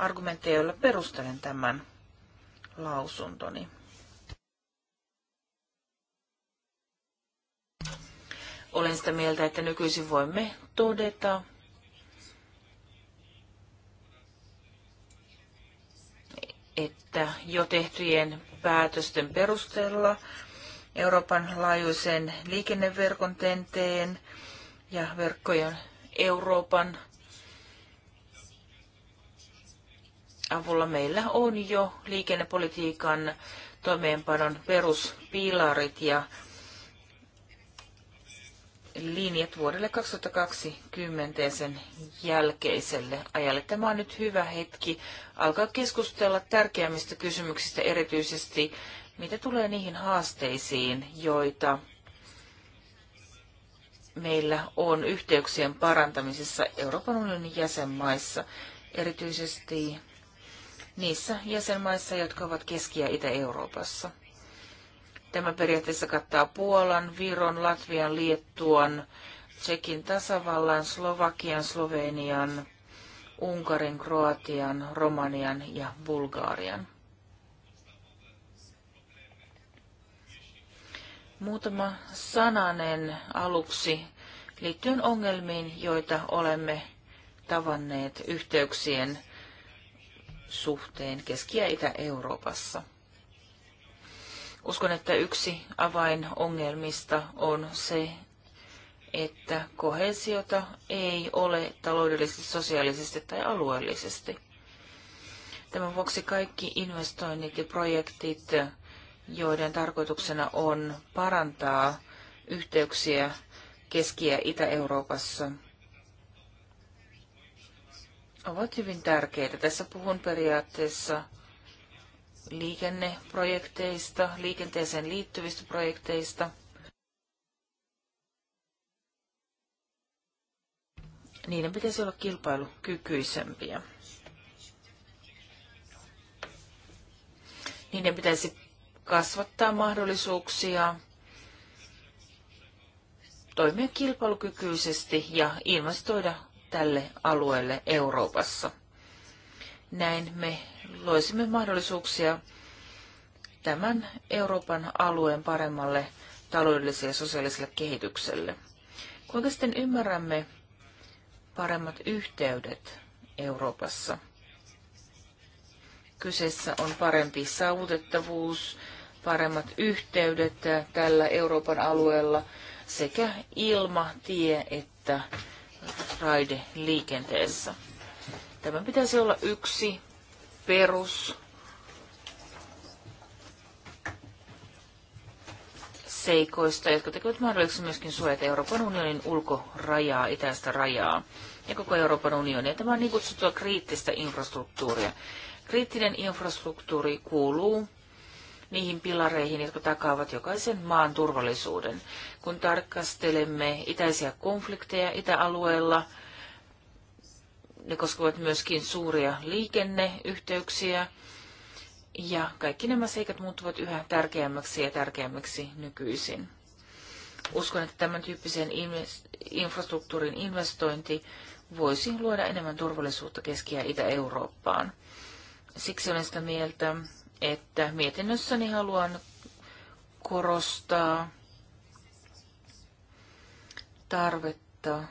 argumentteja, joilla perustelen tämän lausuntoni. Olen sitä mieltä, että nykyisin voimme todeta, että jo tehtyjen päätösten perusteella Euroopan laajuisen liikenneverkon tenteen ja verkkojen Euroopan avulla meillä on jo liikennepolitiikan toimeenpanon peruspilarit ja linjat vuodelle 2020 ja sen jälkeiselle ajalle. Tämä on nyt hyvä hetki alkaa keskustella tärkeimmistä kysymyksistä, erityisesti mitä tulee niihin haasteisiin, joita meillä on yhteyksien parantamisessa Euroopan unionin jäsenmaissa, erityisesti niissä jäsenmaissa, jotka ovat Keski- ja Itä-Euroopassa. Tämä periaatteessa kattaa Puolan, Viron, Latvian, Liettuan, Tsekin tasavallan, Slovakian, Slovenian, Unkarin, Kroatian, Romanian ja Bulgarian. Muutama sananen aluksi liittyen ongelmiin, joita olemme tavanneet yhteyksien suhteen Keski- ja Itä-Euroopassa. Uskon, että yksi avainongelmista on se, että kohesiota ei ole taloudellisesti, sosiaalisesti tai alueellisesti. Tämän vuoksi kaikki investoinnit ja projektit, joiden tarkoituksena on parantaa yhteyksiä Keski- ja Itä-Euroopassa, ovat hyvin tärkeitä. Tässä puhun periaatteessa liikenneprojekteista, liikenteeseen liittyvistä projekteista. Niiden pitäisi olla kilpailukykyisempiä. Niiden pitäisi kasvattaa mahdollisuuksia toimia kilpailukykyisesti ja investoida tälle alueelle Euroopassa. Näin me loisimme mahdollisuuksia tämän Euroopan alueen paremmalle taloudelliselle ja sosiaaliselle kehitykselle. Kuinka sitten ymmärrämme paremmat yhteydet Euroopassa? Kyseessä on parempi saavutettavuus, paremmat yhteydet tällä Euroopan alueella sekä ilma, tie että raide liikenteessä. Tämä pitäisi olla yksi perus seikoista, jotka tekevät mahdolliseksi myöskin suojata Euroopan unionin ulkorajaa, itäistä rajaa ja koko Euroopan unionia. Tämä on niin kutsuttua kriittistä infrastruktuuria. Kriittinen infrastruktuuri kuuluu niihin pilareihin, jotka takaavat jokaisen maan turvallisuuden kun tarkastelemme itäisiä konflikteja itäalueella. Ne koskevat myöskin suuria liikenneyhteyksiä. Ja kaikki nämä seikat muuttuvat yhä tärkeämmäksi ja tärkeämmäksi nykyisin. Uskon, että tämän tyyppisen infrastruktuurin investointi voisi luoda enemmän turvallisuutta Keski- ja Itä-Eurooppaan. Siksi olen sitä mieltä, että mietinnössäni haluan korostaa tarvetta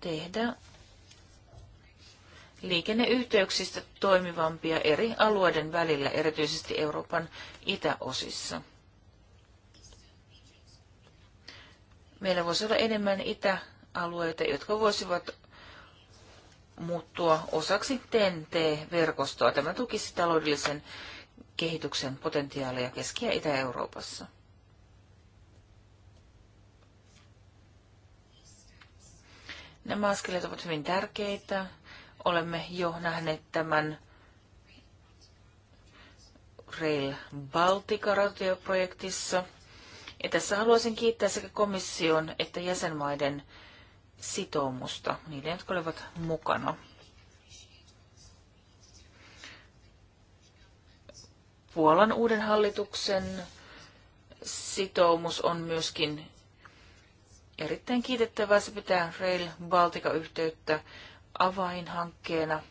tehdä liikenneyhteyksistä toimivampia eri alueiden välillä, erityisesti Euroopan itäosissa. Meillä voisi olla enemmän itäalueita, jotka voisivat muuttua osaksi TNT-verkostoa. Tämä tukisi taloudellisen kehityksen potentiaalia Keski- ja Itä-Euroopassa. Nämä askeleet ovat hyvin tärkeitä. Olemme jo nähneet tämän Rail Baltica projektissa. Ja tässä haluaisin kiittää sekä komission että jäsenmaiden sitoumusta, niiden, jotka olivat mukana. Puolan uuden hallituksen sitoumus on myöskin erittäin kiitettävää. Se pitää Rail Baltica-yhteyttä avainhankkeena.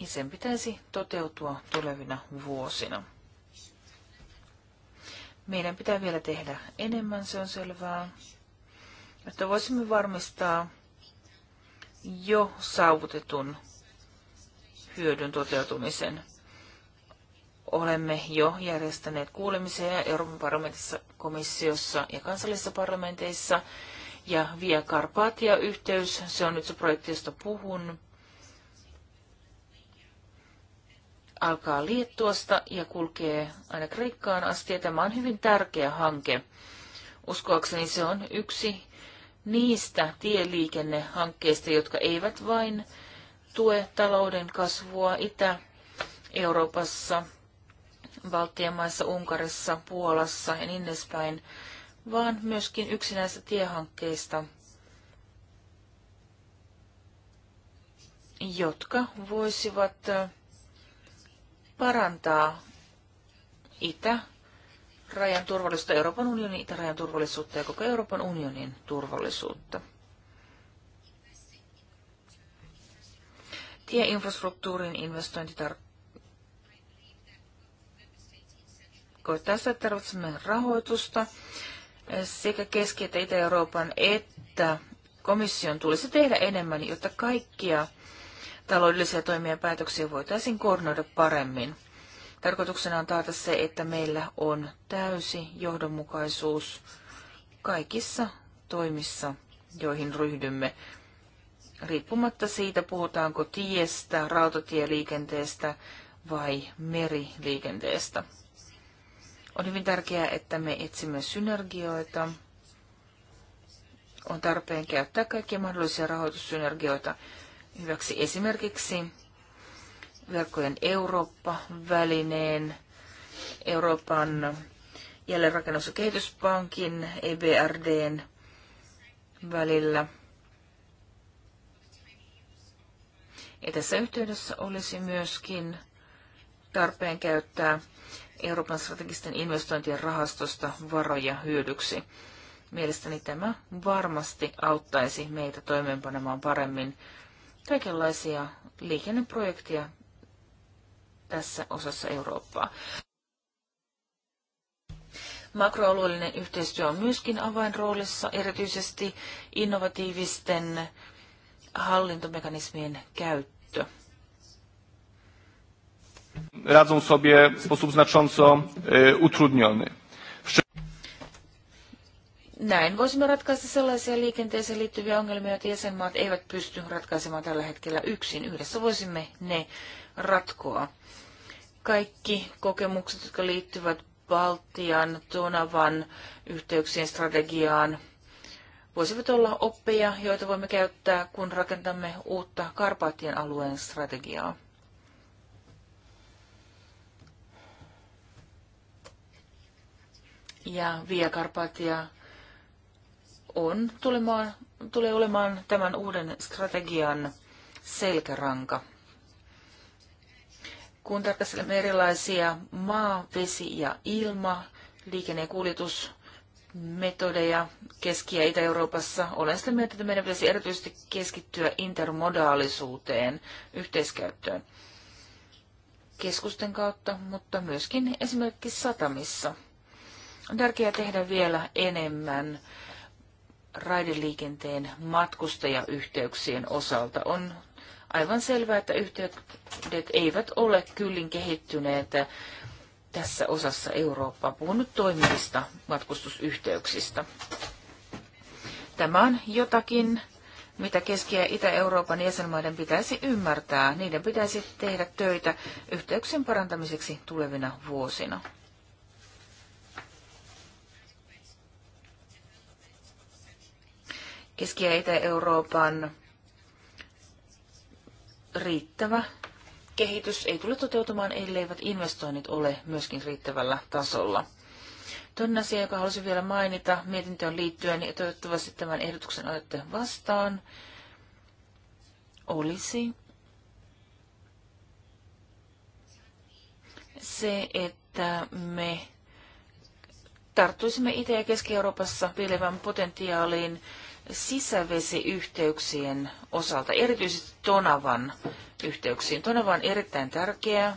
Ja sen pitäisi toteutua tulevina vuosina. Meidän pitää vielä tehdä enemmän, se on selvää, että voisimme varmistaa jo saavutetun hyödyn toteutumisen olemme jo järjestäneet kuulemisia Euroopan parlamentissa, komissiossa ja kansallisissa parlamenteissa. Ja Via Carpatia-yhteys, se on nyt se projekti, josta puhun, alkaa Liettuasta ja kulkee aina Kreikkaan asti. Ja tämä on hyvin tärkeä hanke. Uskoakseni se on yksi niistä tieliikennehankkeista, jotka eivät vain tue talouden kasvua Itä-Euroopassa – Baltian maissa, Unkarissa, Puolassa ja niin edespäin, vaan myöskin yksinäistä tiehankkeista, jotka voisivat parantaa itä rajan turvallisuutta, Euroopan unionin itärajan turvallisuutta ja koko Euroopan unionin turvallisuutta. Tieinfrastruktuurin investointi tar- tarkoittaa Tässä tarvitsemme rahoitusta sekä Keski- että Itä-Euroopan että komission tulisi tehdä enemmän, jotta kaikkia taloudellisia toimia ja päätöksiä voitaisiin koordinoida paremmin. Tarkoituksena on taata se, että meillä on täysi johdonmukaisuus kaikissa toimissa, joihin ryhdymme, riippumatta siitä, puhutaanko tiestä, rautatieliikenteestä vai meriliikenteestä. On hyvin tärkeää, että me etsimme synergioita. On tarpeen käyttää kaikkia mahdollisia rahoitussynergioita hyväksi esimerkiksi verkkojen Eurooppa-välineen, Euroopan jälleenrakennus- ja kehityspankin, EBRDn välillä. Ja tässä yhteydessä olisi myöskin tarpeen käyttää Euroopan strategisten investointien rahastosta varoja hyödyksi. Mielestäni tämä varmasti auttaisi meitä toimeenpanemaan paremmin kaikenlaisia liikenneprojekteja tässä osassa Eurooppaa. Makroalueellinen yhteistyö on myöskin avainroolissa, erityisesti innovatiivisten hallintomekanismien käyttö radzą sobie w sposób znacząco e, utrudniony. Näin voisimme ratkaista sellaisia liikenteeseen liittyviä ongelmia, joita jäsenmaat eivät pysty ratkaisemaan tällä hetkellä yksin. Yhdessä voisimme ne ratkoa. Kaikki kokemukset, jotka liittyvät Baltian, Tonavan yhteyksien strategiaan, voisivat olla oppeja, joita voimme käyttää, kun rakentamme uutta Karpaattien alueen strategiaa. ja Via Carpatia on tulemaan, tulee olemaan tämän uuden strategian selkäranka. Kun tarkastelemme erilaisia maa, vesi ja ilma, liikenne- ja kuljetusmetodeja Keski- ja Itä-Euroopassa, olen sitä mieltä, että meidän pitäisi erityisesti keskittyä intermodaalisuuteen, yhteiskäyttöön keskusten kautta, mutta myöskin esimerkiksi satamissa – on tärkeää tehdä vielä enemmän raideliikenteen matkustajayhteyksien osalta. On aivan selvää, että yhteydet eivät ole kyllin kehittyneet tässä osassa Eurooppaa. Puhun nyt toimivista matkustusyhteyksistä. Tämä on jotakin, mitä Keski- ja Itä-Euroopan jäsenmaiden pitäisi ymmärtää. Niiden pitäisi tehdä töitä yhteyksien parantamiseksi tulevina vuosina. Keski- ja Itä-Euroopan riittävä kehitys ei tule toteutumaan, elleivät investoinnit ole myöskin riittävällä tasolla. Toinen asia, joka halusin vielä mainita mietintöön liittyen, ja toivottavasti tämän ehdotuksen otette vastaan, olisi se, että me tarttuisimme Itä- ja Keski-Euroopassa piilevän potentiaaliin sisävesiyhteyksien osalta, erityisesti Tonavan yhteyksiin. Tonava on erittäin tärkeä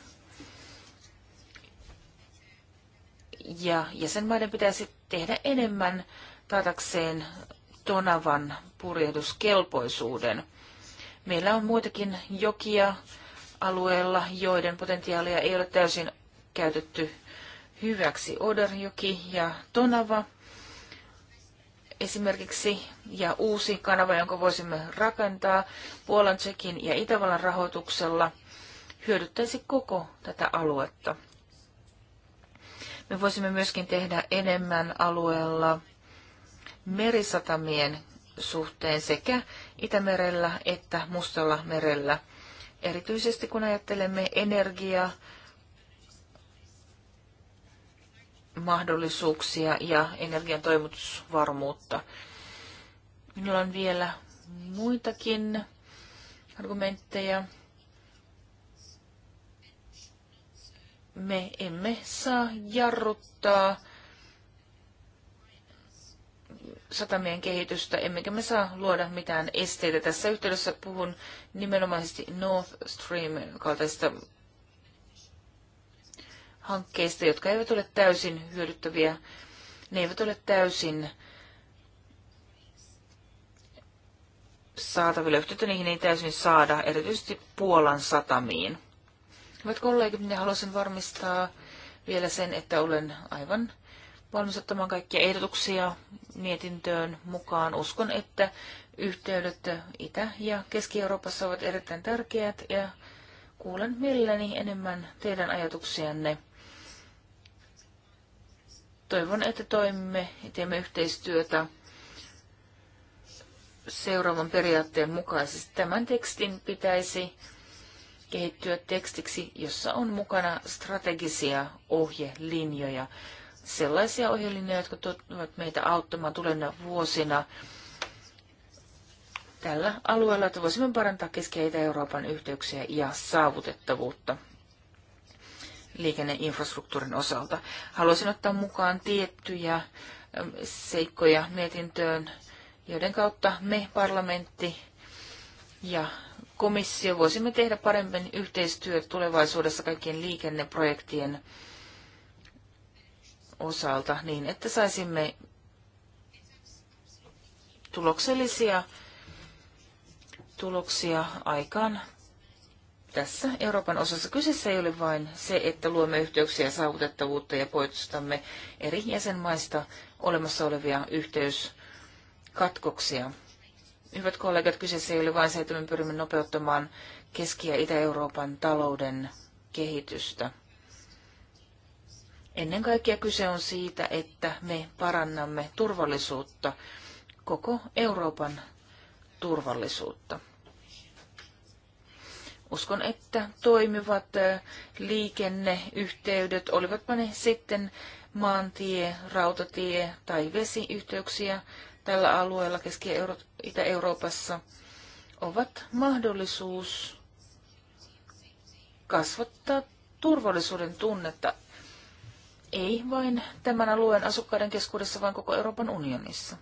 ja jäsenmaiden pitäisi tehdä enemmän taatakseen Tonavan purjehduskelpoisuuden. Meillä on muitakin jokia alueella, joiden potentiaalia ei ole täysin käytetty hyväksi. Oderjoki ja Tonava – esimerkiksi ja uusi kanava, jonka voisimme rakentaa Puolan, Tsekin ja Itävallan rahoituksella, hyödyttäisi koko tätä aluetta. Me voisimme myöskin tehdä enemmän alueella merisatamien suhteen sekä Itämerellä että Mustalla merellä. Erityisesti kun ajattelemme energiaa, mahdollisuuksia ja energian toimitusvarmuutta. Minulla on vielä muitakin argumentteja. Me emme saa jarruttaa satamien kehitystä, emmekä me saa luoda mitään esteitä. Tässä yhteydessä puhun nimenomaisesti North Stream kaltaisista hankkeista, jotka eivät ole täysin hyödyttäviä. Ne eivät ole täysin saatavilla. Yhteyttä niihin ei täysin saada, erityisesti Puolan satamiin. Hyvät kollegit, minä haluaisin varmistaa vielä sen, että olen aivan valmis ottamaan kaikkia ehdotuksia mietintöön mukaan. Uskon, että yhteydet Itä- ja Keski-Euroopassa ovat erittäin tärkeät ja kuulen mielelläni enemmän teidän ajatuksianne toivon, että toimimme ja teemme yhteistyötä seuraavan periaatteen mukaisesti. Tämän tekstin pitäisi kehittyä tekstiksi, jossa on mukana strategisia ohjelinjoja. Sellaisia ohjelinjoja, jotka tulevat meitä auttamaan tulevina vuosina tällä alueella, että voisimme parantaa Keski- ja euroopan yhteyksiä ja saavutettavuutta liikenneinfrastruktuurin osalta. Haluaisin ottaa mukaan tiettyjä seikkoja mietintöön, joiden kautta me, parlamentti ja komissio, voisimme tehdä paremmin yhteistyötä tulevaisuudessa kaikkien liikenneprojektien osalta niin, että saisimme tuloksellisia tuloksia aikaan tässä Euroopan osassa. Kyseessä ei ole vain se, että luomme yhteyksiä ja saavutettavuutta ja poistamme eri jäsenmaista olemassa olevia yhteyskatkoksia. Hyvät kollegat, kyseessä ei ole vain se, että me pyrimme nopeuttamaan Keski- ja Itä-Euroopan talouden kehitystä. Ennen kaikkea kyse on siitä, että me parannamme turvallisuutta, koko Euroopan turvallisuutta. Uskon, että toimivat liikenneyhteydet, olivatpa ne sitten maantie, rautatie tai vesiyhteyksiä tällä alueella Keski-Itä-Euroopassa, ovat mahdollisuus kasvattaa turvallisuuden tunnetta ei vain tämän alueen asukkaiden keskuudessa, vaan koko Euroopan unionissa.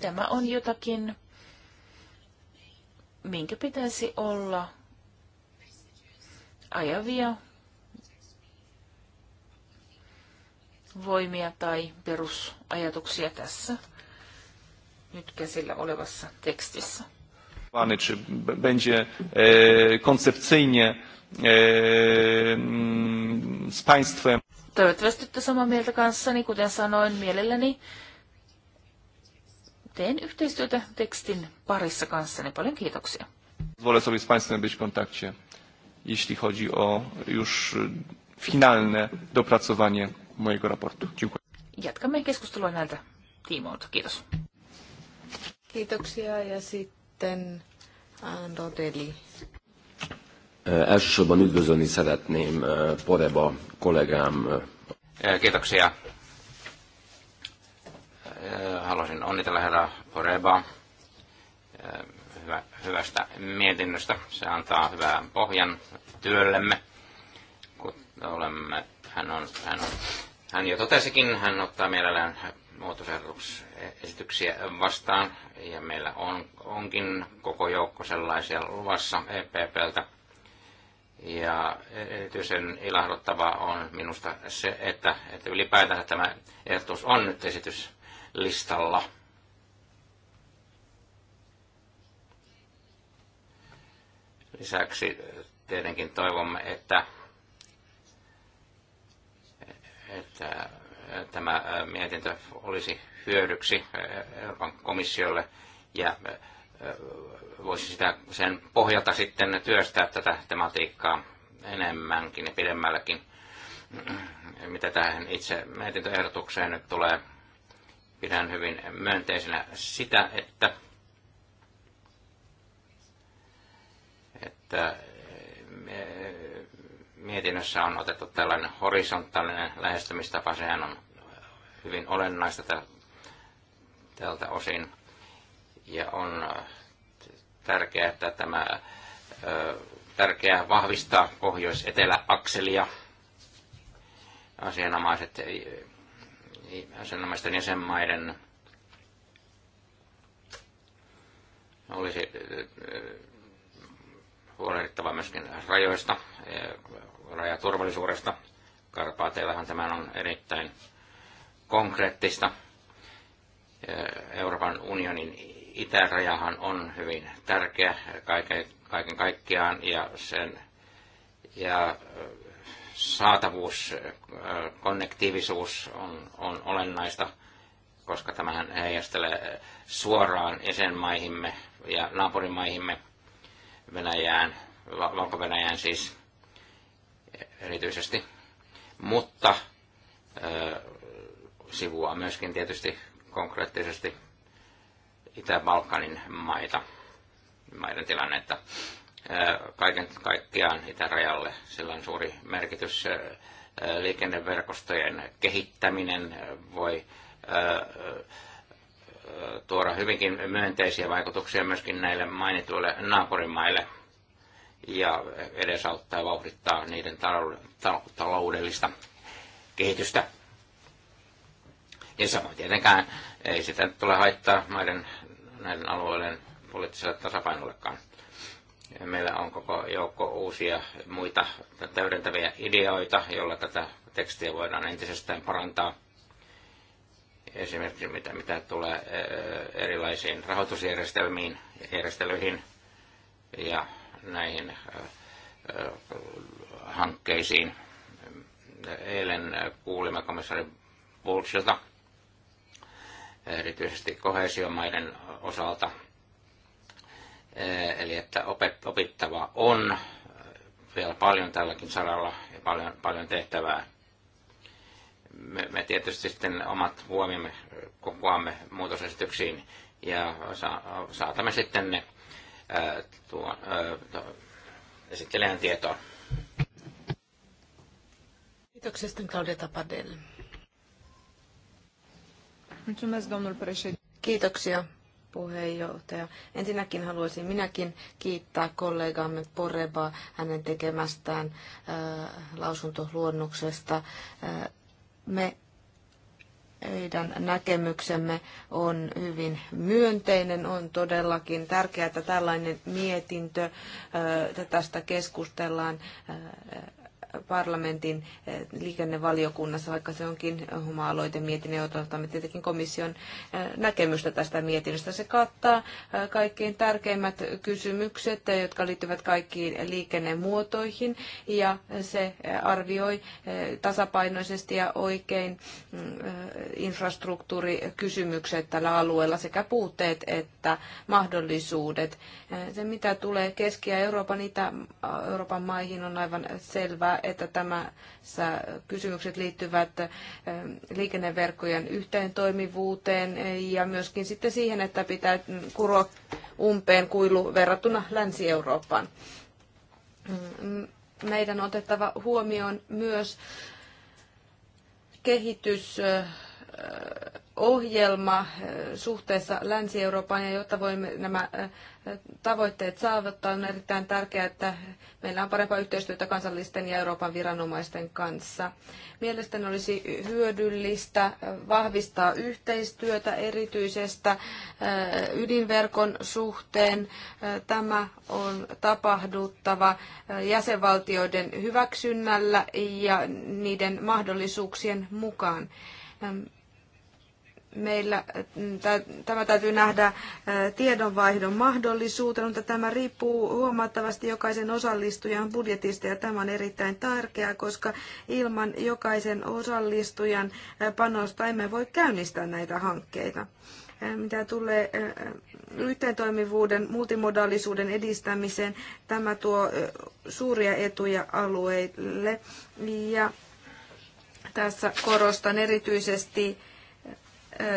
Tämä on jotakin, minkä pitäisi olla ajavia voimia tai perusajatuksia tässä nyt käsillä olevassa tekstissä. Czy będzie e, koncepcyjnie e, mm, z państwem. Toivottavasti olette samaa mieltä kanssani, kuten sanoin mielelläni teen yhteistyötä tekstin parissa kanssani. Paljon kiitoksia. Wolę sobie z Państwem być w kontakcie, jeśli chodzi o już finalne dopracowanie mojego raportu. Dziękuję. Jatkamme keskustelua näiltä tiimoilta. Kiitos. Kiitoksia ja sitten Androdeli. Elsősorban üdvözölni szeretném Poreba kollégám. Kiitoksia Äh, haluaisin onnitella herra Poreba äh, hyvästä mietinnöstä. Se antaa hyvän pohjan työllemme. Kun olemme, hän, on, hän, on, hän jo totesikin, hän ottaa mielellään muutosehdotuksia vastaan, ja meillä on, onkin koko joukko sellaisia luvassa EPPltä. Ja erityisen ilahduttavaa on minusta se, että, että ylipäätään tämä ehdotus on nyt esitys listalla. Lisäksi tietenkin toivomme, että, että tämä mietintö olisi hyödyksi Euroopan komissiolle ja voisi sitä, sen pohjalta sitten työstää tätä tematiikkaa enemmänkin ja pidemmälläkin, mitä tähän itse mietintöehdotukseen nyt tulee Pidän hyvin myönteisenä sitä, että, että eh, mietinnössä on otettu tällainen horisontaalinen lähestymistapa. Sehän on hyvin olennaista tältä osin. Ja on eh, tärkeää, että tämä eh, tärkeää vahvistaa pohjois-etelä-akselia. Asianomaiset asianomaisten jäsenmaiden olisi huolehdittava myöskin rajoista, rajaturvallisuudesta. Karpaateillahan tämä on erittäin konkreettista. Euroopan unionin itärajahan on hyvin tärkeä kaiken, kaiken kaikkiaan ja sen ja saatavuus, äh, konnektiivisuus on, on olennaista, koska tämähän heijastelee suoraan jäsenmaihimme ja naapurimaihimme Venäjään, Valko-Venäjään siis erityisesti, mutta äh, sivua myöskin tietysti konkreettisesti Itä-Balkanin maita, maiden tilannetta kaiken kaikkiaan itärajalle. Sillä on suuri merkitys liikenneverkostojen kehittäminen voi tuoda hyvinkin myönteisiä vaikutuksia myöskin näille mainituille naapurimaille ja edesauttaa ja vauhdittaa niiden taloudellista kehitystä. Ja samoin tietenkään ei sitä tule haittaa maiden, näiden alueiden poliittiselle tasapainollekaan. Meillä on koko joukko uusia muita täydentäviä ideoita, joilla tätä tekstiä voidaan entisestään parantaa. Esimerkiksi mitä, mitä tulee eh, erilaisiin rahoitusjärjestelmiin, järjestelyihin ja näihin eh, hankkeisiin. Eilen kuulimme komissaari Bulchilta erityisesti kohesiomaiden osalta – Eh, eli että opittava on eh, vielä paljon tälläkin saralla ja paljon, paljon tehtävää. Me, me tietysti sitten omat huomiomme eh, kokoamme muutosesityksiin ja sa, saatamme sitten ne tuon, esittelijän tietoon. Kiitoksia sitten Claudia Tapadel. Kiitoksia puheenjohtaja. Ensinnäkin haluaisin minäkin kiittää kollegaamme Porebaa hänen tekemästään äh, lausuntoluonnoksesta. Äh, me meidän näkemyksemme on hyvin myönteinen. On todellakin tärkeää, että tällainen mietintö, että äh, tästä keskustellaan äh, parlamentin eh, liikennevaliokunnassa, vaikka se onkin oma aloite mietinnön, odotamme tietenkin komission eh, näkemystä tästä mietinnöstä. Se kattaa eh, kaikkein tärkeimmät kysymykset, jotka liittyvät kaikkiin liikennemuotoihin, ja se arvioi tasapainoisesti ja oikein mm, infrastruktuurikysymykset tällä alueella, sekä puutteet että mahdollisuudet. Se, mitä tulee Keski- ja Euroopan, Itä-Euroopan maihin, on aivan selvää, että tämä kysymykset liittyvät liikenneverkkojen yhteentoimivuuteen ja myöskin sitten siihen, että pitää kuroa umpeen kuilu verrattuna Länsi-Eurooppaan. Mm, meidän on otettava huomioon myös kehitys ohjelma eh, suhteessa Länsi-Eurooppaan ja jotta voimme nämä eh, tavoitteet saavuttaa, on erittäin tärkeää, että meillä on parempaa yhteistyötä kansallisten ja Euroopan viranomaisten kanssa. Mielestäni olisi hyödyllistä eh, vahvistaa yhteistyötä erityisestä ydinverkon suhteen. Tämä on tapahduttava jäsenvaltioiden hyväksynnällä ja niiden mahdollisuuksien mukaan meillä mm, tämä täytyy nähdä tiedonvaihdon mahdollisuutena, mutta tämä riippuu huomattavasti jokaisen osallistujan budjetista ja tämä on erittäin tärkeää, koska ilman jokaisen osallistujan panosta emme voi käynnistää näitä hankkeita. Mitä tulee yhteentoimivuuden, multimodaalisuuden edistämiseen, tämä tuo suuria etuja alueille ja tässä korostan erityisesti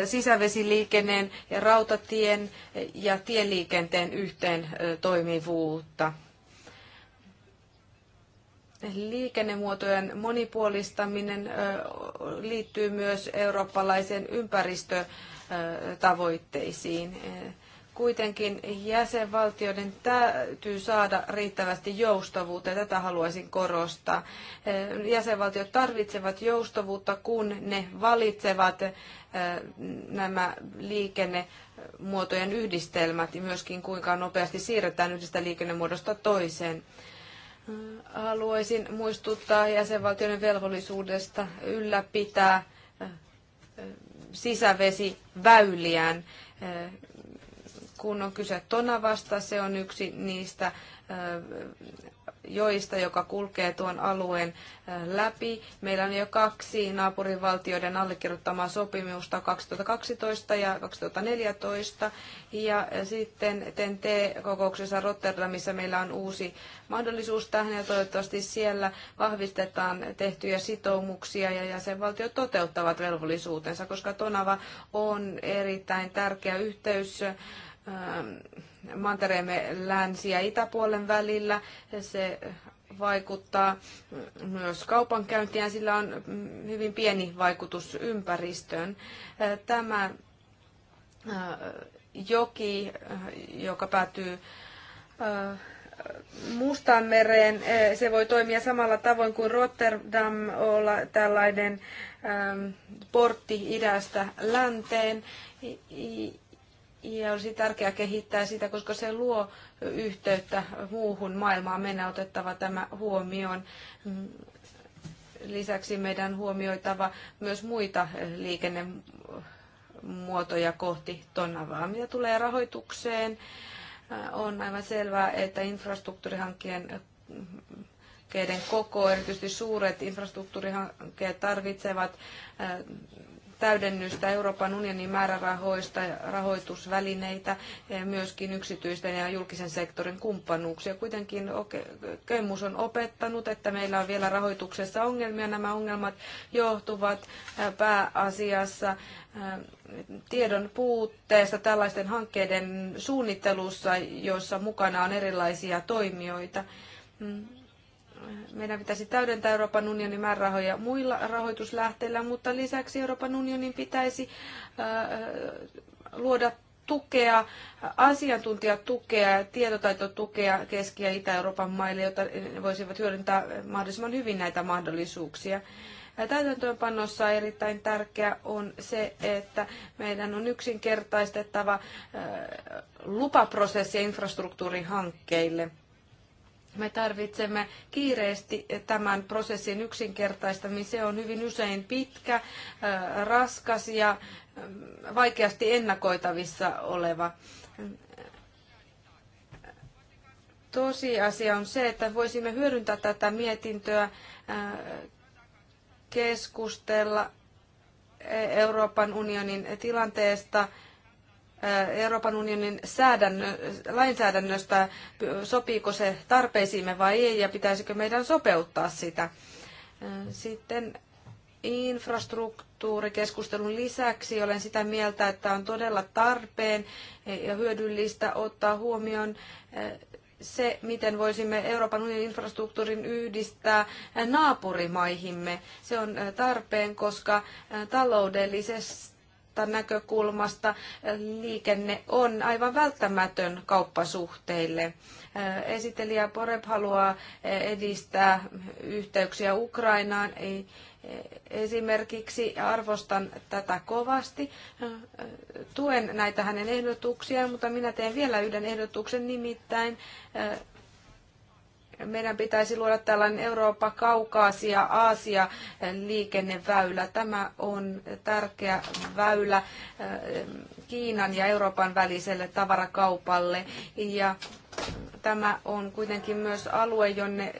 sisävesiliikenteen ja rautatien ja tieliikenteen yhteen toimivuutta. Liikennemuotojen monipuolistaminen liittyy myös eurooppalaisen ympäristötavoitteisiin. Kuitenkin jäsenvaltioiden täytyy saada riittävästi joustavuutta ja tätä haluaisin korostaa. Eh, jäsenvaltiot tarvitsevat joustavuutta, kun ne valitsevat eh, nämä liikennemuotojen yhdistelmät ja myöskin kuinka nopeasti siirretään yhdestä liikennemuodosta toiseen. Eh, haluaisin muistuttaa jäsenvaltioiden velvollisuudesta ylläpitää sisävesiväyliään kun on kyse tonavasta, se on yksi niistä joista, joka kulkee tuon alueen läpi. Meillä on jo kaksi naapurivaltioiden allekirjoittamaa sopimusta 2012 ja 2014. Ja sitten tnt kokouksessa Rotterdamissa meillä on uusi mahdollisuus tähän ja toivottavasti siellä vahvistetaan tehtyjä sitoumuksia ja jäsenvaltiot toteuttavat velvollisuutensa, koska Tonava on erittäin tärkeä yhteys Ähm, mantereemme länsi- ja itäpuolen välillä. Se vaikuttaa myös kaupankäyntiään, sillä on hyvin pieni vaikutus ympäristöön. Äh, tämä äh, joki, äh, joka päätyy Mustaan mereen, se voi toimia samalla tavoin kuin Rotterdam, olla tällainen ähm, portti idästä länteen. Ja olisi tärkeää kehittää sitä, koska se luo yhteyttä muuhun maailmaan. Meidän otettava tämä huomioon. Lisäksi meidän huomioitava myös muita liikennemuotoja kohti tonnavaa. Mitä tulee rahoitukseen, on aivan selvää, että infrastruktuurihankkeen koko, erityisesti suuret infrastruktuurihankkeet tarvitsevat täydennystä Euroopan unionin määrärahoista ja rahoitusvälineitä, myöskin yksityisten ja julkisen sektorin kumppanuuksia. Kuitenkin kokemus on opettanut, että meillä on vielä rahoituksessa ongelmia. Nämä ongelmat johtuvat pääasiassa tiedon puutteesta tällaisten hankkeiden suunnittelussa, joissa mukana on erilaisia toimijoita mm meidän pitäisi täydentää Euroopan unionin määrärahoja muilla rahoituslähteillä, mutta lisäksi Euroopan unionin pitäisi luoda tukea, asiantuntijatukea, tietotaitotukea Keski- ja Itä-Euroopan maille, jotta ne voisivat hyödyntää mahdollisimman hyvin näitä mahdollisuuksia. Täytäntöönpannossa erittäin tärkeää on se, että meidän on yksinkertaistettava lupaprosessi infrastruktuurihankkeille – me tarvitsemme kiireesti tämän prosessin yksinkertaistaminen. Se on hyvin usein pitkä, äh, raskas ja äh, vaikeasti ennakoitavissa oleva. Tosiasia on se, että voisimme hyödyntää tätä mietintöä äh, keskustella Euroopan unionin tilanteesta Euroopan unionin lainsäädännöstä, sopiiko se tarpeisiimme vai ei ja pitäisikö meidän sopeuttaa sitä. Sitten infrastruktuurikeskustelun lisäksi olen sitä mieltä, että on todella tarpeen ja hyödyllistä ottaa huomioon se, miten voisimme Euroopan unionin infrastruktuurin yhdistää naapurimaihimme. Se on tarpeen, koska taloudellisesti näkökulmasta liikenne on aivan välttämätön kauppasuhteille. Äh, Esitelijä Poreb haluaa äh, edistää yhteyksiä Ukrainaan. Äh, esimerkiksi arvostan tätä kovasti. Tuen näitä hänen ehdotuksiaan, mutta minä teen vielä yhden ehdotuksen, nimittäin meidän pitäisi luoda tällainen Eurooppa, Kaukaasia, Aasia liikenneväylä. Tämä on tärkeä väylä äh, Kiinan ja Euroopan väliselle tavarakaupalle. Ja tämä on kuitenkin myös alue, jonne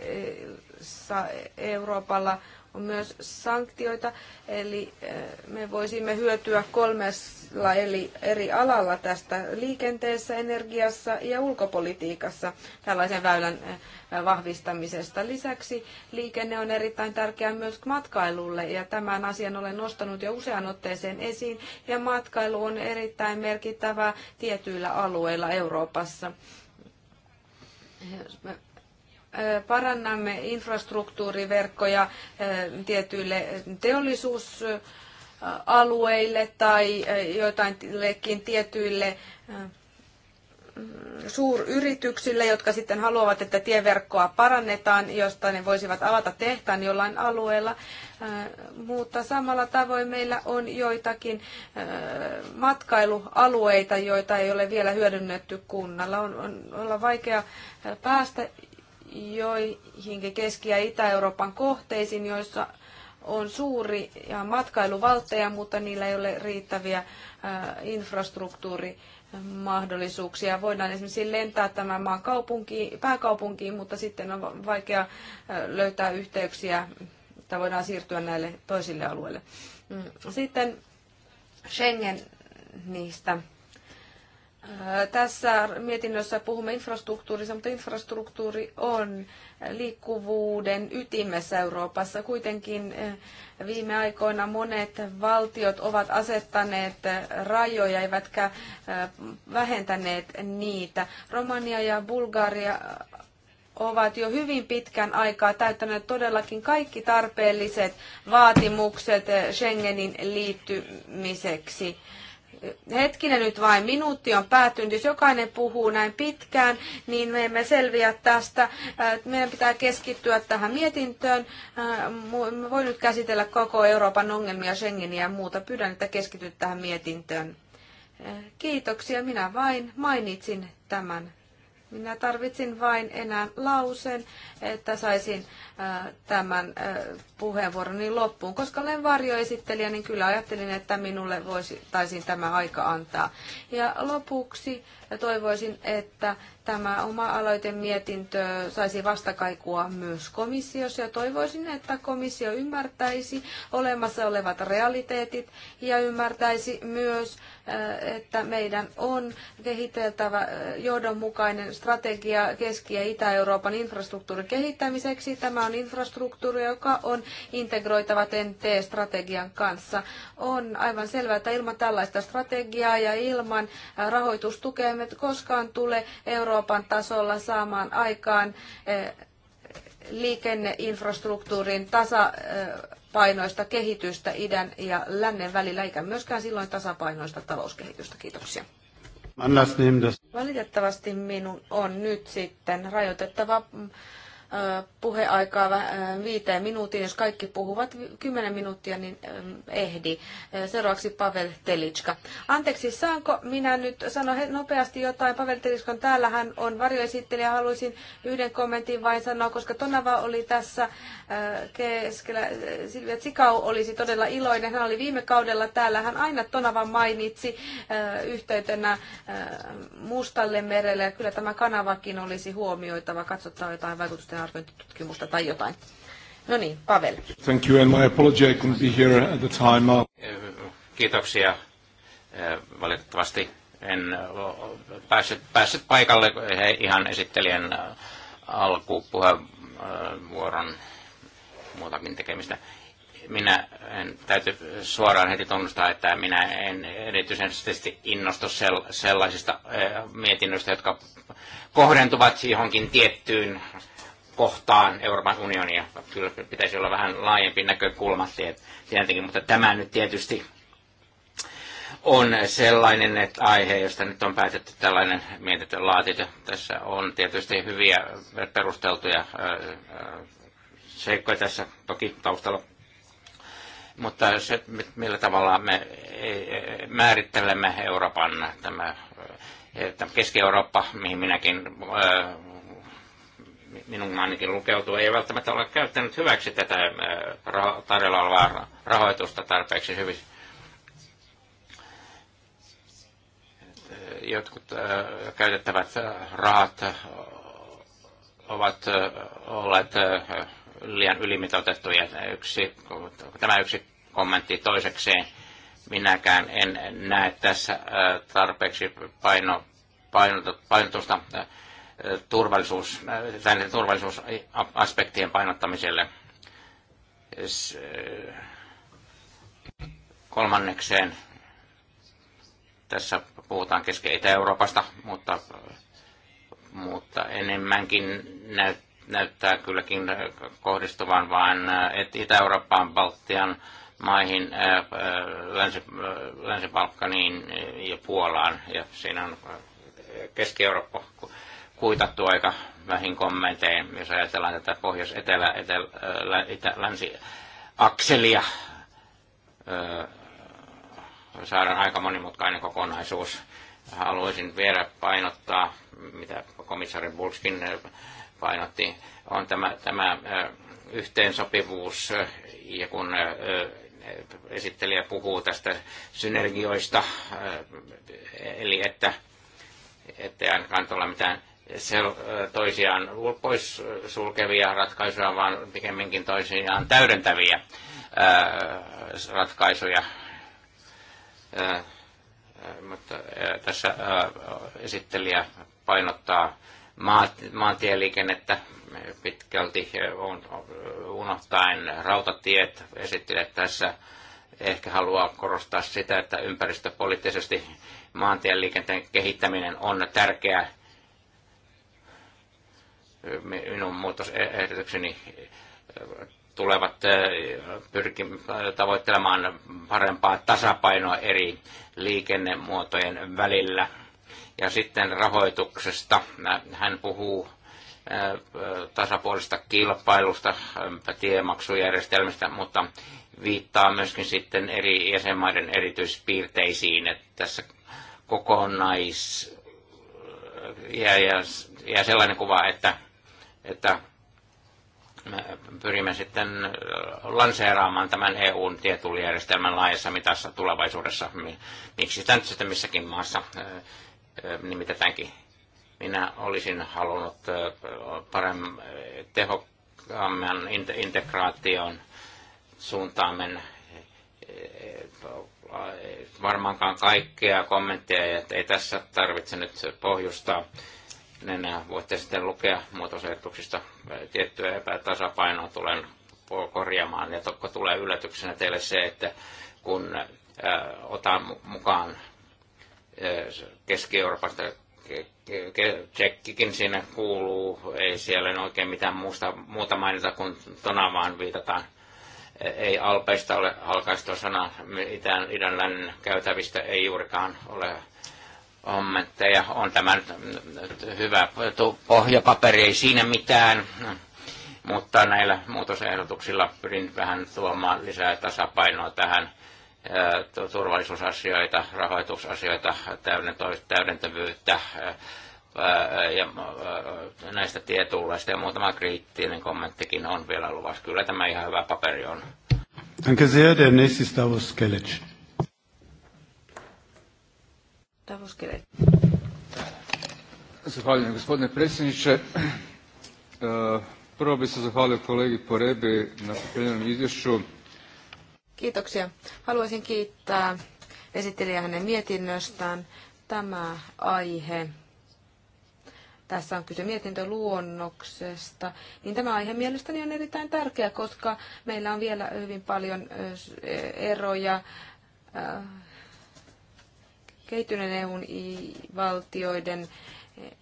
äh, Euroopalla on myös sanktioita, eli eh, me voisimme hyötyä kolmella eli eri alalla tästä liikenteessä, energiassa ja ulkopolitiikassa tällaisen väylän eh, vahvistamisesta. Lisäksi liikenne on erittäin tärkeää myös matkailulle ja tämän asian olen nostanut jo usean otteeseen esiin ja matkailu on erittäin merkittävää tietyillä alueilla Euroopassa. Eh, parannamme infrastruktuuriverkkoja tietyille teollisuusalueille tai joitainkin tietyille suuryrityksille, jotka sitten haluavat, että tieverkkoa parannetaan, josta ne voisivat avata tehtaan jollain alueella. Mutta samalla tavoin meillä on joitakin matkailualueita, joita ei ole vielä hyödynnetty kunnalla. On, on olla vaikea päästä joihinkin Keski- ja Itä-Euroopan kohteisiin, joissa on suuri ja matkailuvaltteja, mutta niillä ei ole riittäviä infrastruktuurimahdollisuuksia. Voidaan esimerkiksi lentää tämän maan kaupunkiin, pääkaupunkiin, mutta sitten on vaikea löytää yhteyksiä, että voidaan siirtyä näille toisille alueille. Mm. Sitten Schengen niistä. Äh, tässä mietinnössä puhumme infrastruktuurista, mutta infrastruktuuri on liikkuvuuden ytimessä Euroopassa. Kuitenkin äh, viime aikoina monet valtiot ovat asettaneet äh, rajoja, eivätkä vähentäneet niitä. Romania ja Bulgaria ovat jo hyvin pitkän aikaa täyttäneet todellakin kaikki tarpeelliset vaatimukset Schengenin liittymiseksi hetkinen nyt vain minuutti on päättynyt, jos jokainen puhuu näin pitkään, niin me emme selviä tästä. Äh, meidän pitää keskittyä tähän mietintöön. Äh, me voi nyt käsitellä koko Euroopan ongelmia, Schengeniä ja muuta. Pyydän, että keskityt tähän mietintöön. Äh, kiitoksia, minä vain mainitsin tämän minä tarvitsin vain enää lausen, että saisin tämän puheenvuoroni loppuun. Koska olen varjoesittelijä, niin kyllä ajattelin, että minulle voisi, taisin tämä aika antaa. Ja lopuksi toivoisin, että tämä oma aloitemietintö saisi vastakaikua myös komissiossa ja toivoisin, että komissio ymmärtäisi olemassa olevat realiteetit ja ymmärtäisi myös Äh, että meidän on kehiteltävä äh, johdonmukainen strategia Keski- ja Itä-Euroopan infrastruktuurin kehittämiseksi. Tämä on infrastruktuuri, joka on integroitava TNT-strategian kanssa. On aivan selvää, että ilman tällaista strategiaa ja ilman äh, rahoitustukea me koskaan tule Euroopan tasolla saamaan aikaan liikenneinfrastruktuurin tasapainoista kehitystä idän ja lännen välillä, eikä myöskään silloin tasapainoista talouskehitystä. Kiitoksia. Valitettavasti minun on nyt sitten rajoitettava puheaikaa äh, viiteen minuuttiin. Jos kaikki puhuvat kymmenen minuuttia, niin ähm, ehdi. Äh, seuraavaksi Pavel Telitska. Anteeksi, saanko minä nyt sanoa nopeasti jotain? Pavel Telitska täällä, hän on varjoesittelijä. Haluaisin yhden kommentin vain sanoa, koska Tonava oli tässä äh, keskellä. Silvia Tsikau olisi todella iloinen. Hän oli viime kaudella täällä. Hän aina Tonavan mainitsi yhteytenä Mustalle merelle. kyllä tämä kanavakin olisi huomioitava. Katsotaan jotain vaikutusten arviointitutkimusta tai jotain. No niin, Pavel. Thank you and my apology, I couldn't be here at the time. Uh, Kiitoksia. Uh, valitettavasti en uh, päässyt, päässyt paikalle He eh, ihan esittelijän alkupuheenvuoron muutakin tekemistä. Minä en, täytyy suoraan heti tunnustaa, että minä en erityisesti innostu sellaisista eh, mietinnöistä, jotka kohdentuvat johonkin tiettyyn kohtaan Euroopan unionia. Kyllä pitäisi olla vähän laajempi näkökulma tietenkin, mutta tämä nyt tietysti on sellainen että aihe, josta nyt on päätetty tällainen mietintö laatita. Tässä on tietysti hyviä perusteltuja seikkoja tässä toki taustalla. Mutta se, millä tavalla me e, e, määrittelemme Euroopan, e, tämä Keski-Eurooppa, mihin minäkin minun ainakin lukeutuu, ei välttämättä ole käyttänyt hyväksi tätä äh, tarjolla olevaa rahoitusta tarpeeksi hyvin. Äh, jotkut äh, käytettävät rahat ovat olleet liian ylimitoitettuja. Yksi, tämä yksi kommentti toisekseen. Minäkään en näe tässä tarpeeksi paino, painotusta turvallisuus, tänne turvallisuusaspektien painottamiselle. Eh, kolmannekseen tässä puhutaan Keski-Itä-Euroopasta, mutta, mutta enemmänkin näyttää näyttää kylläkin kohdistuvan vain eh, Itä-Eurooppaan, Baltian maihin, eh, Länsi, Länsi-Balkaniin ja Puolaan. Ja siinä on Keski-Eurooppa kuitattu aika vähin kommentein, jos ajatellaan tätä pohjois-etelä, etelä, länsi-akselia. Etelä, saadaan aika monimutkainen kokonaisuus. Haluaisin vielä painottaa, mitä komissaari Bulskin painotti, on tämä, tämä yhteensopivuus, ja kun esittelijä puhuu tästä synergioista, eli että ei ainakaan tuolla mitään sel, toisiaan pois sulkevia ratkaisuja, vaan pikemminkin toisiaan täydentäviä ratkaisuja. Mutta tässä esittelijä painottaa maantieliikennettä pitkälti unohtaen rautatiet. Esittelijä tässä ehkä haluaa korostaa sitä, että ympäristöpoliittisesti maantieliikenteen kehittäminen on tärkeää minun muutosehdotukseni tulevat eh, pyrki, tavoittelemaan parempaa tasapainoa eri liikennemuotojen välillä. Ja sitten rahoituksesta. Hän puhuu eh, tasapuolista kilpailusta, eh, tiemaksujärjestelmistä, mutta viittaa myöskin sitten eri jäsenmaiden erityispiirteisiin, että tässä kokonais ja ja, ja sellainen kuva, että että me pyrimme sitten lanseeraamaan tämän EUn tietullijärjestelmän laajassa mitassa tulevaisuudessa, miksi sitä nyt sitten missäkin maassa nimitetäänkin. Minä olisin halunnut paremmin tehokkaamman integraation suuntaan mennä. Varmaankaan kaikkea kommentteja, että ei tässä tarvitse nyt pohjustaa niin voitte sitten lukea muutosehdotuksista tiettyä epätasapainoa tulen korjaamaan. Ja tokko tulee yllätyksenä teille se, että kun otan mukaan Keski-Euroopasta tsekkikin siinä kuuluu, ei siellä oikein mitään muusta, muuta mainita kuin Tonavaan viitataan. Ei Alpeista ole halkaistu sana, mitään idän käytävistä ei juurikaan ole kommentteja. On tämä nyt hyvä pohjapaperi, ei siinä mitään, mutta näillä muutosehdotuksilla pyrin vähän tuomaan lisää tasapainoa tähän turvallisuusasioita, rahoitusasioita, täydentävyyttä ja näistä tietulleista ja muutama kriittinen kommenttikin on vielä luvassa. Kyllä tämä ihan hyvä paperi on. Danke sehr, der nächste ist Puheenjohtaja Voskelet. Zahvaljujem gospodine predsjedniče. E, prvo bih se zahvalio kolegi Porebi na pripremljenom izvješću. Kiitoksia. Haluaisin kiittää esittelijää hänen mietinnöstään. Tämä aihe tässä on kyse mietintöluonnoksesta, niin tämä aihe mielestäni on erittäin tärkeä, koska meillä on vielä hyvin paljon eroja kehittyneen EUn valtioiden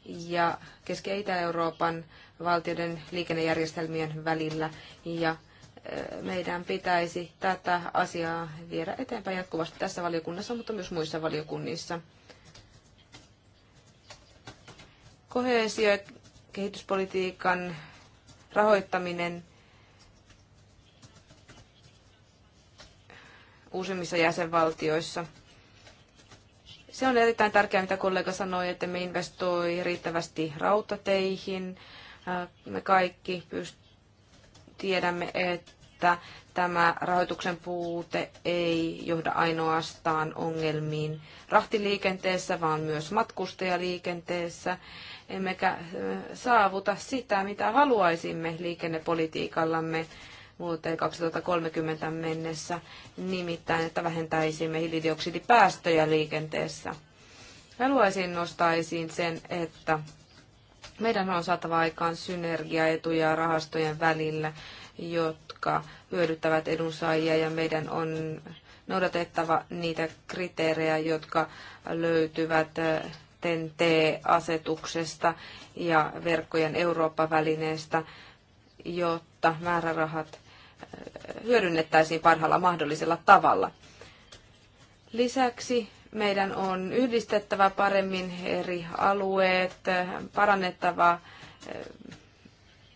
ja Keski- ja Itä-Euroopan valtioiden liikennejärjestelmien välillä. Ja meidän pitäisi tätä asiaa viedä eteenpäin jatkuvasti tässä valiokunnassa, mutta myös muissa valiokunnissa. Kohesio- ja kehityspolitiikan rahoittaminen uusimmissa jäsenvaltioissa – se on erittäin tärkeää, mitä kollega sanoi, että me investoi riittävästi rautateihin. Äh, me kaikki tiedämme, että tämä rahoituksen puute ei johda ainoastaan ongelmiin rahtiliikenteessä, vaan myös matkustajaliikenteessä. Emmekä äh, saavuta sitä, mitä haluaisimme liikennepolitiikallamme vuoteen 2030 mennessä, nimittäin että vähentäisimme hiilidioksidipäästöjä liikenteessä. Haluaisin nostaa esiin sen, että meidän on saatava aikaan synergiaetuja rahastojen välillä, jotka hyödyttävät edunsaajia ja meidän on noudatettava niitä kriteerejä, jotka löytyvät äh, TEN-T-asetuksesta ja verkkojen Eurooppa-välineestä, jotta määrärahat hyödynnettäisiin parhaalla mahdollisella tavalla. Lisäksi meidän on yhdistettävä paremmin eri alueet, parannettava eh,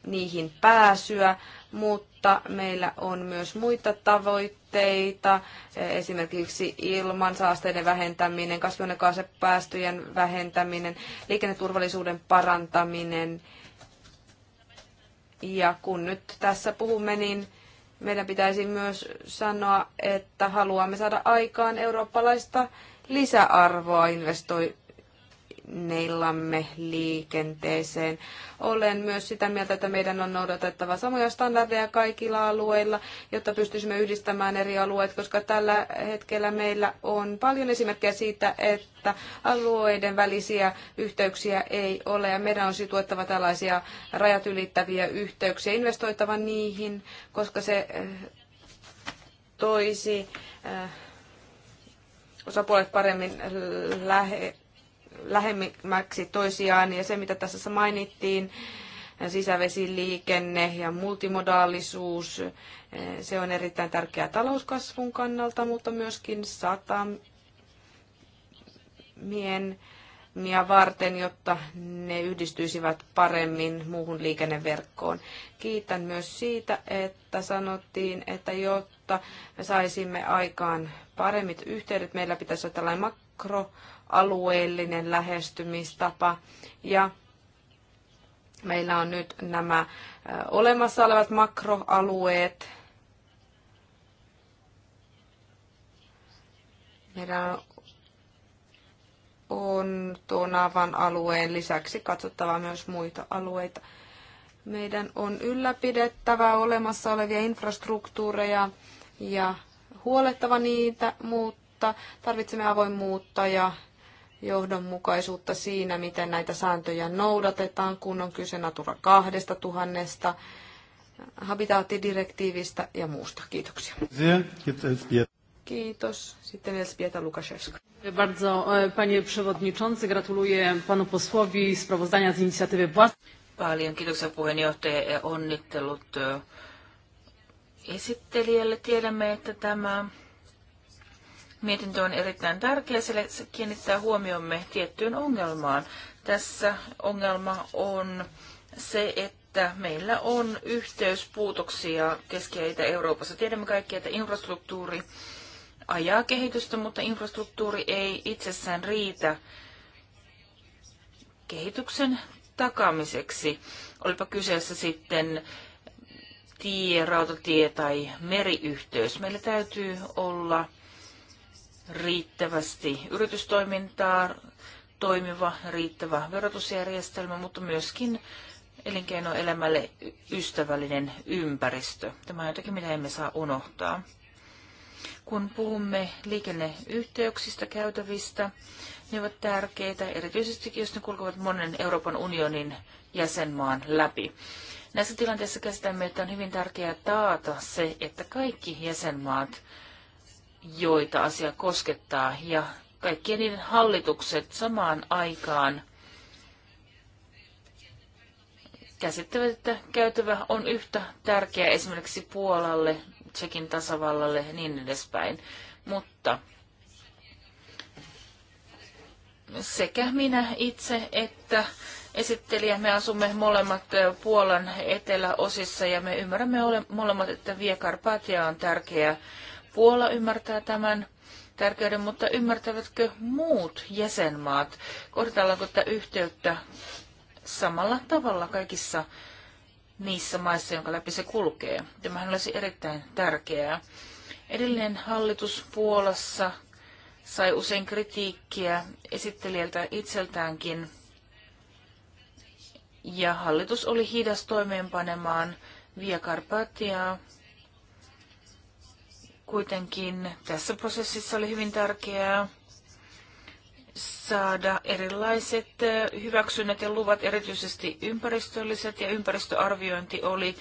niihin pääsyä, mutta meillä on myös muita tavoitteita, eh, esimerkiksi ilman saasteiden vähentäminen, kasvihuonekaasepäästöjen vähentäminen, liikenneturvallisuuden parantaminen. Ja kun nyt tässä puhumme, niin meidän pitäisi myös sanoa, että haluamme saada aikaan eurooppalaista lisäarvoa investoi- välineillamme liikenteeseen. Olen myös sitä mieltä, että meidän on noudatettava samoja standardeja kaikilla alueilla, jotta pystyisimme yhdistämään eri alueet, koska tällä hetkellä meillä on paljon esimerkkejä siitä, että alueiden välisiä yhteyksiä ei ole ja meidän on situettava tällaisia rajat ylittäviä yhteyksiä, investoitava niihin, koska se eh, toisi eh, osapuolet paremmin lähe, lähemmäksi toisiaan ja se, mitä tässä mainittiin, sisävesiliikenne ja multimodaalisuus, se on erittäin tärkeää talouskasvun kannalta, mutta myöskin satamien ja varten, jotta ne yhdistyisivät paremmin muuhun liikenneverkkoon. Kiitän myös siitä, että sanottiin, että jotta me saisimme aikaan paremmit yhteydet, meillä pitäisi olla tällainen makro alueellinen lähestymistapa. Ja meillä on nyt nämä olemassa olevat makroalueet. Meidän on tuonavan alueen lisäksi katsottava myös muita alueita. Meidän on ylläpidettävä olemassa olevia infrastruktuureja ja huolettava niitä, mutta tarvitsemme avoimuutta ja johdonmukaisuutta siinä, miten näitä sääntöjä noudatetaan, kun on kyse Natura 2000, habitaattidirektiivistä ja muusta. Kiitoksia. Kiitos. Sitten Elspieta Lukaszewska. Bardzo e, panie przewodniczący, gratuluję panu posłowi sprawozdania z inicjatywy własnej. Paljon kiitoksia puheenjohtaja ja onnittelut e, esittelijälle. Tiedämme, että tämä Mietintö on erittäin tärkeä, sillä se kiinnittää huomiomme tiettyyn ongelmaan. Tässä ongelma on se, että meillä on yhteyspuutoksia Keski- ja Itä-Euroopassa. Tiedämme kaikki, että infrastruktuuri ajaa kehitystä, mutta infrastruktuuri ei itsessään riitä kehityksen takaamiseksi. Olipa kyseessä sitten tie, rautatie tai meriyhteys. Meillä täytyy olla riittävästi yritystoimintaa, toimiva, riittävä verotusjärjestelmä, mutta myöskin elinkeinoelämälle ystävällinen ympäristö. Tämä on jotakin, mitä emme saa unohtaa. Kun puhumme liikenneyhteyksistä, käytävistä, ne ovat tärkeitä, erityisesti jos ne kulkevat monen Euroopan unionin jäsenmaan läpi. Näissä tilanteissa käsitämme, että on hyvin tärkeää taata se, että kaikki jäsenmaat joita asia koskettaa, ja kaikkien niiden hallitukset samaan aikaan käsittävät, että käytävä on yhtä tärkeä esimerkiksi Puolalle, Tsekin tasavallalle ja niin edespäin. Mutta sekä minä itse että esittelijä, me asumme molemmat Puolan eteläosissa ja me ymmärrämme molemmat, että Viekarpatia on tärkeä Puola ymmärtää tämän tärkeyden, mutta ymmärtävätkö muut jäsenmaat? Kohdataanko tätä yhteyttä samalla tavalla kaikissa niissä maissa, jonka läpi se kulkee? Tämähän olisi erittäin tärkeää. Edellinen hallitus Puolassa sai usein kritiikkiä esittelijältä itseltäänkin, ja hallitus oli hidas toimeenpanemaan Via Carpatiaa, Kuitenkin tässä prosessissa oli hyvin tärkeää saada erilaiset hyväksynnät ja luvat, erityisesti ympäristölliset, ja ympäristöarviointi oli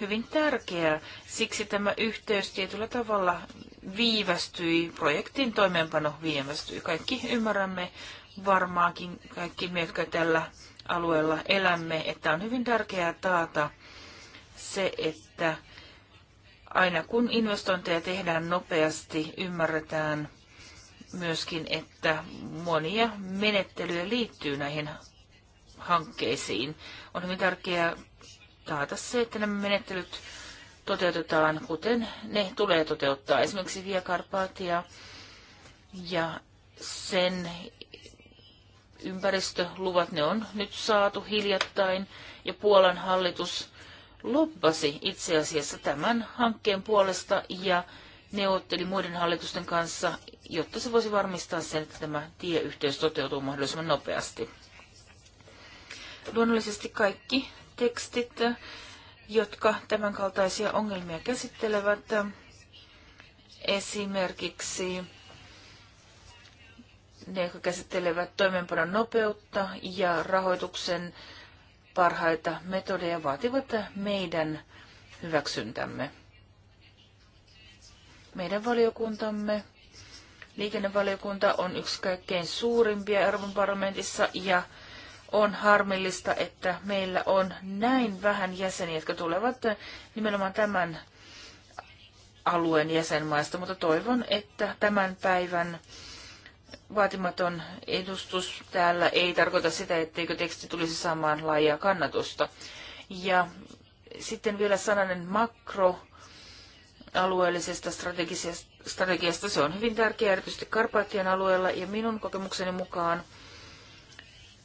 hyvin tärkeää. Siksi tämä yhteys tietyllä tavalla viivästyi, projektin toimeenpano viivästyi. Kaikki ymmärrämme varmaankin, kaikki me, jotka tällä alueella elämme, että on hyvin tärkeää taata se, että aina kun investointeja tehdään nopeasti, ymmärretään myöskin, että monia menettelyjä liittyy näihin hankkeisiin. On hyvin tärkeää taata se, että nämä menettelyt toteutetaan, kuten ne tulee toteuttaa. Esimerkiksi Via Carpatia ja sen ympäristöluvat, ne on nyt saatu hiljattain, ja Puolan hallitus lobbasi itse asiassa tämän hankkeen puolesta ja neuvotteli muiden hallitusten kanssa, jotta se voisi varmistaa sen, että tämä tieyhteys toteutuu mahdollisimman nopeasti. Luonnollisesti kaikki tekstit, jotka tämänkaltaisia ongelmia käsittelevät, esimerkiksi ne, jotka käsittelevät toimeenpanon nopeutta ja rahoituksen parhaita metodeja vaativat meidän hyväksyntämme. Meidän valiokuntamme, liikennevaliokunta, on yksi kaikkein suurimpia Euroopan parlamentissa ja on harmillista, että meillä on näin vähän jäseniä, jotka tulevat nimenomaan tämän alueen jäsenmaista, mutta toivon, että tämän päivän vaatimaton edustus täällä ei tarkoita sitä, etteikö teksti tulisi saamaan laajaa kannatusta. Ja sitten vielä sananen makro alueellisesta strategisesta strategiasta. Se on hyvin tärkeää erityisesti Karpaattien alueella ja minun kokemukseni mukaan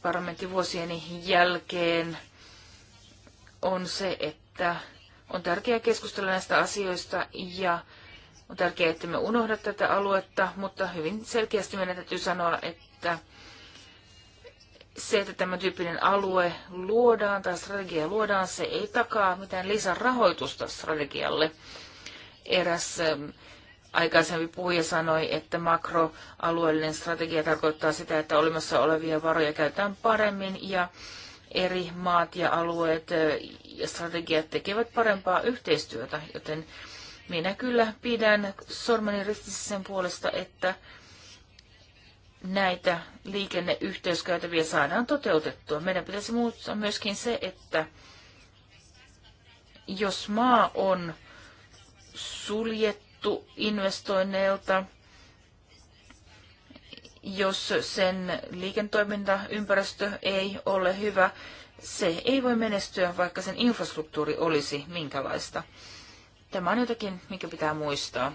parlamenttivuosieni jälkeen on se, että on tärkeää keskustella näistä asioista ja on tärkeää, että me unohda tätä aluetta, mutta hyvin selkeästi meidän täytyy sanoa, että se, että tämä tyyppinen alue luodaan tai strategia luodaan, se ei takaa mitään lisärahoitusta strategialle. Eräs ähm, aikaisempi puhuja sanoi, että makroalueellinen strategia tarkoittaa sitä, että olemassa olevia varoja käytetään paremmin ja eri maat ja alueet äh, ja strategiat tekevät parempaa yhteistyötä, joten minä kyllä pidän sormeni ristissä sen puolesta, että näitä liikenneyhteyskäytäviä saadaan toteutettua. Meidän pitäisi muuttaa myöskin se, että jos maa on suljettu investoinneilta, jos sen liikentoimintaympäristö ei ole hyvä, se ei voi menestyä, vaikka sen infrastruktuuri olisi minkälaista. Tämä on jotakin, mikä pitää muistaa.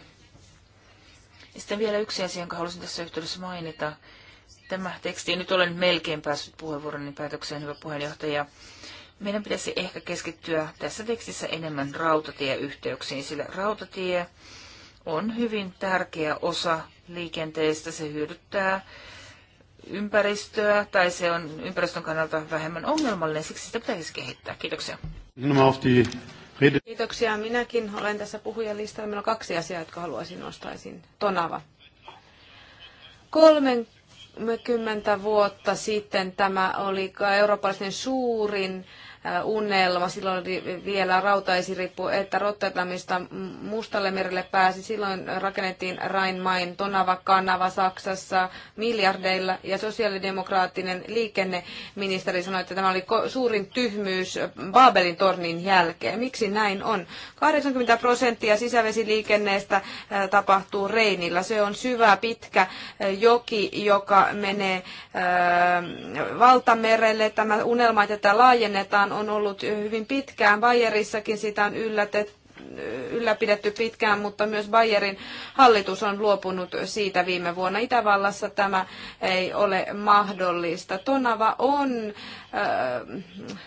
Ja sitten vielä yksi asia, jonka halusin tässä yhteydessä mainita. Tämä teksti, nyt olen melkein päässyt niin päätökseen, hyvä puheenjohtaja. Meidän pitäisi ehkä keskittyä tässä tekstissä enemmän rautatieyhteyksiin, sillä rautatie on hyvin tärkeä osa liikenteestä. Se hyödyttää ympäristöä tai se on ympäristön kannalta vähemmän ongelmallinen, siksi sitä pitäisi kehittää. Kiitoksia. Nimenomaan auf Kiitoksia. Minäkin olen tässä listalla. Meillä on kaksi asiaa, jotka haluaisin nostaa esiin. Tonava. 30 vuotta sitten tämä oli eurooppalaisen suurin Äh, unelma. Silloin oli vielä rautaisirippu, että Rotterdamista Mustalle merelle pääsi. Silloin rakennettiin Rhein-Main Tonava-kanava Saksassa miljardeilla ja sosiaalidemokraattinen liikenneministeri sanoi, että tämä oli suurin tyhmyys Baabelin tornin jälkeen. Miksi näin on? 80 prosenttia sisävesiliikenneestä äh, tapahtuu Reinillä. Se on syvä, pitkä äh, joki, joka menee valtamerelle. Tämä unelma, että tätä laajennetaan Kreikan on ollut hyvin pitkään. Bayerissakin sitä on yllätetty ylläpidetty pitkään, mutta myös Bayerin hallitus on luopunut siitä viime vuonna. Itävallassa tämä ei ole mahdollista. Tonava on äh,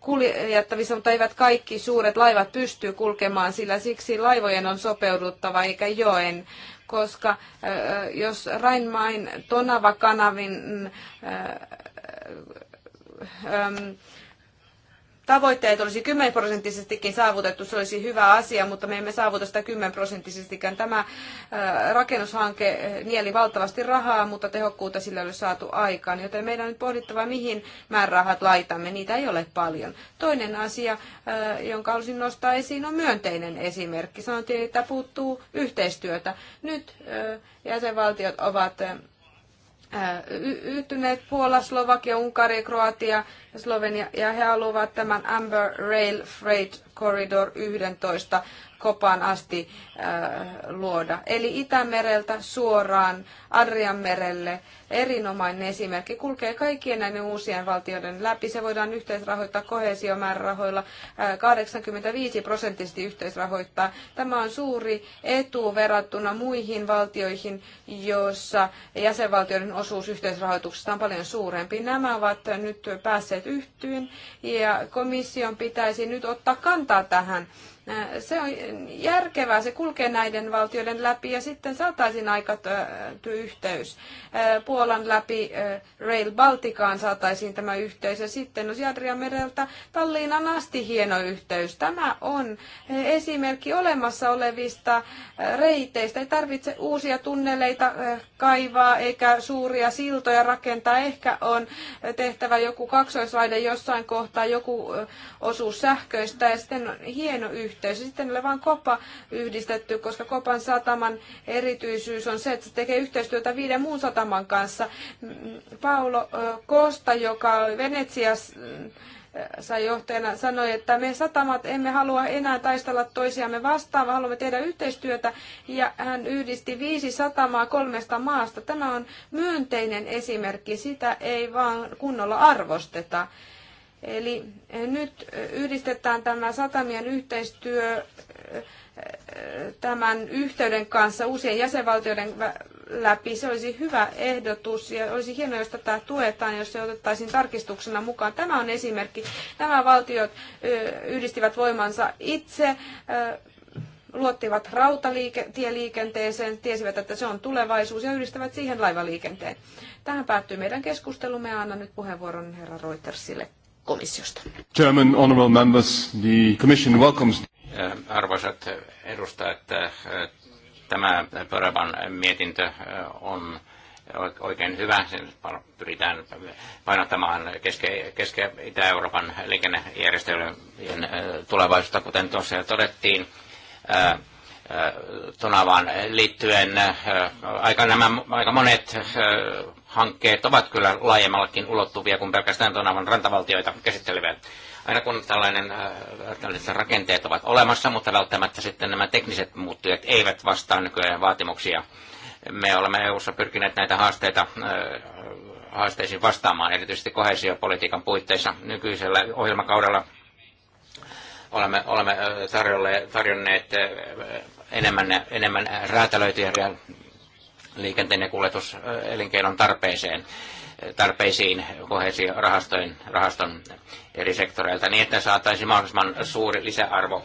kuljettavissa, mutta eivät kaikki suuret laivat pysty kulkemaan, sillä siksi laivojen on sopeuduttava eikä joen koska äh, jos Rhein-Main Tonava-kanavin äh, ähm, tavoitteet olisi 10 prosenttisestikin saavutettu, se olisi hyvä asia, mutta me emme saavuta sitä 10 prosenttisestikään. Tämä äh, rakennushanke nieli valtavasti rahaa, mutta tehokkuutta sillä ei ole saatu aikaan, joten meidän on nyt pohdittava, mihin määrärahat laitamme. Niitä ei ole paljon. Toinen asia, äh, jonka halusin nostaa esiin, on myönteinen esimerkki. Sanottiin, että puuttuu yhteistyötä. Nyt äh, jäsenvaltiot ovat Äh, yhtyneet Puola, Slovakia, Unkari, Kroatia ja Slovenia, ja he haluavat tämän Amber Rail Freight Corridor 11 Kopaan asti äh, luoda. Eli Itämereltä suoraan Adrianmerelle. Erinomainen esimerkki. Kulkee kaikkien näiden uusien valtioiden läpi. Se voidaan yhteisrahoittaa kohesiomäärärahoilla 85 äh, prosenttisesti yhteisrahoittaa. Tämä on suuri etu verrattuna muihin valtioihin, joissa jäsenvaltioiden osuus yhteisrahoituksesta on paljon suurempi. Nämä ovat nyt päässeet yhtyyn ja komission pitäisi nyt ottaa kantaa tähän Äh, se on järkevää, se kulkee näiden valtioiden läpi ja sitten saataisiin yhteys. Äh, Puolan läpi äh, Rail Balticaan saataisiin tämä yhteys ja sitten olisi Adriamereltä Tallinnan asti hieno yhteys. Tämä on esimerkki olemassa olevista reiteistä. Ei tarvitse uusia tunneleita kaivaa eikä suuria siltoja rakentaa. Ehkä on tehtävä joku kaksoisraide jossain kohtaa, joku osuus sähköistä ja sitten on hieno yhteys yhteys. Ja sitten ei ole vain Kopa yhdistetty, koska Kopan sataman erityisyys on se, että se tekee yhteistyötä viiden muun sataman kanssa. Paolo Kosta, joka oli Venetsiassa sai johtajana sanoi, että me satamat emme halua enää taistella toisiamme vastaan, vaan haluamme tehdä yhteistyötä. Ja hän yhdisti viisi satamaa kolmesta maasta. Tämä on myönteinen esimerkki, sitä ei vaan kunnolla arvosteta. Eli eh, nyt eh, yhdistetään tämä satamien yhteistyö eh, tämän yhteyden kanssa uusien jäsenvaltioiden läpi. Se olisi hyvä ehdotus ja olisi hienoa, jos tätä tuetaan, jos se otettaisiin tarkistuksena mukaan. Tämä on esimerkki. Nämä valtiot yhdistivät voimansa itse, luottivat rautatieliikenteeseen, tiesivät, että se on tulevaisuus ja yhdistävät siihen laivaliikenteen. Tähän päättyy meidän keskustelumme ja annan nyt puheenvuoron herra Reutersille komissiosta. German honorable members, the commission welcomes... Arvoisat edustajat, tämä Pörevan mietintö on oikein hyvä. Sen pyritään painottamaan Keski- Keski- Itä-Euroopan liikennejärjestelyjen tulevaisuutta, kuten tuossa jo todettiin. Tonavaan liittyen aika, nämä, aika monet hankkeet ovat kyllä laajemmallakin ulottuvia kuin pelkästään aivan rantavaltioita käsitteleviä. Aina kun tällainen, äh, tällaiset rakenteet ovat olemassa, mutta välttämättä sitten nämä tekniset muuttujat eivät vastaa nykyään vaatimuksia. Me olemme EU-ssa pyrkineet näitä haasteita äh, haasteisiin vastaamaan, erityisesti kohesiopolitiikan puitteissa nykyisellä ohjelmakaudella olemme, olemme äh, tarjonneet enemmän, enemmän räätälöityjä liikenteen ja kuljetuselinkeinon tarpeeseen tarpeisiin kohesirahastojen rahaston eri sektoreilta niin, että saataisiin mahdollisimman suuri lisäarvo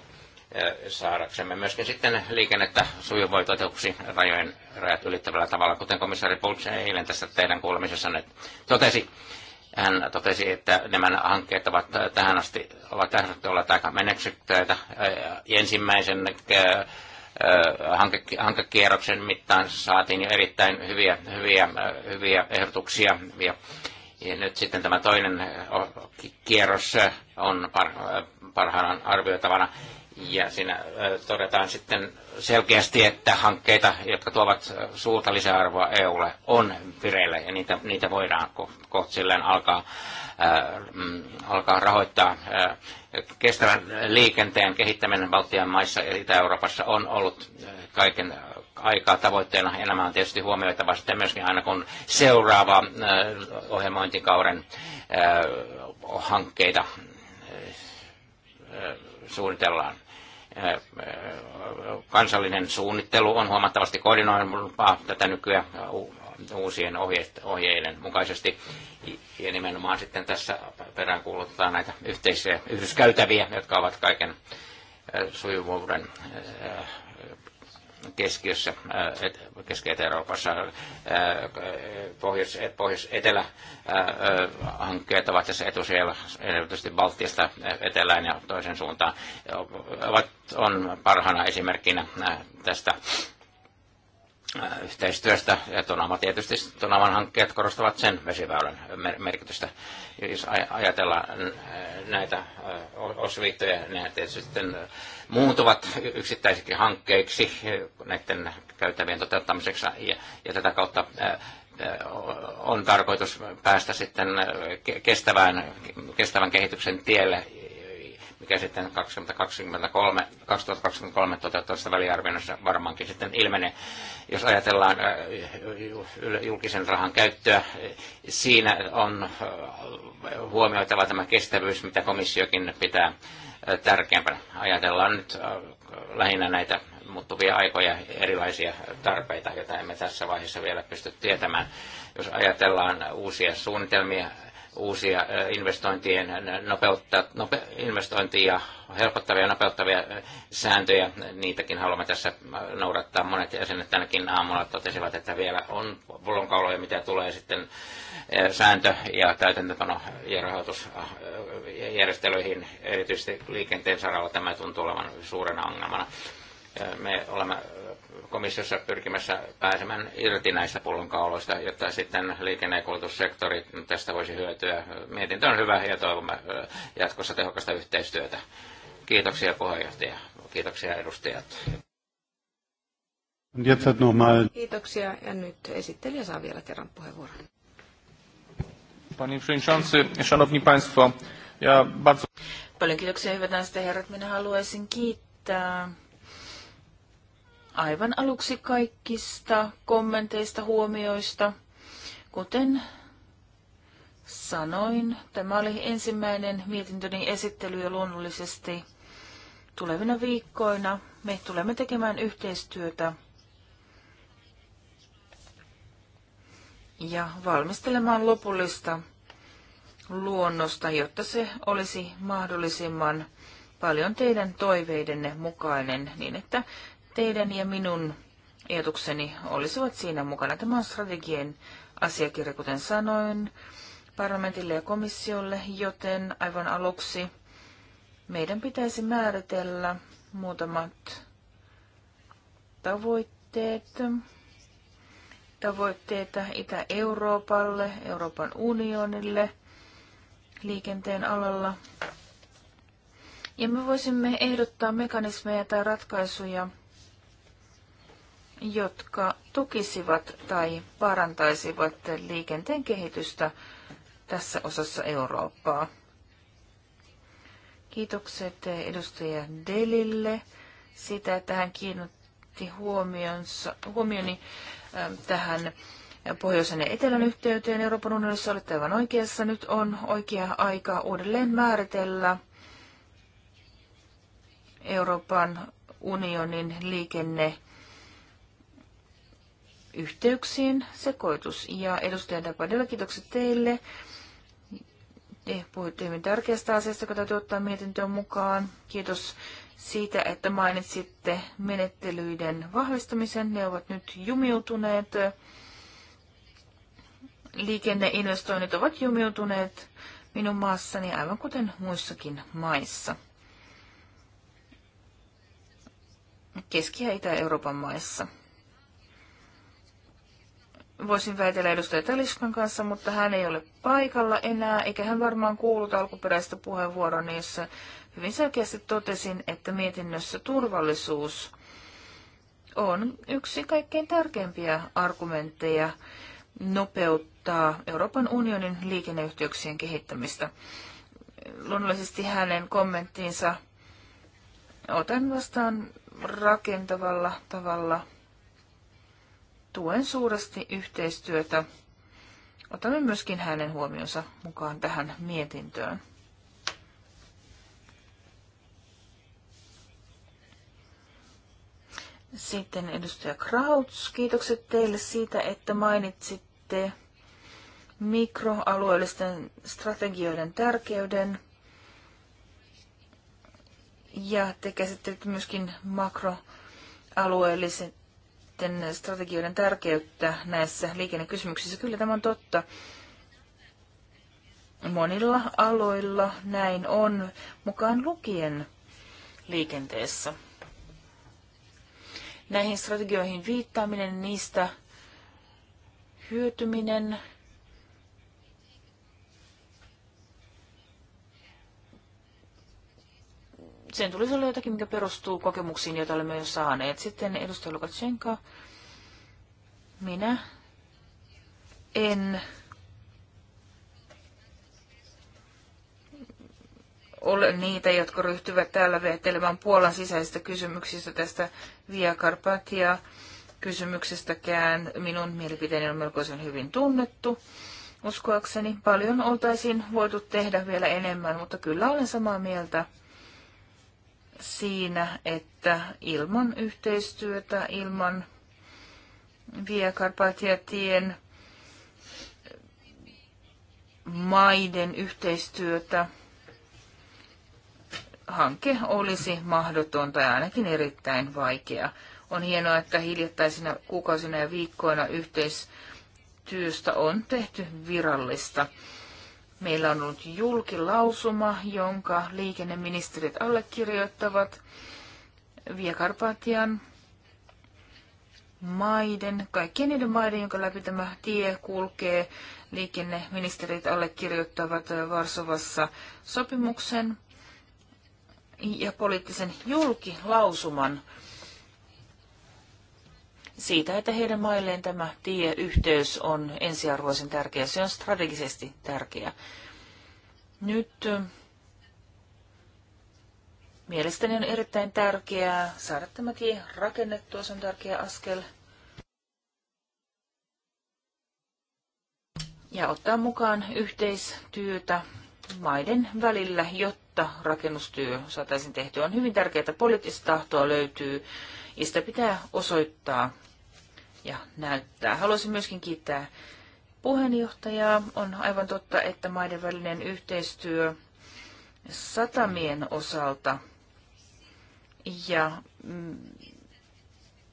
saadaksemme myöskin sitten liikennettä sujuvoitetuksi rajojen rajat ylittävällä tavalla, kuten komissaari Pultz eilen tässä teidän kuulemisessanne totesi. Hän totesi, että nämä hankkeet ovat tähän asti, ovat olleet aika meneksyttöitä. Ensimmäisen hanke, hankekierroksen mittaan saatiin jo erittäin hyviä, hyviä, hyviä ehdotuksia. Ja, ja nyt sitten tämä toinen kierros on parhaan parhaillaan arvioitavana. Ja siinä todetaan sitten selkeästi, että hankkeita, jotka tuovat suurta lisäarvoa EUlle, on vireillä ja niitä, niitä voidaan kohtsilleen alkaa, äh, alkaa rahoittaa. kestävän liikenteen kehittäminen Baltian maissa ja Itä-Euroopassa on ollut kaiken aikaa tavoitteena. enemmän on tietysti huomioitava sitten myöskin aina, kun seuraava äh, ohjelmointikauden äh, hankkeita äh, suunnitellaan kansallinen suunnittelu on huomattavasti koordinoidumpaa tätä nykyään uusien ohjeiden mukaisesti. Ja nimenomaan sitten tässä peräänkuulutetaan näitä yhteisiä yhdyskäytäviä, jotka ovat kaiken äh, sujuvuuden äh, keskiössä, äh, keski euroopassa Pohjois-Etelä-hankkeet äh, Pohjois äh, ovat tässä etusijalla, erityisesti Baltiasta etelään ja toisen suuntaan, ovat, on parhaana esimerkkinä tästä Äh, yhteistyöstä. Ja Tonama tietysti, Tonaman hankkeet korostavat sen vesiväylän merkitystä. Jos ajatellaan äh, näitä äh, osviittoja, ne tietysti sitten muuntuvat yksittäisiksi hankkeiksi näiden käytävien toteuttamiseksi ja, ja tätä kautta on tarkoitus päästä sitten kestävään, kestävän kehityksen tielle mikä sitten 2023, 2023 toteuttavassa väliarvioinnissa varmaankin sitten ilmenee. Jos ajatellaan äh, julkisen rahan käyttöä, siinä on äh, huomioitava tämä kestävyys, mitä komissiokin pitää äh, tärkeämpänä. Ajatellaan nyt lähinnä näitä muuttuvia aikoja, erilaisia tarpeita, joita emme tässä vaiheessa vielä pysty tietämään. Jos ajatellaan uusia suunnitelmia, uusia investointien nopeutta, nope, investointia helpottavia ja nopeuttavia sääntöjä. Niitäkin haluamme tässä noudattaa. Monet jäsenet tänäkin aamulla totesivat, että vielä on pullonkauloja, mitä tulee sitten sääntö- ja täytäntöpano- ja rahoitusjärjestelyihin. Erityisesti liikenteen saralla tämä tuntuu olevan suurena ongelmana. Me olemme komissiossa pyrkimässä pääsemään irti näistä pullonkauloista, jotta sitten liikenne- ja kulutussektori tästä voisi hyötyä. Mietintö on hyvä ja toivomme jatkossa tehokasta yhteistyötä. Kiitoksia puheenjohtaja. Kiitoksia edustajat. Kiitoksia ja nyt esittelijä saa vielä kerran puheenvuoron. ja Paljon kiitoksia hyvät naiset ja herrat. Minä haluaisin kiittää aivan aluksi kaikista kommenteista, huomioista. Kuten sanoin, tämä oli ensimmäinen mietintöni esittely ja luonnollisesti tulevina viikkoina me tulemme tekemään yhteistyötä ja valmistelemaan lopullista luonnosta, jotta se olisi mahdollisimman paljon teidän toiveidenne mukainen, niin että teidän ja minun ajatukseni olisivat siinä mukana. Tämä on strategien asiakirja, kuten sanoin, parlamentille ja komissiolle, joten aivan aluksi meidän pitäisi määritellä muutamat tavoitteet. Tavoitteita Itä-Euroopalle, Euroopan unionille liikenteen alalla. Ja me voisimme ehdottaa mekanismeja tai ratkaisuja, jotka tukisivat tai parantaisivat liikenteen kehitystä tässä osassa Eurooppaa. Kiitokset edustaja Delille siitä, että hän kiinnitti huomionsa, huomioni ähm, tähän pohjoisen ja etelän yhteyteen Euroopan unionissa olette aivan oikeassa. Nyt on oikea aika uudelleen määritellä Euroopan unionin liikenne Yhteyksiin, sekoitus. Ja edustaja Dabadella, kiitokset teille. Te puhuitte hyvin tärkeästä asiasta, joka täytyy ottaa mietintöön mukaan. Kiitos siitä, että mainitsitte menettelyiden vahvistamisen. Ne ovat nyt jumiutuneet. Liikenneinvestoinnit ovat jumiutuneet minun maassani, aivan kuten muissakin maissa. Keski- ja Itä-Euroopan maissa voisin väitellä edustaja Taliskan kanssa, mutta hän ei ole paikalla enää, eikä hän varmaan kuullut alkuperäistä puheenvuoroa, jossa hyvin selkeästi totesin, että mietinnössä turvallisuus on yksi kaikkein tärkeimpiä argumentteja nopeuttaa Euroopan unionin liikenneyhteyksien kehittämistä. Luonnollisesti hänen kommenttiinsa otan vastaan rakentavalla tavalla – tuen suuresti yhteistyötä. Otamme myöskin hänen huomionsa mukaan tähän mietintöön. Sitten edustaja Krauts, kiitokset teille siitä, että mainitsitte mikroalueellisten strategioiden tärkeyden. Ja te käsittelitte myöskin makroalueellisen näiden strategioiden tärkeyttä näissä liikennekysymyksissä. Kyllä tämä on totta. Monilla aloilla näin on, mukaan lukien liikenteessä. Näihin strategioihin viittaaminen, niistä hyötyminen Sen tulisi olla jotakin, mikä perustuu kokemuksiin, joita olemme jo saaneet. Sitten edustaja Lukashenka, minä en ole niitä, jotka ryhtyvät täällä vetelemään Puolan sisäisistä kysymyksistä tästä Via Carpatia kysymyksestäkään. Minun mielipiteeni on melkoisen hyvin tunnettu. Uskoakseni paljon oltaisiin voitu tehdä vielä enemmän, mutta kyllä olen samaa mieltä siinä, että ilman yhteistyötä, ilman Via Carpatia-tien maiden yhteistyötä hanke olisi mahdoton tai ainakin erittäin vaikea. On hienoa, että hiljattaisina kuukausina ja viikkoina yhteistyöstä on tehty virallista. Meillä on ollut julkilausuma, jonka liikenneministerit allekirjoittavat Viekarpatian maiden, kaikkien niiden maiden, jonka läpi tämä tie kulkee. Liikenneministerit allekirjoittavat Varsovassa sopimuksen ja poliittisen julkilausuman, siitä, että heidän mailleen tämä tieyhteys on ensiarvoisen tärkeä. Se on strategisesti tärkeä. Nyt eh, mielestäni on erittäin tärkeää saada tämä tie rakennettua. Se on tärkeä askel. Ja ottaa mukaan yhteistyötä maiden välillä, jotta rakennustyö saataisiin tehtyä. On hyvin tärkeää, että poliittista tahtoa löytyy ja sitä pitää osoittaa ja näyttää. Haluaisin myöskin kiittää puheenjohtajaa. On aivan totta, että maiden välinen yhteistyö satamien osalta ja mm,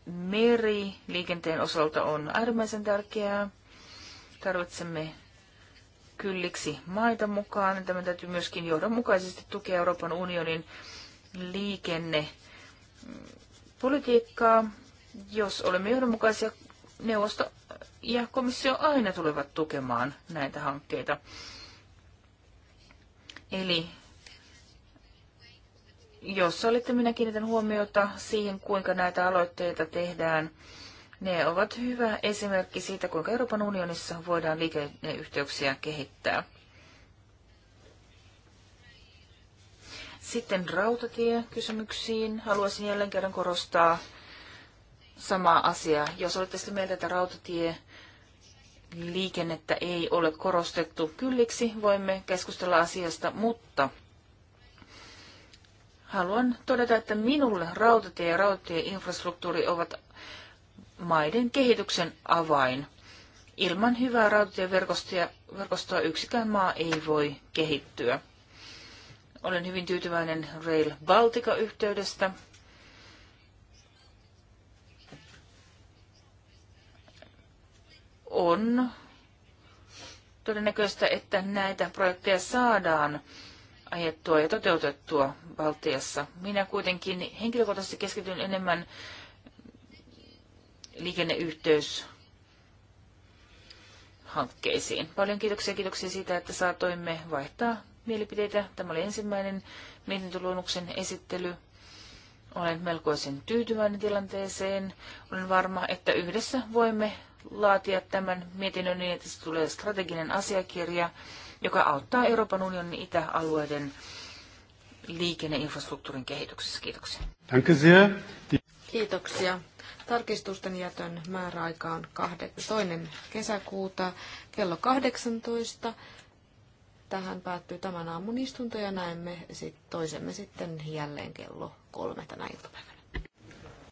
meri liikenteen osalta on äärimmäisen tärkeää. Tarvitsemme kylliksi maita mukaan. Tämä täytyy myöskin johdonmukaisesti tukea Euroopan unionin liikennepolitiikkaa. Mm, Jos olemme johdonmukaisia neuvosto ja komissio aina tulivat tukemaan näitä hankkeita. Eli jos olette, minä kiinnitän huomiota siihen, kuinka näitä aloitteita tehdään. Ne ovat hyvä esimerkki siitä, kuinka Euroopan unionissa voidaan liikenneyhteyksiä kehittää. Sitten rautatiekysymyksiin haluaisin jälleen kerran korostaa sama asia. Jos olette sitä mieltä, että rautatie liikennettä ei ole korostettu kylliksi, voimme keskustella asiasta, mutta haluan todeta, että minulle rautatie ja rautatieinfrastruktuuri ovat maiden kehityksen avain. Ilman hyvää rautatieverkostoa yksikään maa ei voi kehittyä. Olen hyvin tyytyväinen Rail Baltica-yhteydestä. on todennäköistä, että näitä projekteja saadaan ajettua ja toteutettua Baltiassa. Minä kuitenkin henkilökohtaisesti keskityn enemmän liikenneyhteys hankkeisiin. Paljon kiitoksia kiitoksia siitä, että saatoimme vaihtaa mielipiteitä. Tämä oli ensimmäinen mietintöluonnoksen esittely. Olen melkoisen tyytyväinen tilanteeseen. Olen varma, että yhdessä voimme laatia tämän mietinnön niin, että se tulee strateginen asiakirja, joka auttaa Euroopan unionin itäalueiden liikenneinfrastruktuurin kehityksessä. Kiitoksia. Kiitoksia. Tarkistusten jätön määräaika on toinen kesäkuuta kello 18. Tähän päättyy tämän aamun istunto ja näemme sit toisemme sitten jälleen kello kolme tänä iltapäivänä.